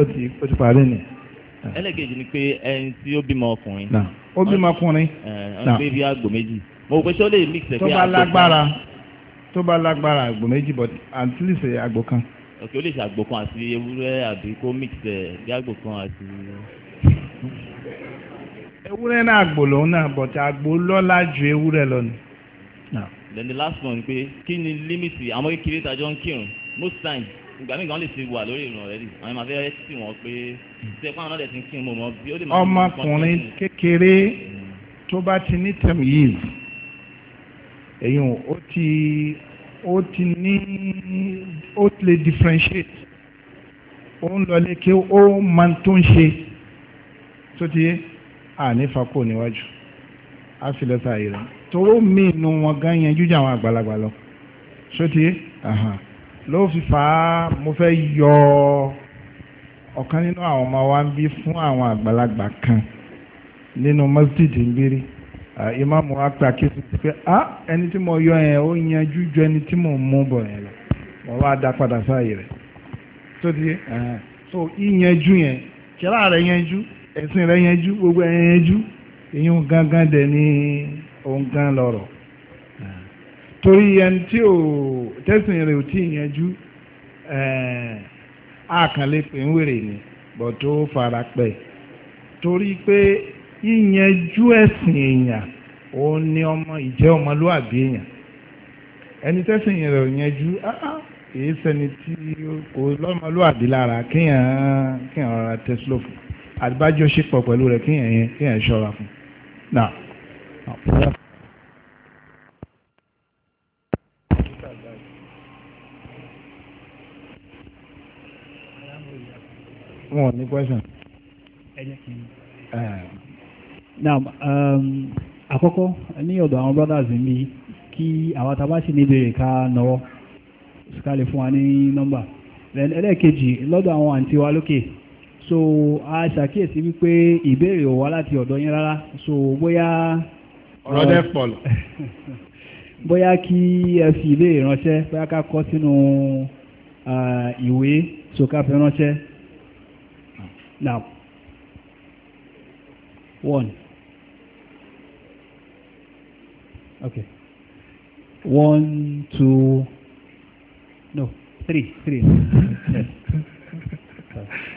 ó ti ó ti parí ni. ẹlẹ́gẹ̀ẹ́jì ni pé ẹni tí ó bímọ ọkùnrin. ó bímọ ọkùnrin. ọ̀n pé bí àgbò méjì mo rò pé ṣé ó lè mix ẹ̀ pé àgbò kan. tó bá lágbára tó àgbò méjì ewúrẹ́ náà àgbò lòun náà but àgbò lọ́lá ju ewúrẹ́ lọ ni. then the last one pé kí ni límìtì àwọn kékeré tàjọ ń kírun most times ìgbà míì gan lè ti wà lórí ìrùn ọ̀rẹ́dì àwọn ìmọ̀ afẹ́rẹ́ sì wọ́n pé ṣe fún àwọn ọ̀dẹ̀ tí ń kírun mọ̀ bí ó lè máa. ọmọkùnrin kékeré tó bá ti ní tẹ̀m yìí èyí ó ti ó ti ní ó lè differentiate ó ń lọ lékè ó máa tó ń ṣe tó ti yé ànífà kò níwájú á fi lẹ́sà yìí mi inú wọn gan yẹn jújà àwọn àgbàlagbà lọ tó ti yé ló fi fà á mo fẹ́ yọ ọ̀kan nínú àwọn ọmọ wa ń bí fún àwọn àgbàlagbà kan nínú masjid ń bírí ìmáàmù wa pé ti pé ah ẹni tí mo yọ yẹn ó yanjú ju ẹni tí mo mú bọ̀ yẹn lọ mo wá dá padà sáàyè rẹ̀ tó ti yé so ìyanjú yẹn kíláà rẹ̀ yanjú ẹ̀sìn rẹ̀ yanjú gbogbo ẹ̀ yanjú ìyún gangan dẹ̀ ní òun gan lọ́rọ̀ torí ẹni tí ò tẹ̀sìn rẹ̀ ò tí ì yanjú àkànlé pé ń wèrè ni bọ̀ tó fara pẹ́ torí pé yíyanjú ẹ̀sìn èèyàn òun ni ọmọ ìjẹ́ ọmọlúwàbí èèyàn ẹni tẹ́sìn rẹ̀ ò yanjú kìí ṣẹni tí kò lọ́mọlúwàbí lára kíyàn kíyàn rárá tẹ́sílò àdìbájọṣepọ̀ pẹ̀lú rẹ̀ kéèyàn yẹn kéèyàn ṣọ́ra fún náà. wọn ò ní question. now um, àkọ́kọ́ ní ọ̀dọ̀ àwọn brothers mi kí àwọn tá a bá sì ní ìbéèrè ká nọwọ́ ká lè fún wa ní nọ́mbà then ẹlẹ́ẹ̀kejì lọ́dọ̀ àwọn àǹtí wa lókè so a ṣàkíyèsí wípé ìbéèrè ò wá láti ọ̀dọ̀ yín rárá so bóyá. ọ̀rọ̀ dẹ́ pọ̀ lọ. bóyá kí ẹ fi ìbéèrè ránṣẹ́ bóyá ká kọ sínú ìwé so ká fi ránṣẹ́. now one okay one two no three three.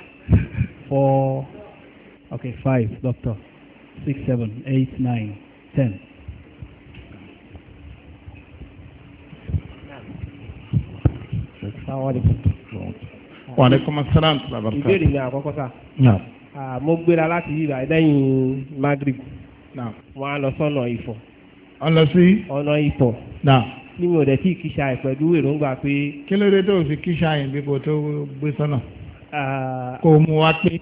four okay five doctor six seven eight nine ten. wa aleykum asalaam wa rahmatulah. ìbéèrè mi àkọ́kọ́ sá. mo gbéra láti yíra lẹ́yìn magrib. wọ́n á lọ sọ́nà ìfọ̀. wọ́n lọ sí. ọ̀nà ìfọ̀ ní mi ò dẹ̀ tí kìí ṣe àìpẹ̀lú èròǹgbà pé. kí ló dé tó o fi kìí ṣe àyìnbí kó tó gbé sọ́nà. Ah, kò mú wa pé.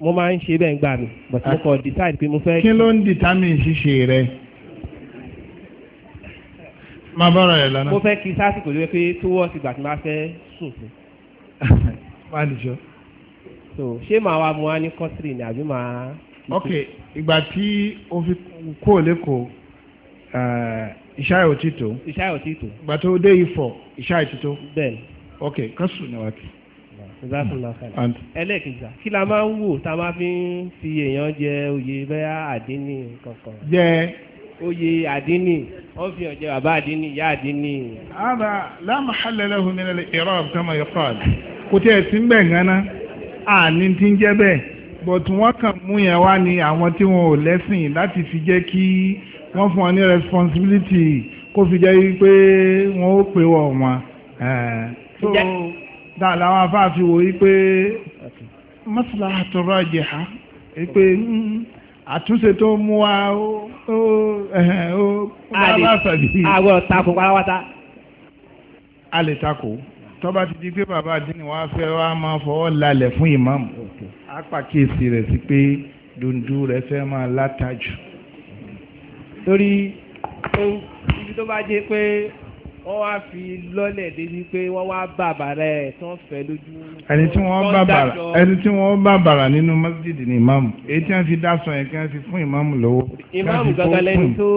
mo máa ń ṣe bẹ́ẹ̀ gbà mí but mo ah. kàn decide pé mo fẹ́. kí ló ń determine ṣíṣe rẹ? máa bọ̀rọ̀ rẹ̀ lọ́nà. mo fẹ́ kí sásìkò ló yẹ pé tó wọ́ sí ìgbà tí máa fẹ́ sùn fún. máa lè jọ. so ṣé màá wa mu wa ní kọ́sìrì ni àbí màá. ok ìgbà tí o fi kó lẹ́kọ̀ọ́ ìṣáà ò tí tó. ìṣáà ò tí tó. ìgbà tó dé ifọ̀ ìṣáà ò tí tó. bẹ́ẹ̀ ni. ok kọ́sìrì ni kì í ẹlẹ́kìjà kí la máa ń wò tá a máa fi ń fi èèyàn jẹ oyè bẹ́ẹ̀ àdínì kankan. jẹ oyè àdínì wọ́n fi hàn jẹ bàbá àdínì ìyá àdínì. ara láàmú halẹ̀lẹ̀ hun ní ilẹ̀ ìrọ̀ àbùkámọ̀ yóò fà á kò tí ẹ̀ sí ń bẹ̀ gánà àní ti ń jẹ́ bẹ́ẹ̀ but wọ́n kàn mú yẹn wá ní àwọn tí wọn ò lẹ́sìn láti fi jẹ́ kí wọ́n fún wọn ní responsibility kó fi jẹ́ wípé wọ́n ó pè wọ̀ wọn dáa làwọn afá fi wò wípé mọ́sálà àtọ̀rọ̀ àjẹ̀há wípé àtúnṣe tó mú wa ó bá sàbí. àwọn takò pátápátá. a lè takò tọ́ba ti di pé bàbá àdínní wàá fẹ́ wàá máa fọwọ́ lálẹ̀ fún ìmáàmù á pàkíyèsí rẹ̀ sí pé dundú rẹ̀ fẹ́ máa látajù. lórí ibi tó bá jẹ́ pé wọ́n wá fi lọ́lẹ̀ dé ní pé wọ́n wá bàbàrà ẹ̀ tán fẹ́ lójú. ẹni tí wọ́n bàbàrà ẹni tí wọ́n bàbàrà nínú mọ́sídìdì ni ìmáàmù èyí tí wọ́n fi dá sọ yẹn kí wọ́n fi fún ìmáàmù lọ́wọ́. ìmáàmù gangan lẹni tó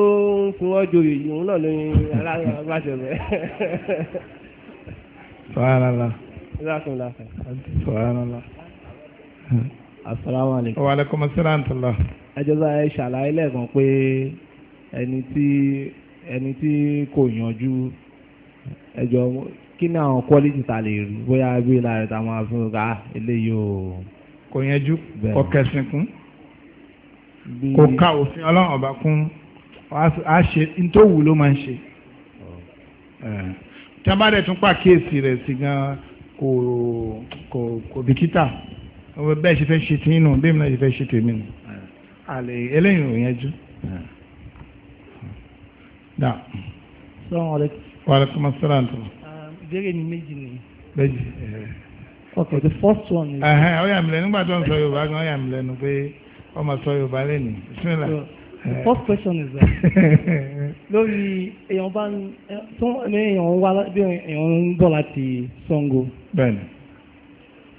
ń fún ọjọ́ yìí òun náà lóyún aláṣẹ rẹ̀. sọ́hánàlá. ìlàkùnlá. sọ́hánàlá. asalaamualeykum. wa asalaam tala. ẹjọ́ bá ẹ ṣàlàyé pé ẹni tí ẹni tí kò yanjú ẹjọ́ kí ni àwọn quality ta lè rí bóyá bí láàrin ta máa fún ọgá ah, eléyìí o. kò yẹjú kò kẹsìn kún kò ka òfin ọlọ́run ọba kún a ṣe nítòwú ló máa ń ṣe oh. tí a bá dẹ̀ tún pàkíyèsí rẹ̀ sí gan kò kò kò bìkítà bẹ́ẹ̀ ṣe fẹ́ ṣe tí inú bí mi náà ṣe fẹ́ ṣe tèmi nù àlè eléyìí ò yẹn jú. Assalamu alaikum. Wàlẹ́kùn Mọ́sálàn tó. Ìbéèrè ni méjì ni. Méjì. Eh. Okay, the first one is. Ọ̀yà mi lẹ́nu nígbà tó ń sọ Yorùbá gan, ọ̀yà mi lẹ́nu pé ọmọ sọ Yorùbá lẹ́nu. Bismillah. The first question is that. Lórí èèyàn bá ń eh, tó ní èèyàn wá bí èèyàn ń bọ̀ láti Sango. Bẹ́ẹ̀ni.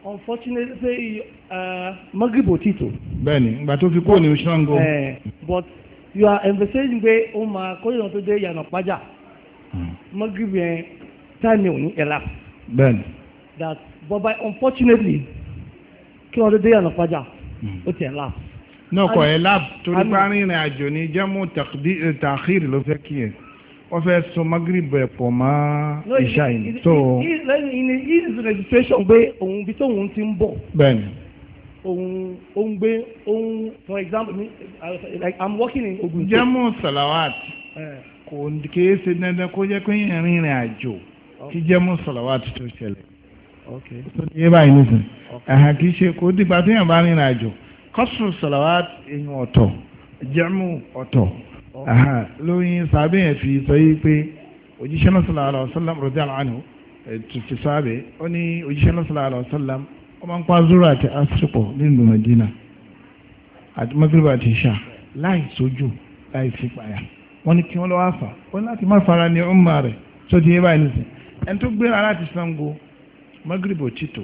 Unfortunately, say eh, Magribo Tito. Bẹ́ẹ̀ni, ìgbà tó fi kúrò ní Sango. But you are emphasizing pé ó máa kóyọ̀ tó dé ìyànà pàjá mọ́gìrìbì yẹn táìmì ò ní ẹ̀là. that but by unfortunately kí wọ́n dédé yànnà fàjà hmm. ó ti ẹ̀là. náà kọ ẹ̀ láàbù torí parí ìrìn àjò ní jẹ́mú tàkìrì eh, ló fẹ́ kí ẹ̀ wọ́n fẹ́ so mọ́gìrìbì ẹ̀ pọ̀ mọ́ ìṣá yìí. lẹ́yìn ìlú registration pé òun ibi tóun ti ń bọ̀. bẹ́ẹ̀ni ohun ohun gbé ohun for example like I'm working in Ogun State. jẹ́mú salawat. Uh, kò kìí ṣe dandan kó jẹ́ pé yẹn rìnrìn àjò kí jẹ́ mú sọ̀làwà tuntun ṣẹlẹ̀ tó ní yé báyìí nìsín ẹ̀hà kìí ṣe kó dìgbà tó yẹn bá rìnrìn àjò kọ́sùn sọ̀làwà èèyàn ọ̀tọ̀ jẹ́mú ọ̀tọ̀ lóyún sàbẹ̀ yẹn fi sọ yí pé òjíṣẹ́ náà sọ̀làwà àlọ́ sọ́làm rọ̀dí àlọ́ tùtù sábẹ̀ ó ní òjíṣẹ́ náà Madina àti magreba àti ìṣà láì sójú láì sí payà wọ́n ní kí wọ́n lọ́wọ́ àfà ó ní láti má fara ní ọmọ rẹ̀ tó ti yé báyìí nìsín ẹni tó gbéra láti Ṣàngó Maghrib ò títò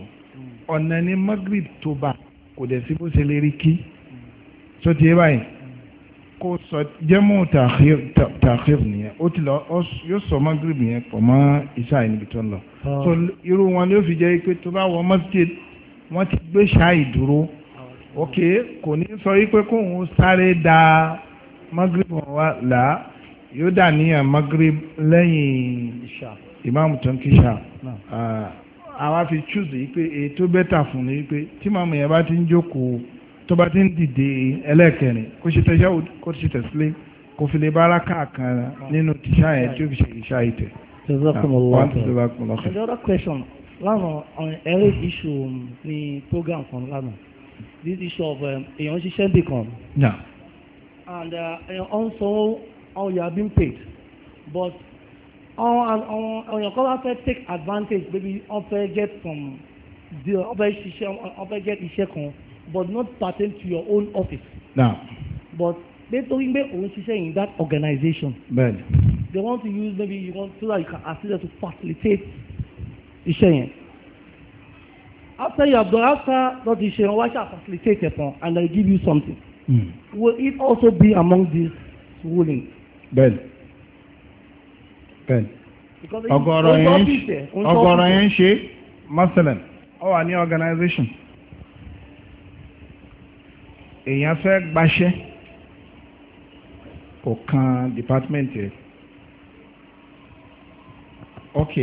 ọ̀nà ní Maghrib tó bá kò dẹ̀ sí bó ṣe lè rí kí tó ti yé báyìí kó sọ jẹ́mú tàkìr nìyẹn ó ti lọ yóò sọ Maghrib nìyẹn pọ̀ mọ́ iṣẹ́ àìníbi tó ń lọ ah. so irú wọn ló fi jẹ́ pé tó bá wọ masjid wọ́n ti gbé ṣáì dúró ah. ok kò ní sọ wípé kóun sáré da Maghrib wọn wá làá yóò dà níyàn magrib lẹ́yìn ìmáàmù tó ń kí ṣá àwa fi choose yìí pé ètò bẹ́tà fún ni pé tí màmú yẹn bá ti ń jókòó tó bá ti ń dìde ẹlẹ́ẹ̀kẹrin kó ṣe tẹ̀síà kó ṣe tẹ̀sílẹ̀ kò fi lè bára káàkan nínú tìṣà yẹn tí ó fi ṣe ìṣà yìí tẹ̀. another question lánàá on eric issue ní program kan lánàá this issue of um, èèyàn ṣiṣẹ́ bìkan and uh, èèyàn ń sanwó or you have been paid but àwọn àwọn èèyàn kan wá fẹ́ take advantage maybe wọ́n get from the wọ́n fẹ́ ṣiṣẹ́ wọ́n fẹ́ get iṣẹ́ kan but not pertain to your own office. Nah. but they nítorí pé òun ṣiṣẹ́ in that organization. bẹ́ẹ̀ni. they want to use maybe you want so that you can assist them to facilitate iṣẹ́ yẹn. after you have done after that iṣẹ́ yẹn wọ́n facilitate ẹ̀ fún and they give you something. Mm. will it also be among these rulings? bẹ́ẹ̀ bẹ́ẹ̀ ọ̀gọ̀rọ̀ yẹn ọ̀gọ̀rọ̀ yẹn ṣe masalan ọ wà ní organization èèyàn fẹ́ gbaṣẹ́ kò kan department rẹ̀ ok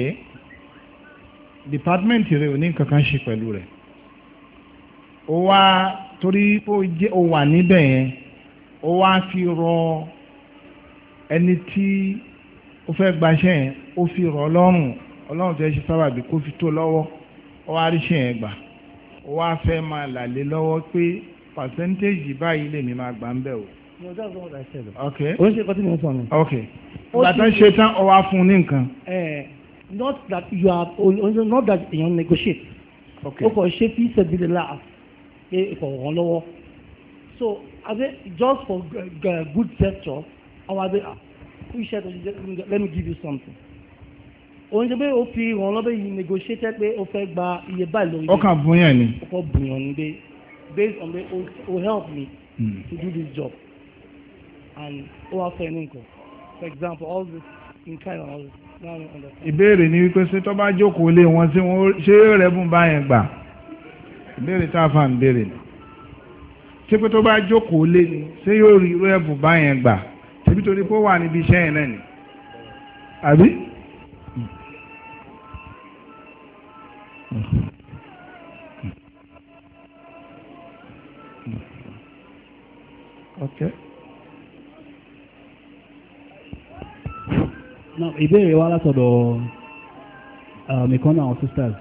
department rẹ̀ ò ní kankan ṣe pẹ̀lú rẹ̀ ó wá torí ó wà níbẹ̀ yẹn ó wá fi rọ ẹni tí ó fẹ́ gbaṣẹ́ yẹn ó fi rọ̀ ọlọ́run ọlọ́run fẹ́ ṣe sábàbí kó fi tó lọ́wọ́ ó wá ríṣẹ́ yẹn gbà ó wá fẹ́ máa làlé lọ́wọ́ pé pàṣẹ́ntéèjì báyìí lèmi máa gbà ń bẹ̀ o. ok ó ṣe kọ́tí mi sọ mi. ok bàtà ṣe tán ó wá fún un ní nǹkan. Eh, not that you are not that you negotiate. ok ó kọ ṣe fi ṣẹ̀bílẹ̀ láàf pé ìkọ̀ọ̀kan lọ́wọ́ so just for good gesture àwọn abẹ́ à fún let me give you something òun ṣe pé ó fi wọn lọ́bẹ̀ yìí negotiate pé ó fẹ́ gba iye báyìí lórí ọkàn bùnyàn ni ọkàn bùnyàn ni pé based on pé o help me hmm. to do this job and ó wá fẹ́ ní nǹkan for example all this in kind of all this ìbéèrè ni wípé ṣé tó bá jókòó lé wọn sí wọn ṣé rẹ́bùn bá yẹn gbà ìbéèrè tá a fà ń béèrè ṣé pé tó bá jókòó lé ni ṣé yóò rí rẹ́bùn bá yẹn gbà tẹbi torí pé ó wà níbi iṣẹ́ yẹn náà ni àbí. Okay. Now, ìbéèrè wa látọ̀dọ̀ nìkan um, náà àwọn sisters.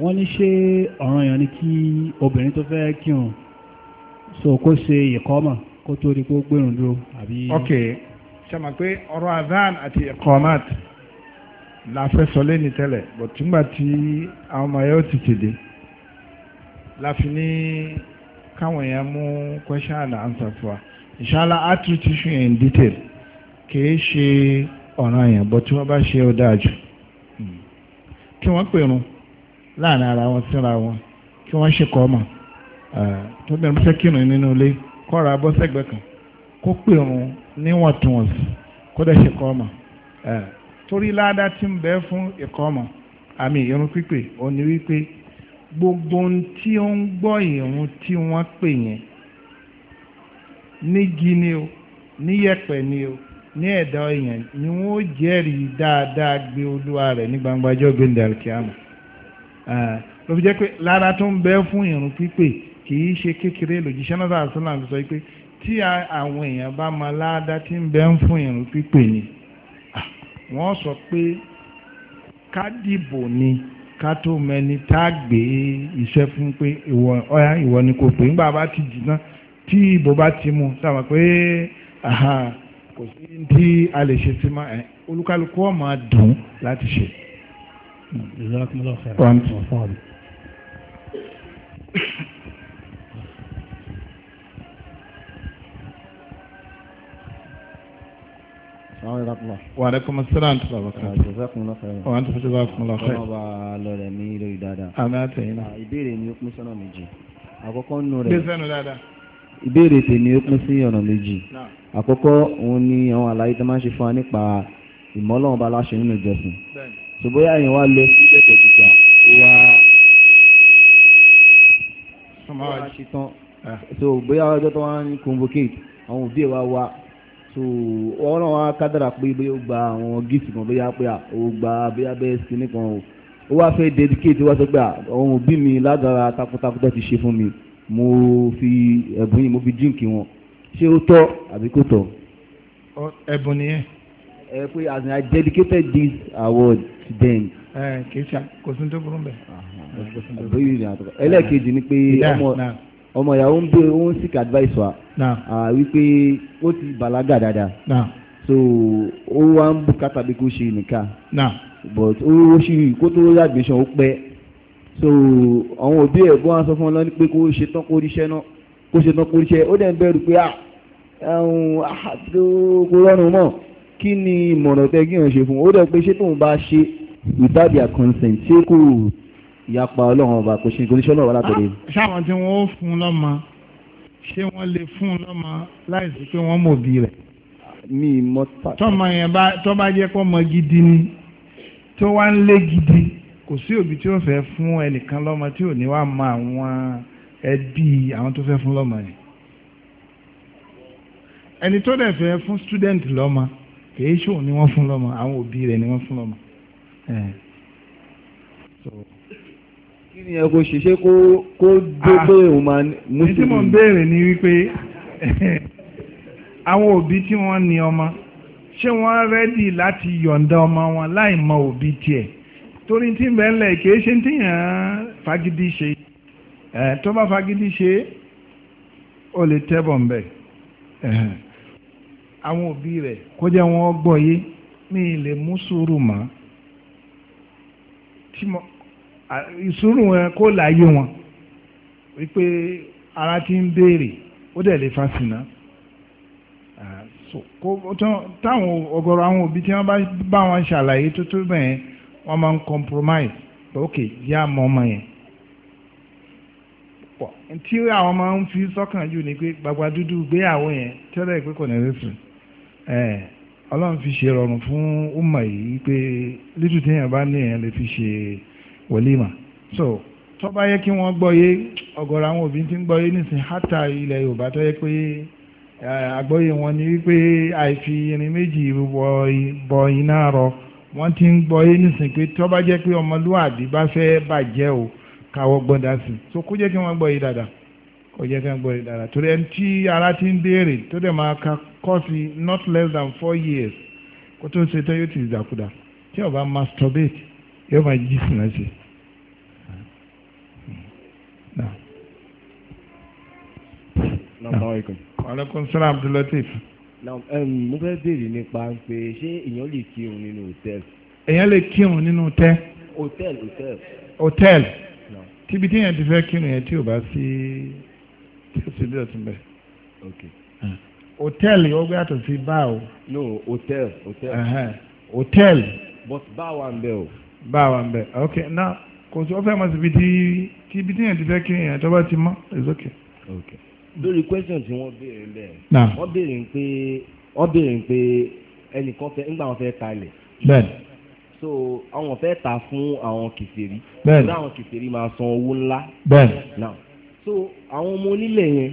Wọ́n ní ṣé ọ̀ranyàn ni kí obìnrin tó fẹ́ kírun so kó ṣe ìkọ́mọ̀ kó tó di kó gbẹ̀rùn dúró àbí. ok ṣàmà pé ọ̀rọ̀ azan àti iqamat la fẹ́ sọ lẹ́ni tẹ́lẹ̀ bọ̀ túmọ̀ tí àwọn ọmọ yẹn ó ti tèdè la fi ní káwọn yẹn mú question and answer fún wa inshallah a yẹn in detail kìí ṣe ọ̀ràn yẹn bọ̀ tí wọ́n bá ṣe ó dáa jù hmm. kí wọ́n pèrún láàrin ara wọn síra wọn kí wọ́n ṣe kọ́ ọmọ tó bẹ̀rù fẹ́ kírun nínú ilé kọ́ra bọ́ sẹ́gbẹ̀ẹ́ kan kó pè òun níwọ̀ntúnwọ̀nsì kó dẹ̀ ṣe kọ́ ọmọ torí ládàá tí ń bẹ fún ẹ̀kọ́ ọmọ àmì ìrun pípé ó ní wípé gbogbo ohun tí ó ń gbọ́ ìrun tí wọ́n pè yẹn nígi ni o ní yẹ̀pẹ̀ ni o ní ẹ̀dá èèyàn ni wọ́n ó jẹ́rìí dáadáa gbé olúwa rẹ̀ ní gbangba ọjọ́ gbẹ̀ndẹ̀ àlùkìyàmù ló fi jẹ́ pé lára tó ń bẹ fún ìrun pípé kì í ṣe kékeré lòjíṣẹ́ náà sàrà sọ́nà sọ pé tí àwọn èèyàn bá máa láàdá tí ń bẹ ń fún ìrun pípè ni wọ́n sọ pé ká dìbò ni ká tó mẹni tá a gbé iṣẹ́ fún pé ìwọ ni kò pè nígbà bá ti jìnnà tí ìbò bá ti mú sábà pé kò sí tí a lè ṣe sí máa olúkálukú ọ̀ máa dùn láti ṣe. Jazakumullahu khairan. wa aleykum salaam tó lọ́wọ́ kan. wa n tó fi bá kun lọ́kọ́ yìí. ọmọ bá lọ rẹ̀ ní lórí dáadáa. àmì àtẹ̀yìn náà. Ah, ìbéèrè ni ó pín sọ́nà méjì. àkọ́kọ́ nù rẹ̀. gbèsè nù dáadáa. ìbéèrè tèmi ó pín sí ọ̀nà méjì. àkọ́kọ́ òun ni àwọn àlàyé tó máa ń ṣe fún wa nípa ìmọ̀lọ́wọ́n bá láṣẹ nínú ìjọsìn. ṣùgbọ́n yà yín lé sí ìgbẹ́kẹ̀ gíga wá. wá ṣetán. Ah. so ọjọ́ tó wá ń convocate àwọn òbí ẹ̀ wá wá so wọn náà wọn kádàrà pé bí ó gba àwọn gift kan bí yá pé ó gba bí abẹ́ skinny kan o ó wá fẹ́ dedicate wá sọ pé àwọn òbí mi lágara takuntakun tó ti ṣe fún mi mo fi ẹ̀bùn yìí mo fi jíǹkì wọn ṣé ó tọ́ àbí kò tọ́. ẹ̀bùn nìyẹn. ẹ pé as in I dedicated this award to them. ẹ kì í ṣe kò sí ní tó burú bẹ́ẹ̀. ẹlẹ́ẹ̀kejì ni pé ọmọ ọmọ ìyàwó ń bèrè ó ń seek advice wa wípé ó ti bàlágà dáadáa so ó wá ń bùkátà bí kò ṣe nìkan but ó ṣì kó tó yá admission ó pẹ́ so àwọn òbí ẹ̀ bó wá sọ fún ọ lọ́ní pé kó ṣe tán kó ríṣẹ́ náà kó ṣe tán kó ríṣẹ́ ó dẹ̀ ń bẹ̀rù pé ah ẹ̀hún ah, rọrùn mọ́ kí ni ìmọ̀ràn tẹ́gí ṣe fún ó dẹ̀ pé ṣé tóun bá ṣe without their consent ṣé kò ìyapa ọlọ́run ọba kò ṣe ìgbóníṣẹ́ ọlọ́run látọ̀dẹ̀. sáwọn ah, tí wọ́n fún un lọ́mọ ṣé wọ́n lè fún un lọ́mọ láìsí pé wọ́n mọ̀ bí rẹ̀. mi mọ pàtàkì. tọ́mọ yẹn bá tọ́ bá jẹ́ pé ọmọ gidi ni tó wá ń lé gidi kò sí òbí tí ó fẹ́ fún ẹnìkan lọ́mọ tí ò ní wàá mọ àwọn ẹbí àwọn tó fẹ́ fún lọ́mọ yẹn. ẹni tó dẹ̀ fẹ́ fún student lọ́mọ kì í ṣòun ni wọ́n fún lọ́mọ àwọn òbí rẹ̀ ni wọ́n fún lọ́mọ. So kí ni ẹ kó ṣe ṣe kó kó dédé òun ah. máa mùsùlùmí. èyí tí mo ń béèrè ni wípé àwọn òbí tí wọ́n ní ọmọ ṣé wọ́n rẹ́dì láti yọ̀ǹda ọmọ wọn láì mọ òbí tiẹ̀ torí tí ń bẹ kìí ṣe tí yàn án fagidi ṣe ẹ̀ tó bá fagidi ṣe ó lè tẹ́bọ̀ ńbẹ̀ àwọn òbí rẹ̀ kó jẹ́ wọn gbọ́ yé mi lè mú sùúrù mọ́ ìṣúrù wọn kó láyé wọn wípé ara ti ń béèrè ó dẹ̀ lè fa sìnà táwọn ọ̀gọ̀rọ̀ àwọn òbí tí wọ́n bá wọn ṣàlàyé tó tó bẹ́ẹ̀ wọ́n máa ń compromise ok yá mọ́ ọmọ yẹn pọ̀ tí àwọn máa ń fi sọ́kàn jù ni pé gbàgbà dúdú gbéyàwó yẹn tẹ́lẹ̀ pé kò ní rí sùn ọlọ́run fi ṣe rọrùn fún ọmọ yìí pé lítù téèyàn bá ní èèyàn lè fi ṣe wòlímà so tó bá yẹ kí wọ́n gbọ́yé ọ̀gọ̀rọ̀ àwọn òbí ti ń gbọ́yé nísìn hátà ilẹ̀ yorùbá tó yẹ pé àgbọ́yé wọn ni wípé àìfi irin méjì bọ iná rọ wọ́n ti ń gbọ́yé nísìn pé tó bá jẹ́ pé ọmọlúwàbí bá fẹ́ bàjẹ́ o káwọ́ gbọ́dá sí so kó jẹ́ kí wọ́n gbọ́yé dáadáa kó jẹ́ kí wọ́n gbọ́yé dáadáa torí ẹni tí ara ti ń béèrè tó dẹ̀ máa ka kọ́ọ̀sì not less than four years kó tó ṣe tẹ́yọ́tì ìdàkudà tí ó masturbate yóò máa jí sìnà sí. aleykum salaam abdulateef. mo fẹ́ béèrè nípa pé ṣé èèyàn lè kírun nínú hòtẹ́ẹ̀lì. èèyàn lè kírun nínú tẹ́. hòtẹ́ẹ̀lì hòtẹ́ẹ̀lì. hòtẹ́ẹ̀lì tíbi tí yẹn ti fẹ́ kírun yẹn tí ò bá sí tí ò sí dọ̀tí mbẹ́. hòtẹ́ẹ̀lì ó gbàtọ̀ sí báà o. no hòtẹ́ẹ̀lì hòtẹ́ẹ̀lì. hòtẹ́ẹ̀lì. but báà wà ń bẹ o bá a wà ń bẹ ok náà kò sí ọfẹ mọ síbi tí tí ibi tí yẹn ti fẹ́ kí yẹn tó bá ti mọ it's ok. ok lórí question tí wọ́n béèrè bẹ́ẹ̀ wọ́n béèrè pé wọ́n béèrè pé ẹnìkan fẹ́ ńgbà wọn fẹ́ talẹ̀. bẹ́ẹ̀ni. so àwọn fẹ́ ta fún àwọn kìfèrí. bẹ́ẹ̀ni àwọn kìfèrí máa san owó ńlá. bẹ́ẹ̀ni. now so àwọn ọmọ onílẹ̀ yẹn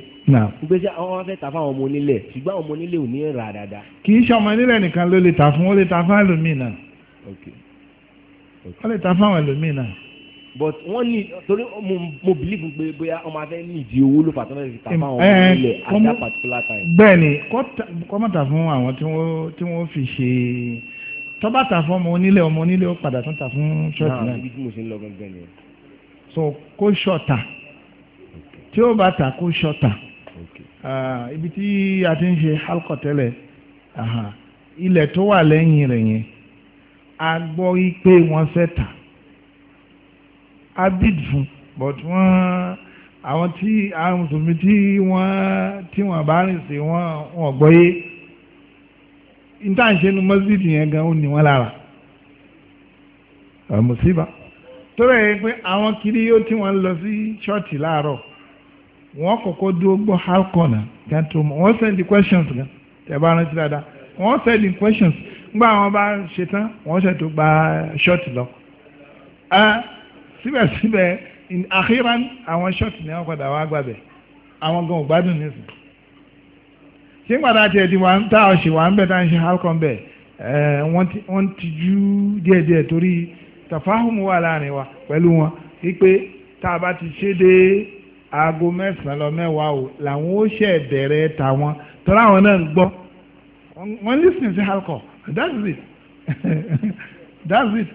gbèsè àwọn afẹ́ ta fáwọn ọmọ onílẹ̀ ṣùgbọ́n àwọn ọmọ onílẹ̀ ò ní rà dáadáa. kì í ṣe ọmọ onílẹ̀ nìkan ló lè ta fún ó lè ta fún wọ́n lè ta fáwọn ẹlòmíì náà. but wọ́n ní torí mo believe pé bóyá ọmọ afẹ́ nídìí owó ló fà tó náà fi ta fáwọn ọmọ eh, ilẹ̀ at that particular time. bẹ́ẹ̀ni kọ́ má ta fún àwọn tí wọ́n fi ṣe tó bá ta fún ọmọ onílé ọmọ onílé ó padà tún ta fún ṣọ́ọ̀tì náà. ibi tí mo ṣe ń lọ gbẹ̀ngbẹ̀ ni. so kó ṣọ̀tà tí ó bá ta kó ṣọ̀tà ah, ibi tí a ti ń ṣe halkọ̀ tẹ́lẹ̀ ilẹ̀ tó wà lẹ́yìn rẹ̀ yẹn a gbọ́ pé wọ́n fẹ́ tà á bid fún but wọ́n àwọn tí àwọn mùsùlùmí tí wọ́n tí wọ́n bá rìn sí wọ́n wọ́n gbọ́ yé intanṣe nu mọ́sídìí yẹn gan ó ní wọ́n lára àmùsíbà torí ẹ pé àwọn kiri yóò tí wọ́n lọ sí ṣọ́ọ̀tì láàárọ̀ wọ́n kọ́kọ́ dúró gbọ́ halkọ́nà kẹ́ntùmọ̀ wọ́n send the questions gan tẹ̀ bá rántí dáadáa wọ́n send the questions nígbà wọn bá ṣetán wọn ṣètò gba ṣọ́ọ̀tì lọ síbẹ̀síbẹ̀ àkíran àwọn ṣọ́ọ̀tì ni wọ́n padà wá gbàbẹ̀ àwọn gan ò gbádùn nísìn ṣé gbàdá tiẹ̀ ti wà ń tà ọ̀ṣẹ̀ wà ń bẹ̀ tá ń ṣe halcon bẹ̀ wọ́n ti jú díẹ̀díẹ̀ torí tàfáhùmù wà láàrin wa pẹ̀lú wọn wípé tá a bá ti ṣe dé aago mẹ́sàn-án lọ mẹ́wàá o làwọn ó ṣẹ̀ bẹ̀rẹ̀ tàwọn tọ́lá àwọn náà ń gbọ́ wọ́n lísìn sí halcon that's it that's it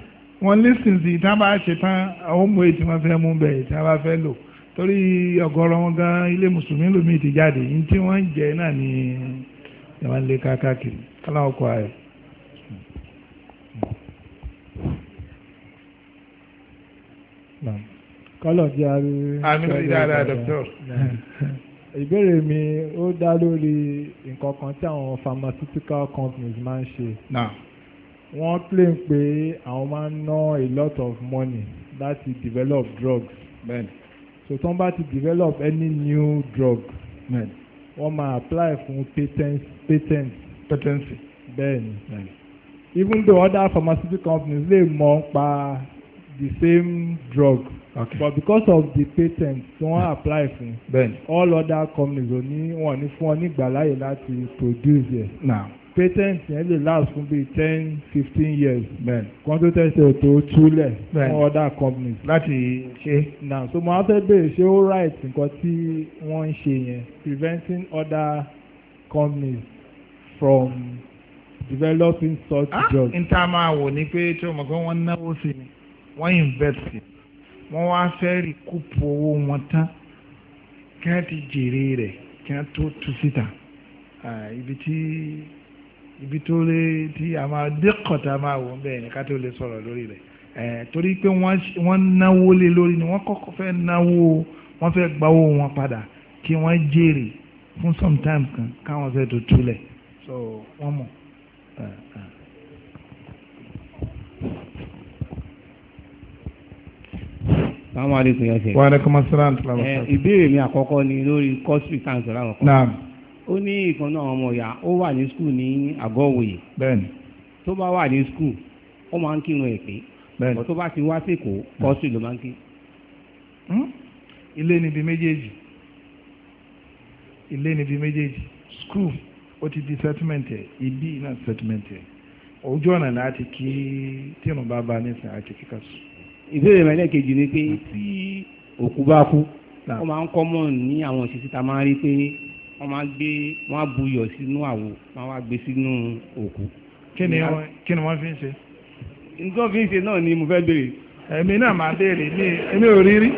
wọ́n listen sí tí wọ́n bá ṣe tán àwọn ọmọ èyí tí wọ́n fẹ́ mú bẹ́ẹ̀ tí wọ́n bá fẹ́ lò torí ọ̀gọ̀rọ̀ wọn gan ilé mùsùlùmí lómi ti jáde yìí tí wọ́n ń jẹ náà ni ìwọ̀n lè káàkiri aláwọ̀ kọ́ ayọ̀. kọ́lọ̀ di ariwo. àmì sí dáadáa dọ́kítọ̀. ìbéèrè mi ó dá lórí nǹkan kan tí àwọn pharmaceutical companies máa ń ṣe. wọ́n claim pé àwọn máa ń ná a lot of money láti develop drugs. Bẹ́ẹ̀ni. so tí wọ́n bá ti develop any new drug. Bẹ́ẹ̀ni. wọ́n máa apply fún patent. patent. patency. Bẹ́ẹ̀ni. Bẹ́ẹ̀ni. even though other pharmaceutical companies lè mọ̀ pa the same drug okay. but because of the patent tí wọ́n ah. apply fún all other companies ò ní wọ́n ní fún ọ ní ìgbàláyè láti produce yẹ. now patent yẹn lè last fún bíi ten fifteen years. bẹ́ẹ̀ kan tó tẹ̀sẹ̀ tó túlẹ̀ fún other companies. láti ṣe. now so mo á fẹ́ bèèrè ṣé ó right nǹkan tí wọ́n ń ṣe yẹn preventing other companies from developing such ah, drugs. ah n ta máa wò ni pé tí o mọ̀ pé wọ́n náwó sí ni wọ́n invest sí wọ́n wá fẹ́ rí kúpù owó wọn tán kí wọ́n ti jèrè rẹ̀ kí wọ́n tó tu síta ibi tí ibi tó lé tí a máa dẹ́kọ̀tà máa wò bẹ́ẹ̀ ni ká tó lè sọ̀rọ̀ lórí rẹ̀ torí pé wọ́n náwó lé lórí ni wọ́n kọ́kọ́ fẹ́ náwó wọ́n fẹ́ gbawó wọn padà kí wọ́n jèrè fún sometimes kan káwọn fẹ́ tó túlẹ̀ so wọ́n mọ̀. Uh, uh. Assalamu alaikum yọ̀sẹ̀. Wa alaikum assalam. Eh, ìbéèrè mi àkọ́kọ́ ni lórí kọ́sìrì káńsọ̀ láwọn kan. ó ní ìkan náà ọmọ ya ó wà ní skul ní àgọ́wòye. bẹ́ẹ̀ni. tó bá wà ní skul ó máa ń kírun èké. bẹ́ẹ̀ni. tó bá ti wá sí ma kọ́sìrì ló máa ń kí. Hmm? ilé méjèèjì ilé skul ó di settlement ibi náà settlement ẹ̀ ọ̀nà kí ba nísìnyí kíkà ìbéèrè mẹ́lẹ̀ kejì ni pé hmm. tí òkú bá kú wọ́n máa ń kọ́mọ̀ ní àwọn òṣìṣẹ́ ta máa ń rí pé wọ́n máa gbé wọ́n á buyọ̀ sínú àwo wọ́n á gbé sínú òkú. kí ni wọ́n fi ń ṣe. nǹkan fi ń ṣe náà ni mo fẹ́ béèrè. èmi náà máa béèrè ní èmi ò rí rí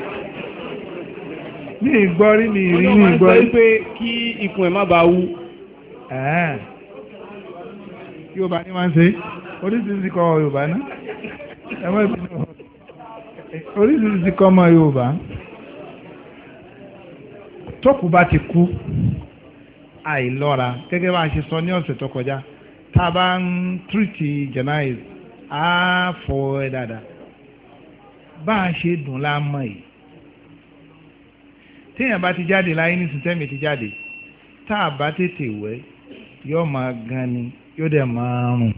ní ìgbọ́rí ní ìrí ní ìgbọ́rí. wọ́n máa ń sọ pé kí ikùn ẹ̀ má bàa wú. Yorùbá ni wọ́n ń ṣe oríṣiríṣi kọ́ Yorùbá náà oríṣiríṣi kọ́ ọmọ Yorùbá tókù bá ti kú àìlọ́ra gẹ́gẹ́ bá a ṣe sọ ní ọ̀sẹ̀ tó kọjá tá a bá ń tírìtì jẹnáìsì á fọ ẹ dáadáa bá a ṣe dùn láàmọ́ yìí téèyàn bá ti jáde láyé nísìnyí ti jáde tá a bá tètè wẹ̀ yóò máa gan ni yóò dẹ̀ máa rùn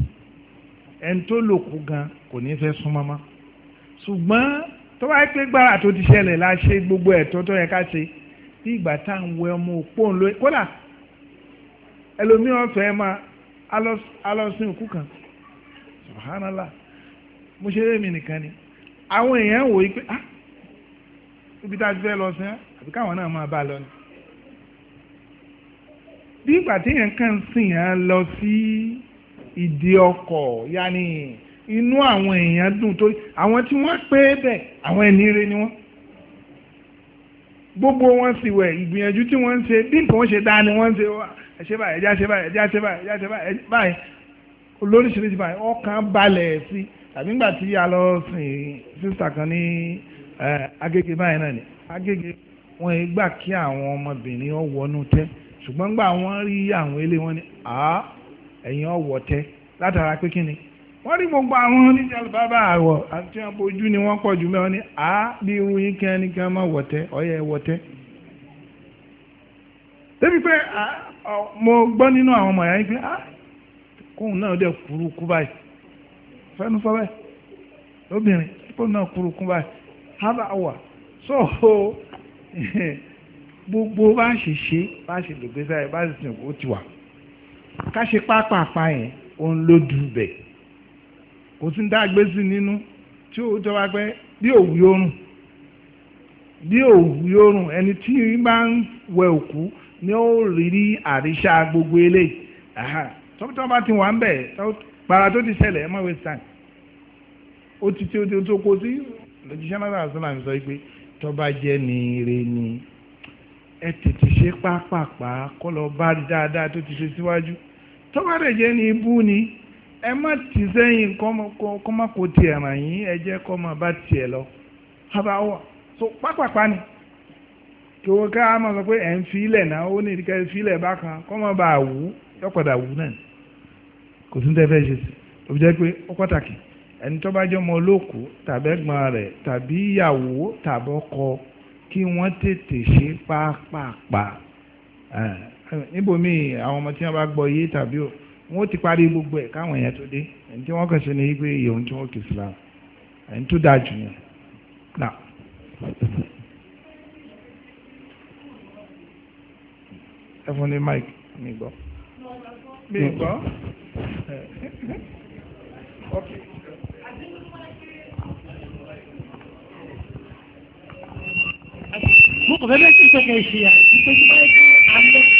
ẹni tó lòkú gan kò ní fẹ́ sún mọ́mọ́ ṣùgbọ́n tó bá pé gbára tó ti ṣẹlẹ̀ la ṣe gbogbo ẹ̀tọ́ tó yẹ ká ṣe bí ìgbà tá à ń wẹ ọmọ òpó ń lo kódà ẹlòmíràn fẹ́ máa alọ́sìn òkú kan subhanallah mo ṣe é mi nìkan ni àwọn èèyàn wò ó pé ah ibi tá a ti fẹ́ lọ sí àbí káwọn náà máa bá a lọ ni bí ìgbà tí èèyàn kàn sìn yẹn lọ sí ìdí ọkọ̀ yáni inú àwọn èèyàn dùn torí àwọn tí wọ́n pé bẹ̀ àwọn ẹni ire ni wọ́n gbogbo wọn sì wẹ̀ ìgbìyànjú tí wọ́n ń ṣe bí nǹkan ṣe dáa ni wọ́n ń ṣe ẹ̀ṣẹ́ báyìí ẹ̀já ṣe báyìí ẹ̀já ṣe báyìí ẹ̀já ṣe báyìí olóríṣiríṣi báyìí ọkàn balẹ̀ sí tàbí nígbà tí a lọ sìn sísà kan ní Agége báyìí náà ni Agége wọn ì gbà kí àwọn ọmọbìnrin ọ wọnú tẹ ṣùgbọ́n gbà wọ́n rí àwọn ilé wọn ni à ẹ̀yìn ọ wọ̀ tẹ látara pé kí ni wọ́n rí gbogbo àwọn oníjàlù bàbá àwọ̀ àti àbójú ni wọ́n pọ̀ jù mẹ́wọ́n ní a bí irú yín kí ẹni kí wọ́n máa wọ̀tẹ́ ọ̀yẹ́ wọ̀tẹ́. débi pé mo gbọ́ nínú àwọn ọmọ ìyá yín pé kóun náà dẹ̀ kúrú kú báyìí fẹ́nu sọ bẹ́ẹ̀ lóbìnrin kóun náà kúrú kú báyìí hábà wà so gbogbo bá ṣe ṣe bá ṣe lògbèsè bá ṣe sìn ó ti wà ká ṣe pápá pa yẹn òun ló dùn bẹ́ẹ̀ kò sí ní tá a gbé sí nínú tí ó tọ́ wa pé bí òwú yorùn bí òwú yorùn ẹni tí bá ń wẹ òkú ni ó rírí àríṣà gbogbo eléyìí tọ́pítọ́ bá ti wà ń bẹ̀ para tó ti ṣẹlẹ̀ ẹ má waste time ó ti tí ó ti tó kó sí lójúṣẹ́ náà sọ́nà mi sọ pé tọ́ba jẹ́ ni ire ni ẹ tètè ṣe pápápá kọ́ lọ bá dáadáa tó ti ṣe síwájú tọ́ba rẹ̀ jẹ́ ni ibú ni ẹ má tì sẹ́yìn kọ́ má kó tiẹ̀ ràn yín ẹ jẹ́ kọ́ má bá tiẹ̀ lọ haba wà so pápápá ni kí wọ́n ká má sọ pé ẹ̀ ń filẹ̀ náà ó ní ìdíkà filẹ̀ bákan kọ́ má bá wù ú yọ̀pọ̀dà wù náà kò sí ní tẹ́ fẹ́ ṣe sí òbí jẹ́ pé ó pàtàkì ẹni tó bá jẹ́ ọmọ olókùú tàbí ẹ̀gbọ́n rẹ̀ tàbí ìyàwó tàbí ọkọ kí wọ́n tètè ṣe pápápá níbòmíì àwọn ọmọ tí wọ́n bá gbọ́ yé tàbí wọ́n ti parí gbogbo ẹ̀ káwọn èèyàn tó dé ẹni tí wọ́n kàn sí ni wípé ìyóhun tí wọ́n kì í Islam ẹni tó dáa jù yẹn. ẹ fún ní mike mi gbọ́. mi gbọ́. okay. mo kàn fẹ́ bẹ́ẹ̀ sí ìpẹ́kẹ̀ ìṣìyà ìpẹ́kẹ̀ ìṣìyà alẹ́.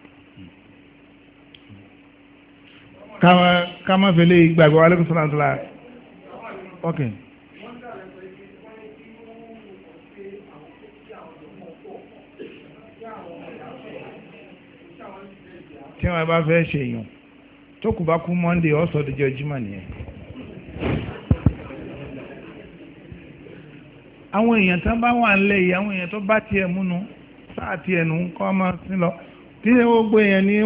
ká má fẹ́ lé gbàgbọ́ alẹ́kùn sọ́lá sọ́lá ok. tí wọ́n bá fẹ́ ṣe èèyàn tó kù bá kú monday ọ̀sọ̀ díjọ jimá nìyẹn. àwọn èèyàn tó bá wà ń lẹ̀ yìí àwọn èèyàn tó bá tiẹ̀ múnu sáà tiẹ̀ nù ń kọ́ ọmọ sí lọ. kí gbogbo èèyàn ni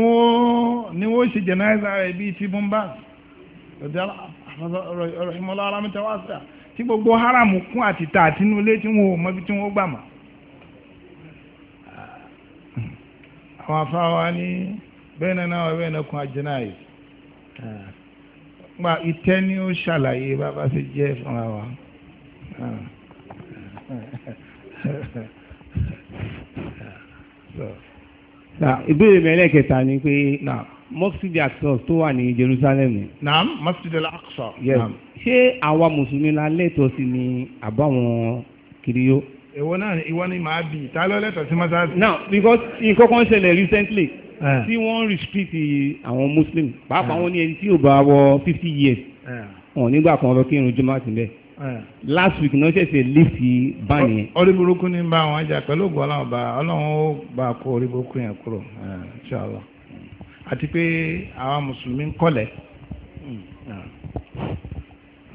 wọ́n ṣe jẹ̀náìsà rẹ̀ bíi ti bùnbà ọ̀rọ̀hìmọ́lá alámítẹ́wàsá tí gbogbo haramu kún àti tà àtinú ilé tí wọ́n mọ́bí tí wọ́n àwọn afáwa bẹ́ẹ̀ náà bẹ́ẹ̀ náà kún gba ìtẹ́ ni ó ṣàlàyé bàbá ṣe jẹ́ fúnra ìbéèrè mẹ́lẹ́kẹta ni pé mọ́sídìí àtọ́ tó wà ní Jerusalem. naam mọ́sídìí al-Aqsa. ṣé àwa mùsùlùmí la lẹ́tọ̀ọ́ sí ni àbáwọn kiriyó. èwo náà ìwọ ni màá bì tá ló lẹ́tọ̀ọ́ sí mọ́sáàsì. now because nǹkan kan ṣẹlẹ̀ recently tí wọ́n restrict àwọn muslim pàápàá wọn ní ẹni tí ò bá wọ fifty years wọn nígbà kan ọ̀rọ̀ kírun jùmọ̀ àtìlẹ́yìn last week náà ṣẹ̀ṣẹ̀ lífi bá yẹn. orí burúkú ní bá wọn jà pẹ̀lú ògùn ọlọ́run bá ọlọ́run ó bá kó orí burúkú yẹn kúrò ṣọlọ àti pé àwa mùsùlùmí ń kọ́lẹ̀.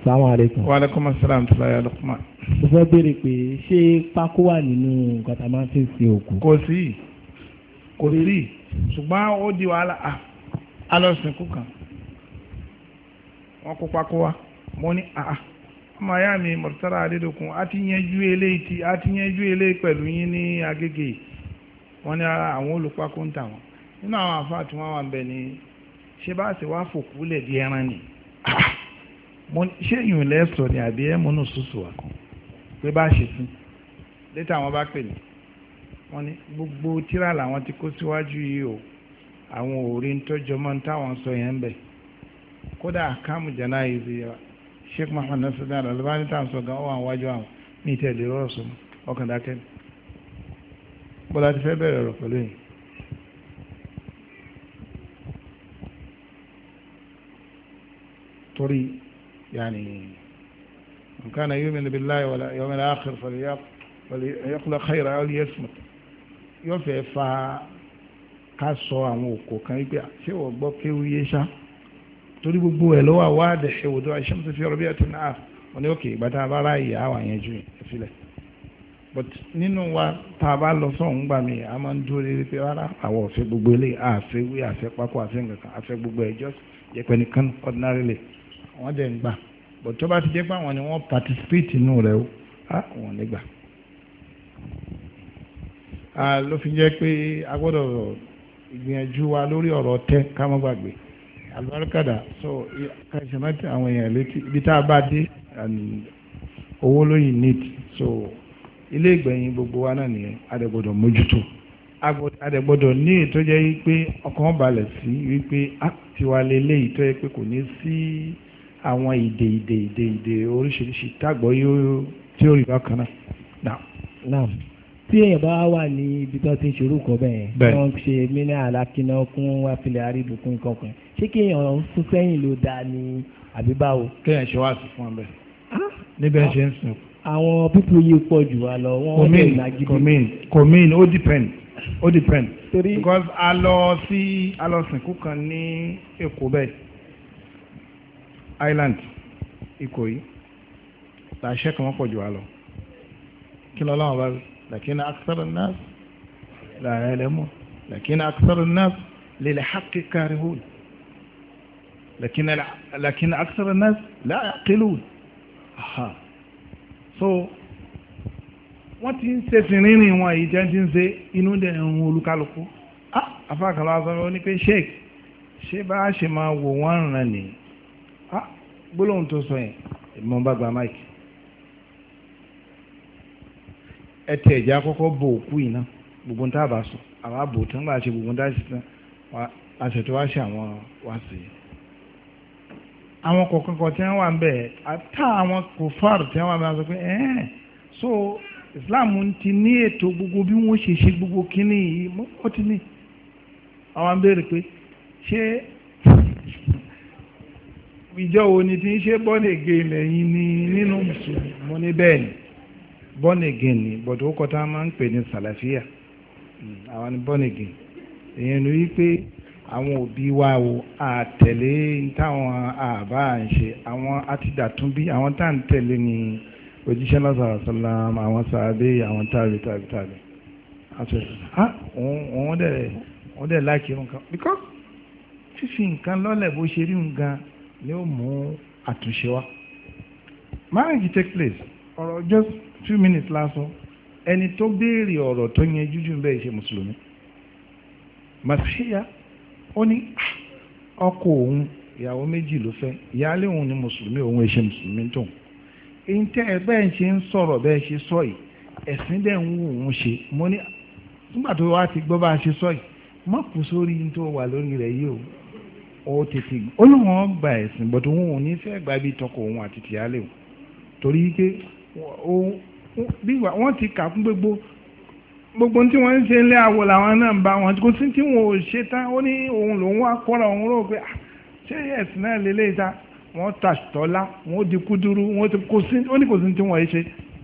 salamu aleykum. wa aleykum asalaam tí láyé ọlọ́kùnmá. mo fẹ́ béèrè pé ṣé pákó wà nínú nǹkan tá a máa ń fi sin òkú. kò sí kò sí ṣùgbọ́n ó di wàhálà alọ́sìnkú ah, kan wọ́n kó pákó wa mo ní àá. Ah, ah, mayami murtala adédokun a ti yanjú eléyìí ti a ti yanjú eléyìí pẹ̀lú yín ní agége wọn ní ara àwọn olùpakó ń tà wọn nínú àwọn àfáà tí wọn wà ń bẹ ni ṣé bá ṣe wá fòkú lẹ̀ di ẹran ni ṣé ìyún lẹ́sọ̀ ni àbí ẹ̀ múnú sùsù wa pé bá ṣe fún létà wọn bá pè ní wọn ní gbogbo tíra làwọn ti kó síwájú yìí o àwọn òòrí ń tọ́jọ́ mọ́ táwọn sọ yẹn ń bẹ̀ kódà kámù jẹ́ náà yìí sheikh muhammad nasiru alibani tá à ń sọ gan ọwọ́ àwọn wájú àwọn ní ìtẹ̀lé rọ̀rọ̀ sọ ọkàn dákẹ́ bọ́lá ti fẹ́ bẹ̀rẹ̀ ọ̀rọ̀ pẹ̀lú yìí. torí yàní nǹkan náà yóò mẹ́lẹ̀ bí láyé wàlá yóò mẹ́lẹ̀ àkàrà fọlẹ̀ yọkùlọ̀ xayira ọ̀lẹ́ yẹ sùn yóò fẹ́ fa ká sọ àwọn òkò kan yìí pé ṣé wọ́n gbọ́ kéwú yé ṣá torí gbogbo ẹ̀ lọ́wọ́ àwọn àdẹ̀ṣẹ̀ òdo àṣẹ́mù tó fi ọ̀rọ̀ bí ẹ̀ tó ní àf wọn ni ó kè gbàtà bá ráàyè àwọn àyẹn jù sílẹ̀ but nínú wa tá a bá lọ sọ̀hún gbà mí a máa ń dúró lé pé rárá àwọn ọ̀fẹ́ gbogbo ilé àfẹ́ wí àfẹ́ pákó àfẹ́ nǹkan àfẹ́ gbogbo ẹ̀ just yẹpẹ nìkan ordinarily wọ́n dẹ̀ ń gbà but tó bá ti jẹ́ pé àwọn ni wọ́n participate inú rẹ̀ o àwọn lè gbà. ló fi jẹ́ pé a gbọ́dọ̀ ìgbìyànjú wa lórí ọ̀rọ̀ tẹ́ ká má gbàgbé àlùbáríkàdà so kàṣẹ mẹ́tì àwọn èèyàn létí ibi tá a bá dé owó lóyìn need so ilé ìgbẹ̀yìn gbogbo wa náà nìyẹn adẹ́gbọ́dọ̀ mójútó adẹ́gbọ́dọ̀ ní ètò jẹ́ wípé ọkàn balẹ̀ sí wípé tiwa lélẹ́yìí tó yẹ pé kò ní sí àwọn ìdè ìdè ìdè ìdè oríṣiríṣi tàgbọ́ yóò tí ó rí bákan náà. naam tí èèyàn bá wà ní ibi tó ti ṣerú kan bẹ́ẹ̀ wọ́n ṣe mí ní àlákínà àríbùkún kankan ṣé kí èèyàn ń sún sẹ́yìn ló dáa ni àbí báwo. kéèyàn ṣe wá sí fún ọ bẹ́ẹ̀ níbẹ̀ ṣe ń sùn. àwọn pípọ̀ yìí pọ̀ jù wá lọ wọ́n wọ́n bẹ̀rẹ̀ ó depend ó depend. torí because a lọ sí a lọ sìnkú kan ní èkó bẹ́ẹ̀ island Ìkòyí làṣẹ kan wọ́n pọ̀ jù wá lọ kí lọ́la wọn bá rí lakini akitara nas la yẹlẹmọ lakini akitara nas lè lè hakikari hóòlù. لكن لكن أكثر الناس لا يعقلون aha so wọ́n ti ń ṣe fìrìnrìn wọn èyí jẹ́ ti ń ṣe inú dẹ̀ ń olúkálukú ah afáàkàlà sọ́rọ̀ ní pé sheik ṣé bá a ṣe máa wò wọ́n ràn ní ah gbólóhùn tó sọ yẹn mo bá gba máìkì ẹ tẹ ẹ̀jẹ̀ àkọ́kọ́ bo òkú yìí ná gbogbo ń tá a bá sọ àwa bò tán gbà ṣe gbogbo ń tá a ṣe tán àṣẹ tó wá ṣe àwọn wá sí i àwọn kọ̀ọ̀kan kan tí wọ́n wà ń bẹ̀ àtà àwọn kòfàr tí wọ́n wà ń bẹ̀ sọ pé ẹ̀ẹ́n so Islam ti ní ètò gbogbo bí wọ́n ṣe ṣe gbogbo kínní yìí ó ti ní àwọn béèrè pé ṣé ìjọ wo ni ti ń ṣe born again lẹ́yìn ní nínú mùsùlùmí ní bẹ́ẹ̀ ni born again ni bọ̀dọ̀ ó kọ́ tá a máa ń pè ní sàlàfíà hmm, àwọn ni born again èèyàn ló yí pé àwọn òbí wa o àtẹ̀lé táwọn àbá ń ṣe àwọn àtidàtúnbí àwọn tá à ń tẹ̀lé ni òjíṣẹ́ lásàásàlá àwọn sàábé àwọn tàbí tàbí tàbí àwọn dẹ̀ wọ́n dẹ̀ láìkí nǹkan because fífi nǹkan lọ́lẹ̀ bó ṣe rí nǹkan ni ó mú àtúnṣe wá marriage take place ọ̀rọ̀ just few minutes lásán ẹni tó béèrè ọ̀rọ̀ tó yẹn jújù bẹ́ẹ̀ ṣe mùsùlùmí màsíyà ó ní ọkọ òun ìyàwó méjì ló fẹ́ ìyáálé òun ni mùsùlùmí òun èṣe mùsùlùmí tóun èyí tẹ́ ẹ bẹ́ẹ̀ ṣe ń sọ̀rọ̀ bẹ́ẹ̀ ṣe sọ yìí ẹ̀sìn dẹ̀ ń wù òun ṣe mo ní nígbà tó wá ti gbọ́ bá a ṣe sọ yìí má kù sórí ní tó wà lórí rẹ̀ yìí o ó tètè ó lóun gba ẹ̀sìn bọ́tò òun ò ní fẹ́ gba ibi tọkọ òun àti tìyáálé òun torí pé wọ́n ti kà fún gbogbo gbogbo tí wọ́n ń ṣe ilé àwò làwọn náà ń bá wọn kò sí tí wọn ò ṣe tán ó ní òun lòun wá kọ́ra òun rò pé ah, ṣé ẹ̀sìn náà lélẹ̀ ta wọ́n tàṣítọ́lá wọ́n di kúdúrú wọ́n ti kò sí ó ní kò sí tí wọ́n ṣe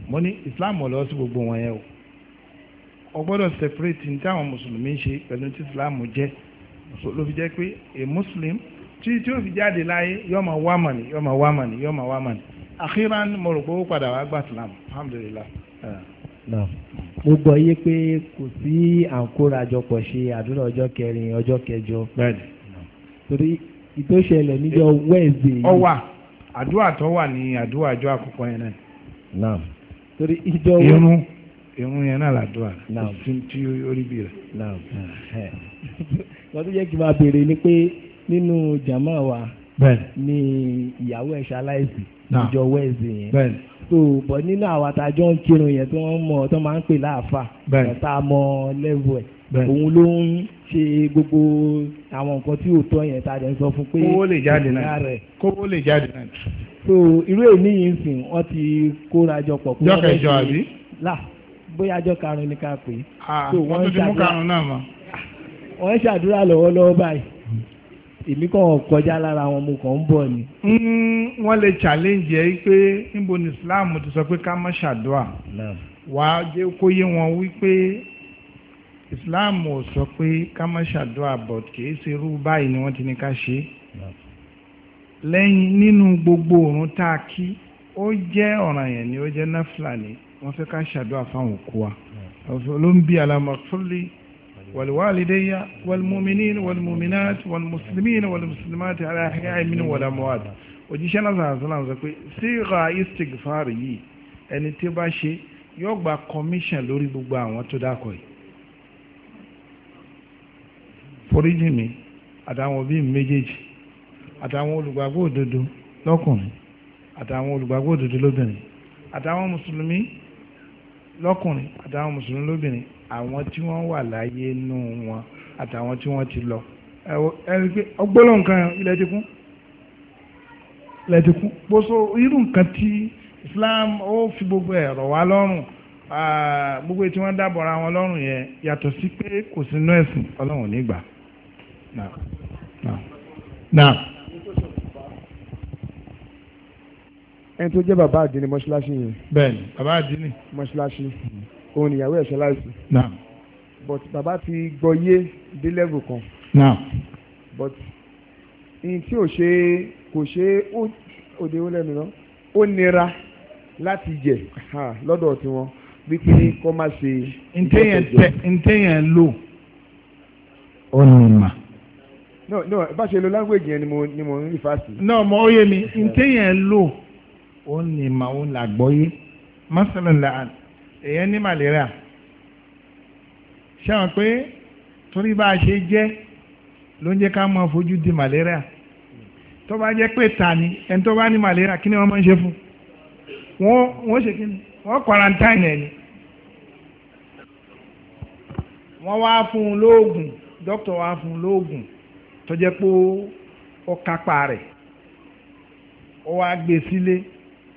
mo ní Islam ò lọ sí gbogbo wọn yẹn o o gbọ́dọ̀ separate ní táwọn mùsùlùmí ṣe pẹ̀lú tí Islam jẹ́ ló fi jẹ́ pé a Muslim tí tí ó fi jáde láyé yóò máa wá mọ̀nì yóò máa wá mo rò pé ó padà wá gbà Islam alhamdulillah. mo gbọ́ yé pé kò sí à ń ṣe àdúrà ọjọ́ kẹrin ọjọ́ kẹjọ torí ìtòṣẹlẹ̀ níjọ́ eh, Wednesday. ó wà àdúrà tó wà ní àdúrà àjọ àkọ́kọ́ yẹn náà. torí ìjọ irun irun yẹn náà làdúrà tí oribi bí rẹ. wọ́n tún jẹ́ kí n máa béèrè ni pé nínú wa ni ìyàwó ẹ̀ ṣaláìsì ìjọ Wednesday yẹn so bọ̀ nínú àwọn àtàjọ ń kírun yẹn tí wọ́n mọ̀ tó máa ń pè láàfà ọ̀tá mọ lẹ́vù ẹ̀ òun ló ń ṣe gbogbo àwọn nǹkan tí ò yẹn tá a dẹ̀ ń sọ fún pé kówó lè jáde náà kówó lè jáde náà. so irú èmi yìí ń sìn wọ́n ti kóra jọ pọ̀. jọkẹjọ àbí. là bóyá jọ karùn-ún ni ká pè é. Ah, wọ́n tún ti mú karùn-ún náà mọ́. wọ́n ń ṣàdúrà lọ́wọ́lọ́wọ́ báyìí èmi kàn kọjá lára wọn mo kàn ń bọ̀ ni. Hmm, wọ́n lè challenge ẹ pé níbo ni Islam ti sọ pé ká má ṣàdúrà wàá jẹ́ kó yé wọn wípé Islam ò sọ pé ká má ṣàdúrà but kì í ṣe irú báyìí ni wọ́n ti ní ká ṣe lẹ́yìn nínú gbogbo òrùn tá a kí ó jẹ́ ọ̀ràn yẹn ni ó jẹ́ náfìlà ni wọ́n fẹ́ ká ṣàdúrà fáwọn òkú wa ló ń bí alamọ̀fúnlé. والوالدي والمؤمنين والمؤمنات والمسلمين والمسلمات على أحياء من ولا مواد òjíṣẹ́ náà sàn sàn sọ pé síra istigfar yìí ẹni tí ó bá ṣe yóò gba commission lórí gbogbo àwọn tó dákọ̀ yìí foríjì mi àtàwọn òbí mi méjèèjì àtàwọn olùgbàgbọ́ òdodo lọ́kùnrin àtàwọn olùgbàgbọ́ òdodo lóbìnrin àtàwọn mùsùlùmí lọ́kùnrin àtàwọn mùsùlùmí lóbìnrin àwọn tí wọ́n wà láyé nù wọn àtàwọn tí wọ́n ti lọ ẹ̀rí pé ọgbọ́lọ́ nǹkan ilẹ̀ ti kún ilẹ̀ ti kún bó so irú nǹkan tí Islam ó fi gbogbo ẹ̀rọ wa lọ́rùn gbogbo tí wọ́n dábọ̀ra wọn lọ́rùn yẹn yàtọ̀ sí pé kò sínú ẹ̀sìn ọlọ́run nígbà. ẹni tó jẹ́ bàbá àdínní mọ́ṣáláṣí yẹn. bẹ́ẹ̀ni bàbá àdínní. mọ́ṣáláṣí òun ìyàwó ẹ̀ ṣe láìsí. but bàbá ti gbọ́ yé dé level kan. but n tí ò ṣe kò ṣe òde ó lẹ́nu náà ó nira láti jẹ lọ́dọ̀ tiwọn wípé kọ́ máa ṣe. ntẹ́yẹn lò ó ní mà no no bá ṣe lo language yẹn ni mo ni mo ń rí fásitì. náà mo ó yé mi ntẹ́yẹn lò ó ní mà ó làgbọ́yé masalala èèyàn ní malaria ṣáwọn pé torí bá a ṣe jẹ́ ló ń jẹ́ ká máa fojú di malaria tó bá jẹ́ pé ta ni ẹni tó bá ní malaria kí ni wọ́n máa ń ṣe fún wọ́n wọ́n ṣe kí ni wọ́n quarantine ẹ̀ ni wọ́n wá fún un lóògùn dókítà wá fún un lóògùn tó jẹ́ pé ó kápá rẹ̀ ó wá gbé e sílé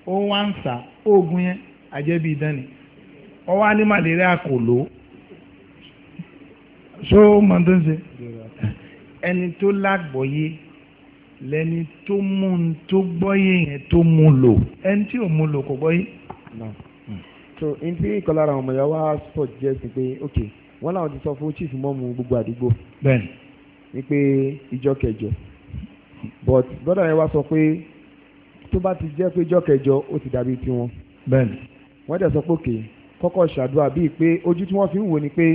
ó wá ń sá oògùn yẹn àjẹbí ìdánì ọ wá ní malaria so mọ tó ń ṣe ẹni tó lágbọ́yé lẹni tó mú un tó gbọ́yé yẹn tó mú lò ẹni tí ò mú lò kò gbọ́yé. so n tí ìkọlára ọmọ ìyá wa sọ jẹ́ sí pé ok wọ́n làwọn ti sọ fún chief mọ́mú gbogbo àdúgbò. bẹ́ẹ̀ni. ni pé ìjọ kẹjọ but brother yẹn wá sọ pé tó bá ti jẹ́ pé ìjọ kẹjọ ó ti dàbí tiwọn. bẹ́ẹ̀ni. wọ́n dẹ̀ sọ pé òkè kọ́kọ́ ṣàdúrà bíi pé ojú tí wọ́n fi ń wò ni pé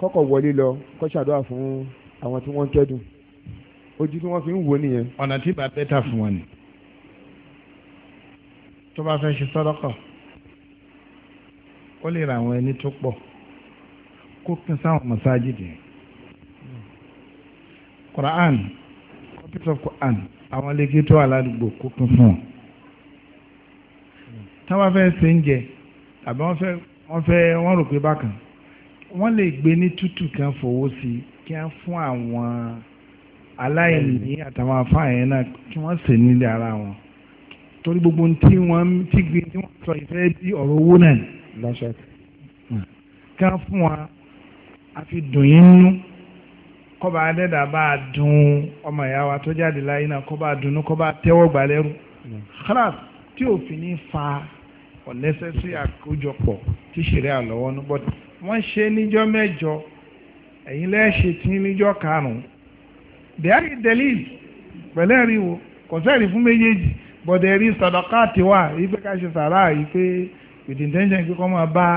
kọ́kọ́ wọlé lọ kọ́ ṣàdúrà fún àwọn tí wọ́n ń kẹ́dùn ojú tí wọ́n fi ń wò nìyẹn. ọ̀nà tí bá bẹ́tà fún wọn ni tó bá fẹ́ ṣe sọ́dọ́kọ̀ ó lè ra àwọn ẹni tó pọ̀ kó pín sáwọn mọ̀sáàjìdì Quran copies of Quran àwọn lè gé tó aládùúgbò kó pín fún wọn. táwọn fẹ́ ṣe ń jẹ àbí wọ́n fẹ́ wọ́n fẹ́ wọ́n rò pé bákan wọ́n lè gbé ní tútù kí wọ́n fowó sí kí wọ́n fún àwọn aláìní àtàwọn afáàyàn náà kí wọ́n sè nílé ara wọn torí gbogbo tí wọ́n ti gbé tí wọ́n sọ ìfẹ́ bí ọ̀rọ̀ owó náà hmm. kí wọ́n fún wa a fi dùn yín nú kọ́ba adẹ́dà bá a dùn ọmọ ìyá wa tó jáde láyé náà kọ́ba dùnú kọ́ba tẹ́wọ́ gbà lẹ́rù hmm. kálá tí òfin ní fa unnecessary àkójọpọ̀ tí ṣeré àlọ́wọ́ ní bọ́dọ̀ wọ́n ṣe níjọ́ mẹ́jọ ẹ̀yin lẹ́ẹ̀ṣẹ̀ tí níjọ́ karùn-ún bẹ́ẹ̀rì delil pẹ̀lẹ́ rí wo kò sẹ́ẹ̀rí fún méjèèjì bọ̀dẹ̀ rí sàdákà ti wà wípé ká ṣe sàrà wípé with intention pé kọ́ máa bá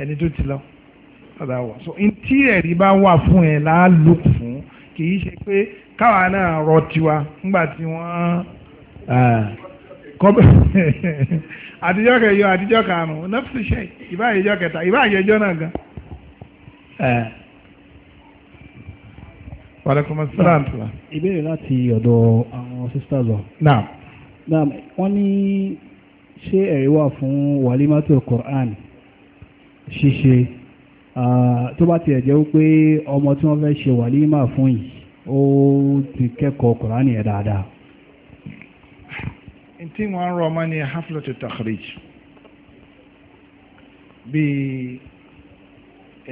ẹni tó ti lọ ọ̀dà wà so ntí ẹ̀rí bá wà fún ẹ̀ láàlùk fún kì í ṣe pé káwa náà rọ tiwa nígbà tí wọ́n kọ́ bẹ́ẹ̀. àtijọ́ kẹyọ àtijọ́ karùn-ún ṣe ìbá àyẹjọ́ kẹta ìbá àyẹjọ́ náà gan. wàlẹ́kùnmọ́ sílàǹtìlá. ìbéèrè láti ọ̀dọ̀ àwọn sisters wa. naam. naam wọ́n ní ṣé ẹ̀rí wà fún wàlímátò Qur'an ṣíṣe tó bá tiẹ̀ jẹ́ pé ọmọ tí wọ́n fẹ́ ṣe wàlímà fún yìí ó ti kẹ́kọ̀ọ́ Qur'an yẹn dáadáa. tí wọ́n rọ ọmọ ní haflatu takhrij bíi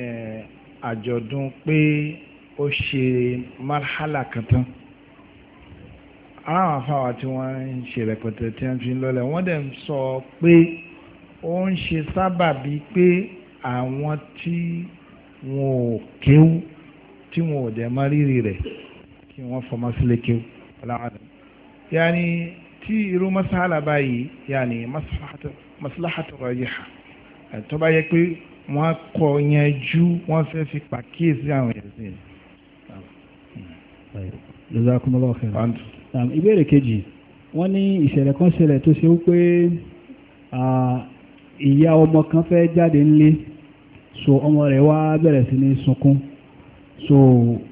eh, àjọ̀dún pé ó ṣe marhala kan tán àwọn afáwà tí wọ́n ń ṣe rẹpẹtẹ tí wọ́n fi ń lọ́lẹ̀ wọ́n dẹ̀ ń sọ pé ó ń ṣe sábàbí pé àwọn tí wọn ò kéwú tí wọn ò dẹ̀ mọ rírì rẹ̀ kí wọ́n fọmọ sílé kéwú. yáni tí irú masala báyìí yàní maslahatu rajiha tó bá yẹ pé wọ́n kọ yẹn jú wọ́n fẹ́ fi pàkíyèsí àwọn ẹ̀sìn. jazakumullahu khairan. ìbéèrè kejì wọ́n ní ìṣẹ̀lẹ̀ kan ṣẹlẹ̀ tó ṣe wípé ìyá ọmọ kan fẹ́ jáde ńlé so ọmọ rẹ̀ wá bẹ̀rẹ̀ sí ní sunkún so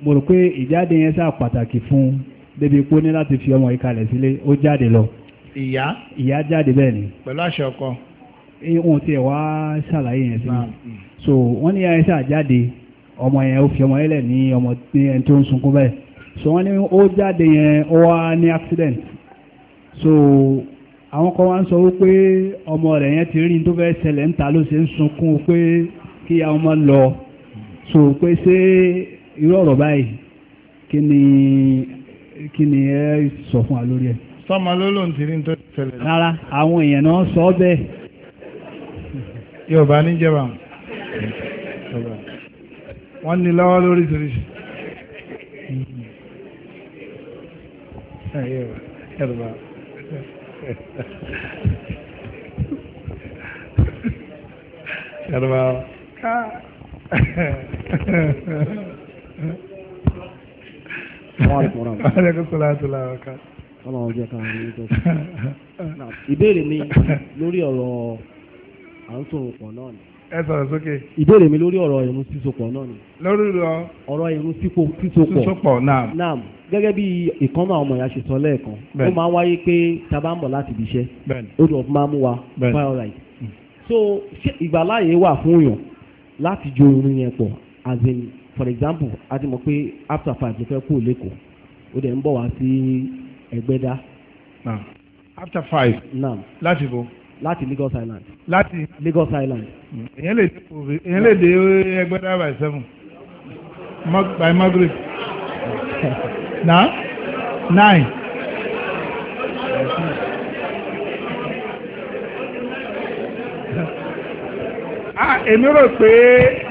mo rò pé ìjáde yẹn sá pàtàkì fún un débi pé ó ní láti fi ọmọ yìí kalẹ̀ sílé ó jáde lọ. ìyá ìyá jáde bẹ́ẹ̀ ni. pẹ̀lú àṣẹ ọkọ. ihun tí ẹ wá ṣàlàyé yẹn sí mi mm. so wọ́n ní àyíṣà jáde ọmọ yẹn ó fi ọmọ yẹn lẹ̀ ní ọmọ ní tó ń sunkún bẹ́ẹ̀ so wọ́n ní ó jáde yẹn ó wá ní accident so àwọn kan wá ń sọ wípé ọmọ rẹ̀ yẹn ti rí ní tó fẹ́ ṣẹlẹ̀ ń ta ló ṣe ń sunkún pé kí ọmọ lọ so pé ṣé irú ọ̀rọ̀ báyìí kí ni kí ni ẹ sọ fún wa lórí ẹ. sọmọ ló ló ń tiri ń tó tẹlẹ. rárá àwọn èèyàn náà sọ bẹ́ẹ̀. yorùbá níjẹba wọn ní lọ́wọ́ lórí tiri. Yarbawa. Yarbawa. ọlọ́run jẹ́ káwọn ní ìtọ́jú. ìbéèrè mi lórí ọ̀rọ̀ à ń sọ̀rọ̀ pọ̀ náà ni. ẹ sọ̀rọ̀ sókè. ìbéèrè mi lórí ọ̀rọ̀ ìrun sísopọ̀ náà ni. lórí lọ. ọ̀rọ̀ ìrun sísopọ̀. sísopọ̀ náà. náà gẹ́gẹ́ bí ìkan náà ọmọ ìyá ṣe sọ lẹ́ẹ̀kan. ó máa ń wáyé pé tá a bá ń bọ̀ láti ibi iṣẹ́. ó dùn ọ̀fun máa mú wa. fire right. Hmm. so ìgbàláyè wà fún yàn láti jo irun yẹn pọ̀ as in for example a ti mọ̀ pé after five ló fẹ́ kú lẹ́kọ̀ọ́ ó dẹ̀ ń bọ̀ wá sí ẹgbẹ́dá. after five. naam láti bo. láti Lagos Island. láti Lagos Island. Mm. èyàn lè dé èyàn lè dé ẹgbẹ́dá by seven by Margaret na nine. Ah, èmi rò pé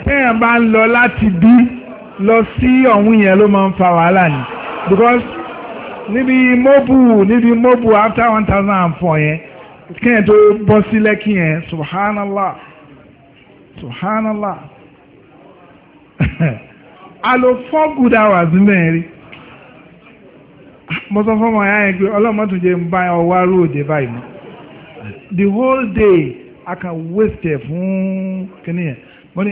téèyàn bá ń lọ láti bí lọ sí ọ̀hún yẹn ló máa ń fa wàhálà ni because níbi mọ́bù níbi mọ́bù after one thousand and four yẹn kẹ́yìn tó bọ́ sí lẹ́kì yẹn subhanallah subhanallah a lo four good hours mẹ́rin mo sọ fún ọmọ ya yẹn pé ọlọ́mọ tún jẹ́ ń bá ọwọ́ aróòdè báyìí mọ́ the whole day I can waste ẹ̀ fún kíní yẹn mo ní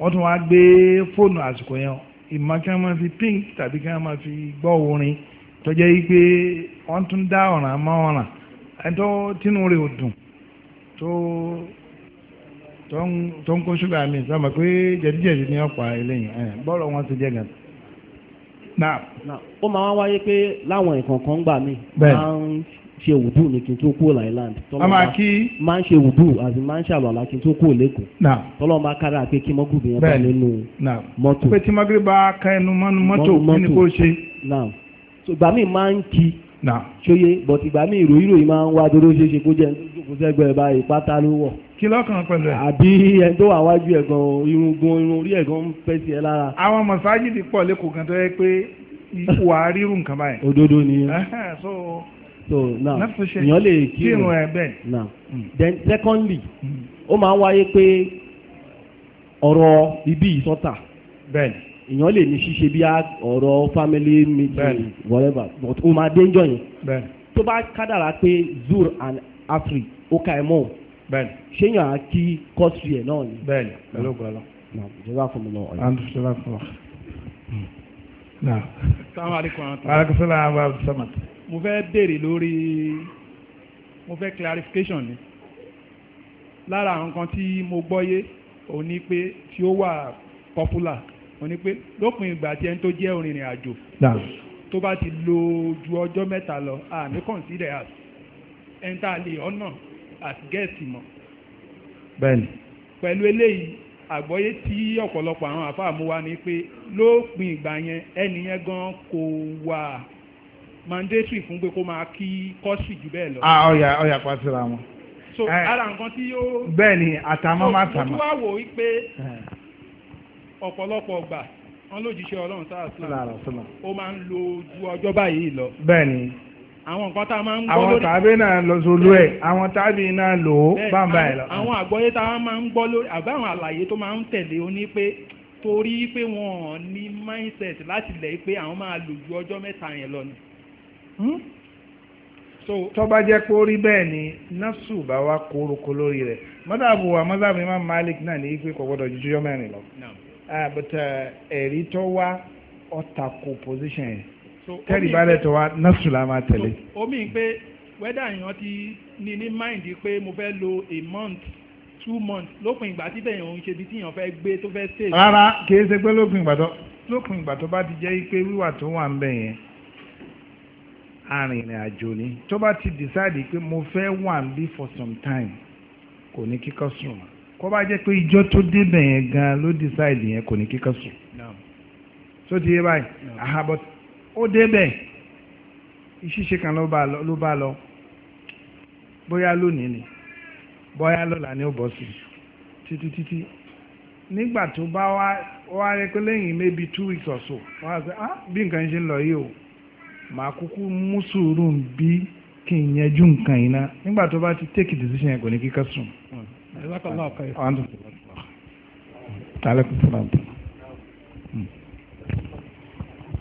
wọ́n tún wá gbé fóònù àsìkò yẹn ìmọ̀ kí fi pink tàbí kí wọ́n fi gbọ́ orin tó jẹ́ yí wọ́n tún dá ọ̀ràn mọ́ ọ̀ràn ẹni tínú rẹ̀ tó tó kó ṣúgà mi sọ ma pé jẹ̀díjẹ̀dí ni eléyìí bọ́ọ̀lù wọn ti jẹ́ gan. ó máa ń wáyé pé láwọn gbà mí ṣe wùdú ní kí n tó kúrò láìland. ọmọ kí. máa ń ṣe wùdú àti máa ń ṣàlọ́lá kí n tó kúrò lẹ́kọ̀ọ́. náà tọ́lọ́ máa kára pé kí mọ́gùrù yẹn bá nínú mọ́tò. pé tí mọ́gùrù bá ka ẹnu mọ́nu mọ́tò kí ni kò ṣe. so ìgbà míì máa ń kí. náà ṣóye but ìgbà míì ìròyìn ìròyìn máa ń wá dúró ṣeéṣe kó jẹ́ kó sẹ́gbẹ́ báyìí pátá ló wọ̀. kí lọ́kàn pẹ̀lú ẹ̀. àbí ẹni tó wà wájú ẹ̀ irun gan irun orí ẹ̀ ń fẹ́ sí ẹ lára. àwọn mọ̀sájìdì pọ̀ lẹ́kọ̀ọ́ kan tó yẹ pé wàá rírun nǹkan báyìí. òdodo nìyẹn. so so now èèyàn lè kírun ẹ bẹ́ẹ̀ now hmm. then secondly hmm. ó máa ń wáyé pé ọ̀rọ̀ ibi ìsọ́tà bẹ́ẹ̀ èèyàn lè ní ṣíṣe bí ọ̀rọ̀ family meeting whatever but ó máa dé njọ́ yẹn bẹ́ẹ̀ tó bá kádàrá pé zur and afri ó ka ẹ̀ mọ́ bẹ́ẹ̀ ṣé èèyàn á kí kọ́sì ẹ̀ náà ni bẹ́ẹ̀ pẹ̀lú ọ̀gbọ́n náà ìjọba fún mi náà ọ̀yọ́. Nah. Assalamu alaikum warahmatullahi wabarakatuh mo fẹ́ béèrè lórí mo fẹ́ clarification ni lára àwọn kan tí mo gbọ́yé òun ni pé tí ó wà popular òun ni pé lópin ìgbà tí ẹni tó jẹ́ òrìnrìn àjò tó bá ti lò ju ọjọ́ mẹ́ta lọ àmì consider as ẹni tá a lè ọ̀nà as guest mọ̀. bẹ́ẹ̀ni. pẹ̀lú eléyìí àgbọ́yé tí ọ̀pọ̀lọpọ̀ àwọn àfáà mú wa ni pé lópin ìgbà yẹn ẹni yẹn gan kò wà mandatory fún pé kó máa kí kọ́ọ̀sì jù bẹ́ẹ̀ lọ. ah ọ̀yà ọ̀yà pàṣẹra wọn. so eh. ara nǹkan tí yóò. bẹ́ẹ̀ ni àtàmọ́ máa tàmọ́. mo tún wá wò ó pé eh. ọ̀pọ̀lọpọ̀ ọgbà wọn lójíṣẹ́ ọlọ́run sáà sílá ó máa ń lo ju ọjọ́ báyìí lọ. bẹ́ẹ̀ ni àwọn nǹkan tá a máa ń gbọ́ lórí. àwọn tàbí náà lọ sólú ẹ̀ àwọn tàbí náà lò ó bámbá ẹ̀ lọ. àwọn àgbọ́yé tá a máa ń gbọ́ lórí àbá àwọn àlàyé tó máa ń tẹ̀lé o ní pé torí pé wọ́n ní mindset láti lẹ̀ pé àwọn máa lò ju ọjọ́ mẹ́ta yẹn lọ ni. Hmm? tó bá jẹ́ pé ó rí bẹ́ẹ̀ ni nafsu bá wá kórokó lórí rẹ̀ mọ́tàbù wa mọ́tàbù imam malik náà ní ipe kò gbọ́dọ̀ jújú yọ mẹ́rin lọ ah, but eh, ẹ̀rí tó wá ọ̀tàkù position yẹn tẹ́rì balẹ̀ tó wá nafsu la máa tẹ̀lé. omi pé wẹ́dà èèyàn ti ní ní mind pé mo fẹ́ lo a month two months lópin ìgbà tí bẹ̀yàn òun ṣe bí tíyàn fẹ́ gbé tó fẹ́ stay. rárá kì í ṣe pé lópin ìgbà tó bá ti jẹ́ pé wíwà tó wà ń bẹ̀ yẹn arìnrìn àjò ni tó bá ti decide pé mo fẹ́ wà níbí for some time kò ní kíkọ́ sùn wọn kó bá jẹ́ pé ìjọ tó débẹ̀ yẹn gan ló decide yẹn kò ní kíkọ́ sùn tó ti yé báyìí àhàbọ̀ ó débẹ̀ ìṣiṣẹ́ kan ló bá lọ ló bá lọ bóyá lónìí ni bóyá lọ́la ni ó bọ̀ sí títí títí nígbà tó bá wá wá rẹ pé lẹ́yìn maybe two weeks or so wọ́n sọ ah bí nǹkan ṣe ń lọ yìí o. màá kúkú mú sùúrù bí kí n yanjú nǹkan yìí ná nígbà tó bá ti take decision ẹ̀gbọ́n ní kíkà sùn. Assalamu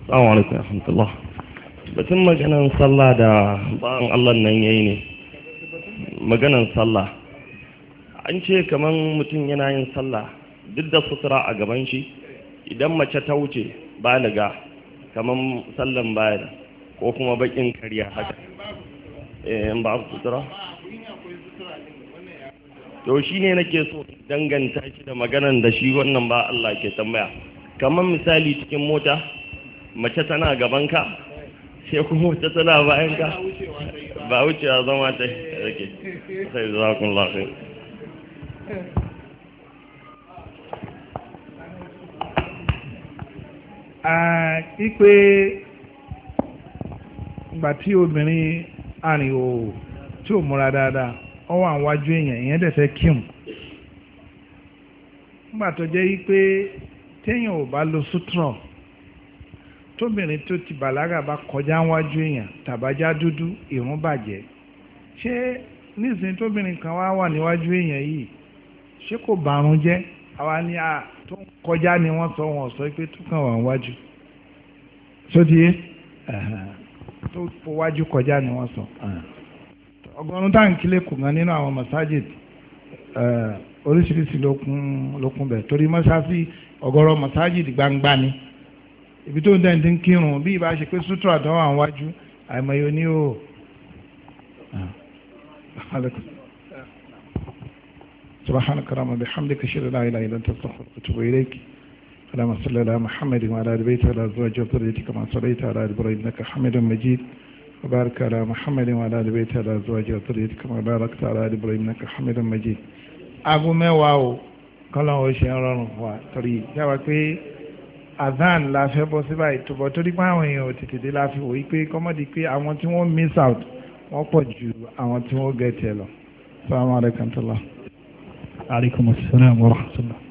alaikum warahmatullah. Batun maganan sallah da ba'an Allah nan ya yi ne. Maganan sallah. An ce kaman mutum yana yin sallah duk da sutura a gaban shi idan mace ta wuce ba baliga kaman sallan baya ko kuma bakin karya haka eh, in ba sutura to shi ne nake so danganta shi da maganan da shi wannan ba Allah ke tambaya kamar misali cikin mota mace tana gaban ka sai kuma wata tana bayan ka ba wucewa zama ta rike sai ku lafi a ikwe gbà tí obìnrin arìn tí ò múra dáadáa ọ wà wájú èèyàn èèyàn dẹ̀ fẹ́ nígbà tó jẹ́ wípé téèyàn ò bá lo sutura tóbìnrin tó ti bàlágà bá kọjá wájú èèyàn tàbájá dúdú ìrún bàjẹ́ ṣé nísìnyí tóbìnrin kan wá wà níwájú èèyàn yìí ṣé kò bàrún jẹ́ àwa ni a tó ń kọjá ni wọ́n sọ wọn sọ pé tó kàn wà wájú So, tó fowájú kọjá ni wọn sọ ah. ọgọ́rùn-ún táǹkì gan nínú àwọn masajid eh, oríṣiríṣi lókun lókun torí masajid gbangba ni ibi tó ń dẹ́n ti ń kírun bí sutura tó wà wájú àìmọye اللهم صل على محمد وعلى ال بيته وعلى ازواجه وذريته كما صليت على ال ابراهيم انك حميد مجيد وبارك على محمد وعلى ال بيته وعلى ازواجه وذريته كما باركت على ال ابراهيم انك حميد مجيد aago mẹ́wàá o kọ́lọ́n ó ṣe ń rọrùn fún wa torí dáwà pé azan la fẹ́ bọ́ sí báyìí tó bọ́ torí pé àwọn èèyàn ò tètè dé la fi wò yí pé kọ́mọ́dé pé àwọn tí wọ́n miss out wọ́n pọ̀ ju àwọn tí wọ́n gẹ̀ẹ́tì ẹ lọ. sàmúlẹ̀ kàntàlá. aleykum salaam wa rahmatulah.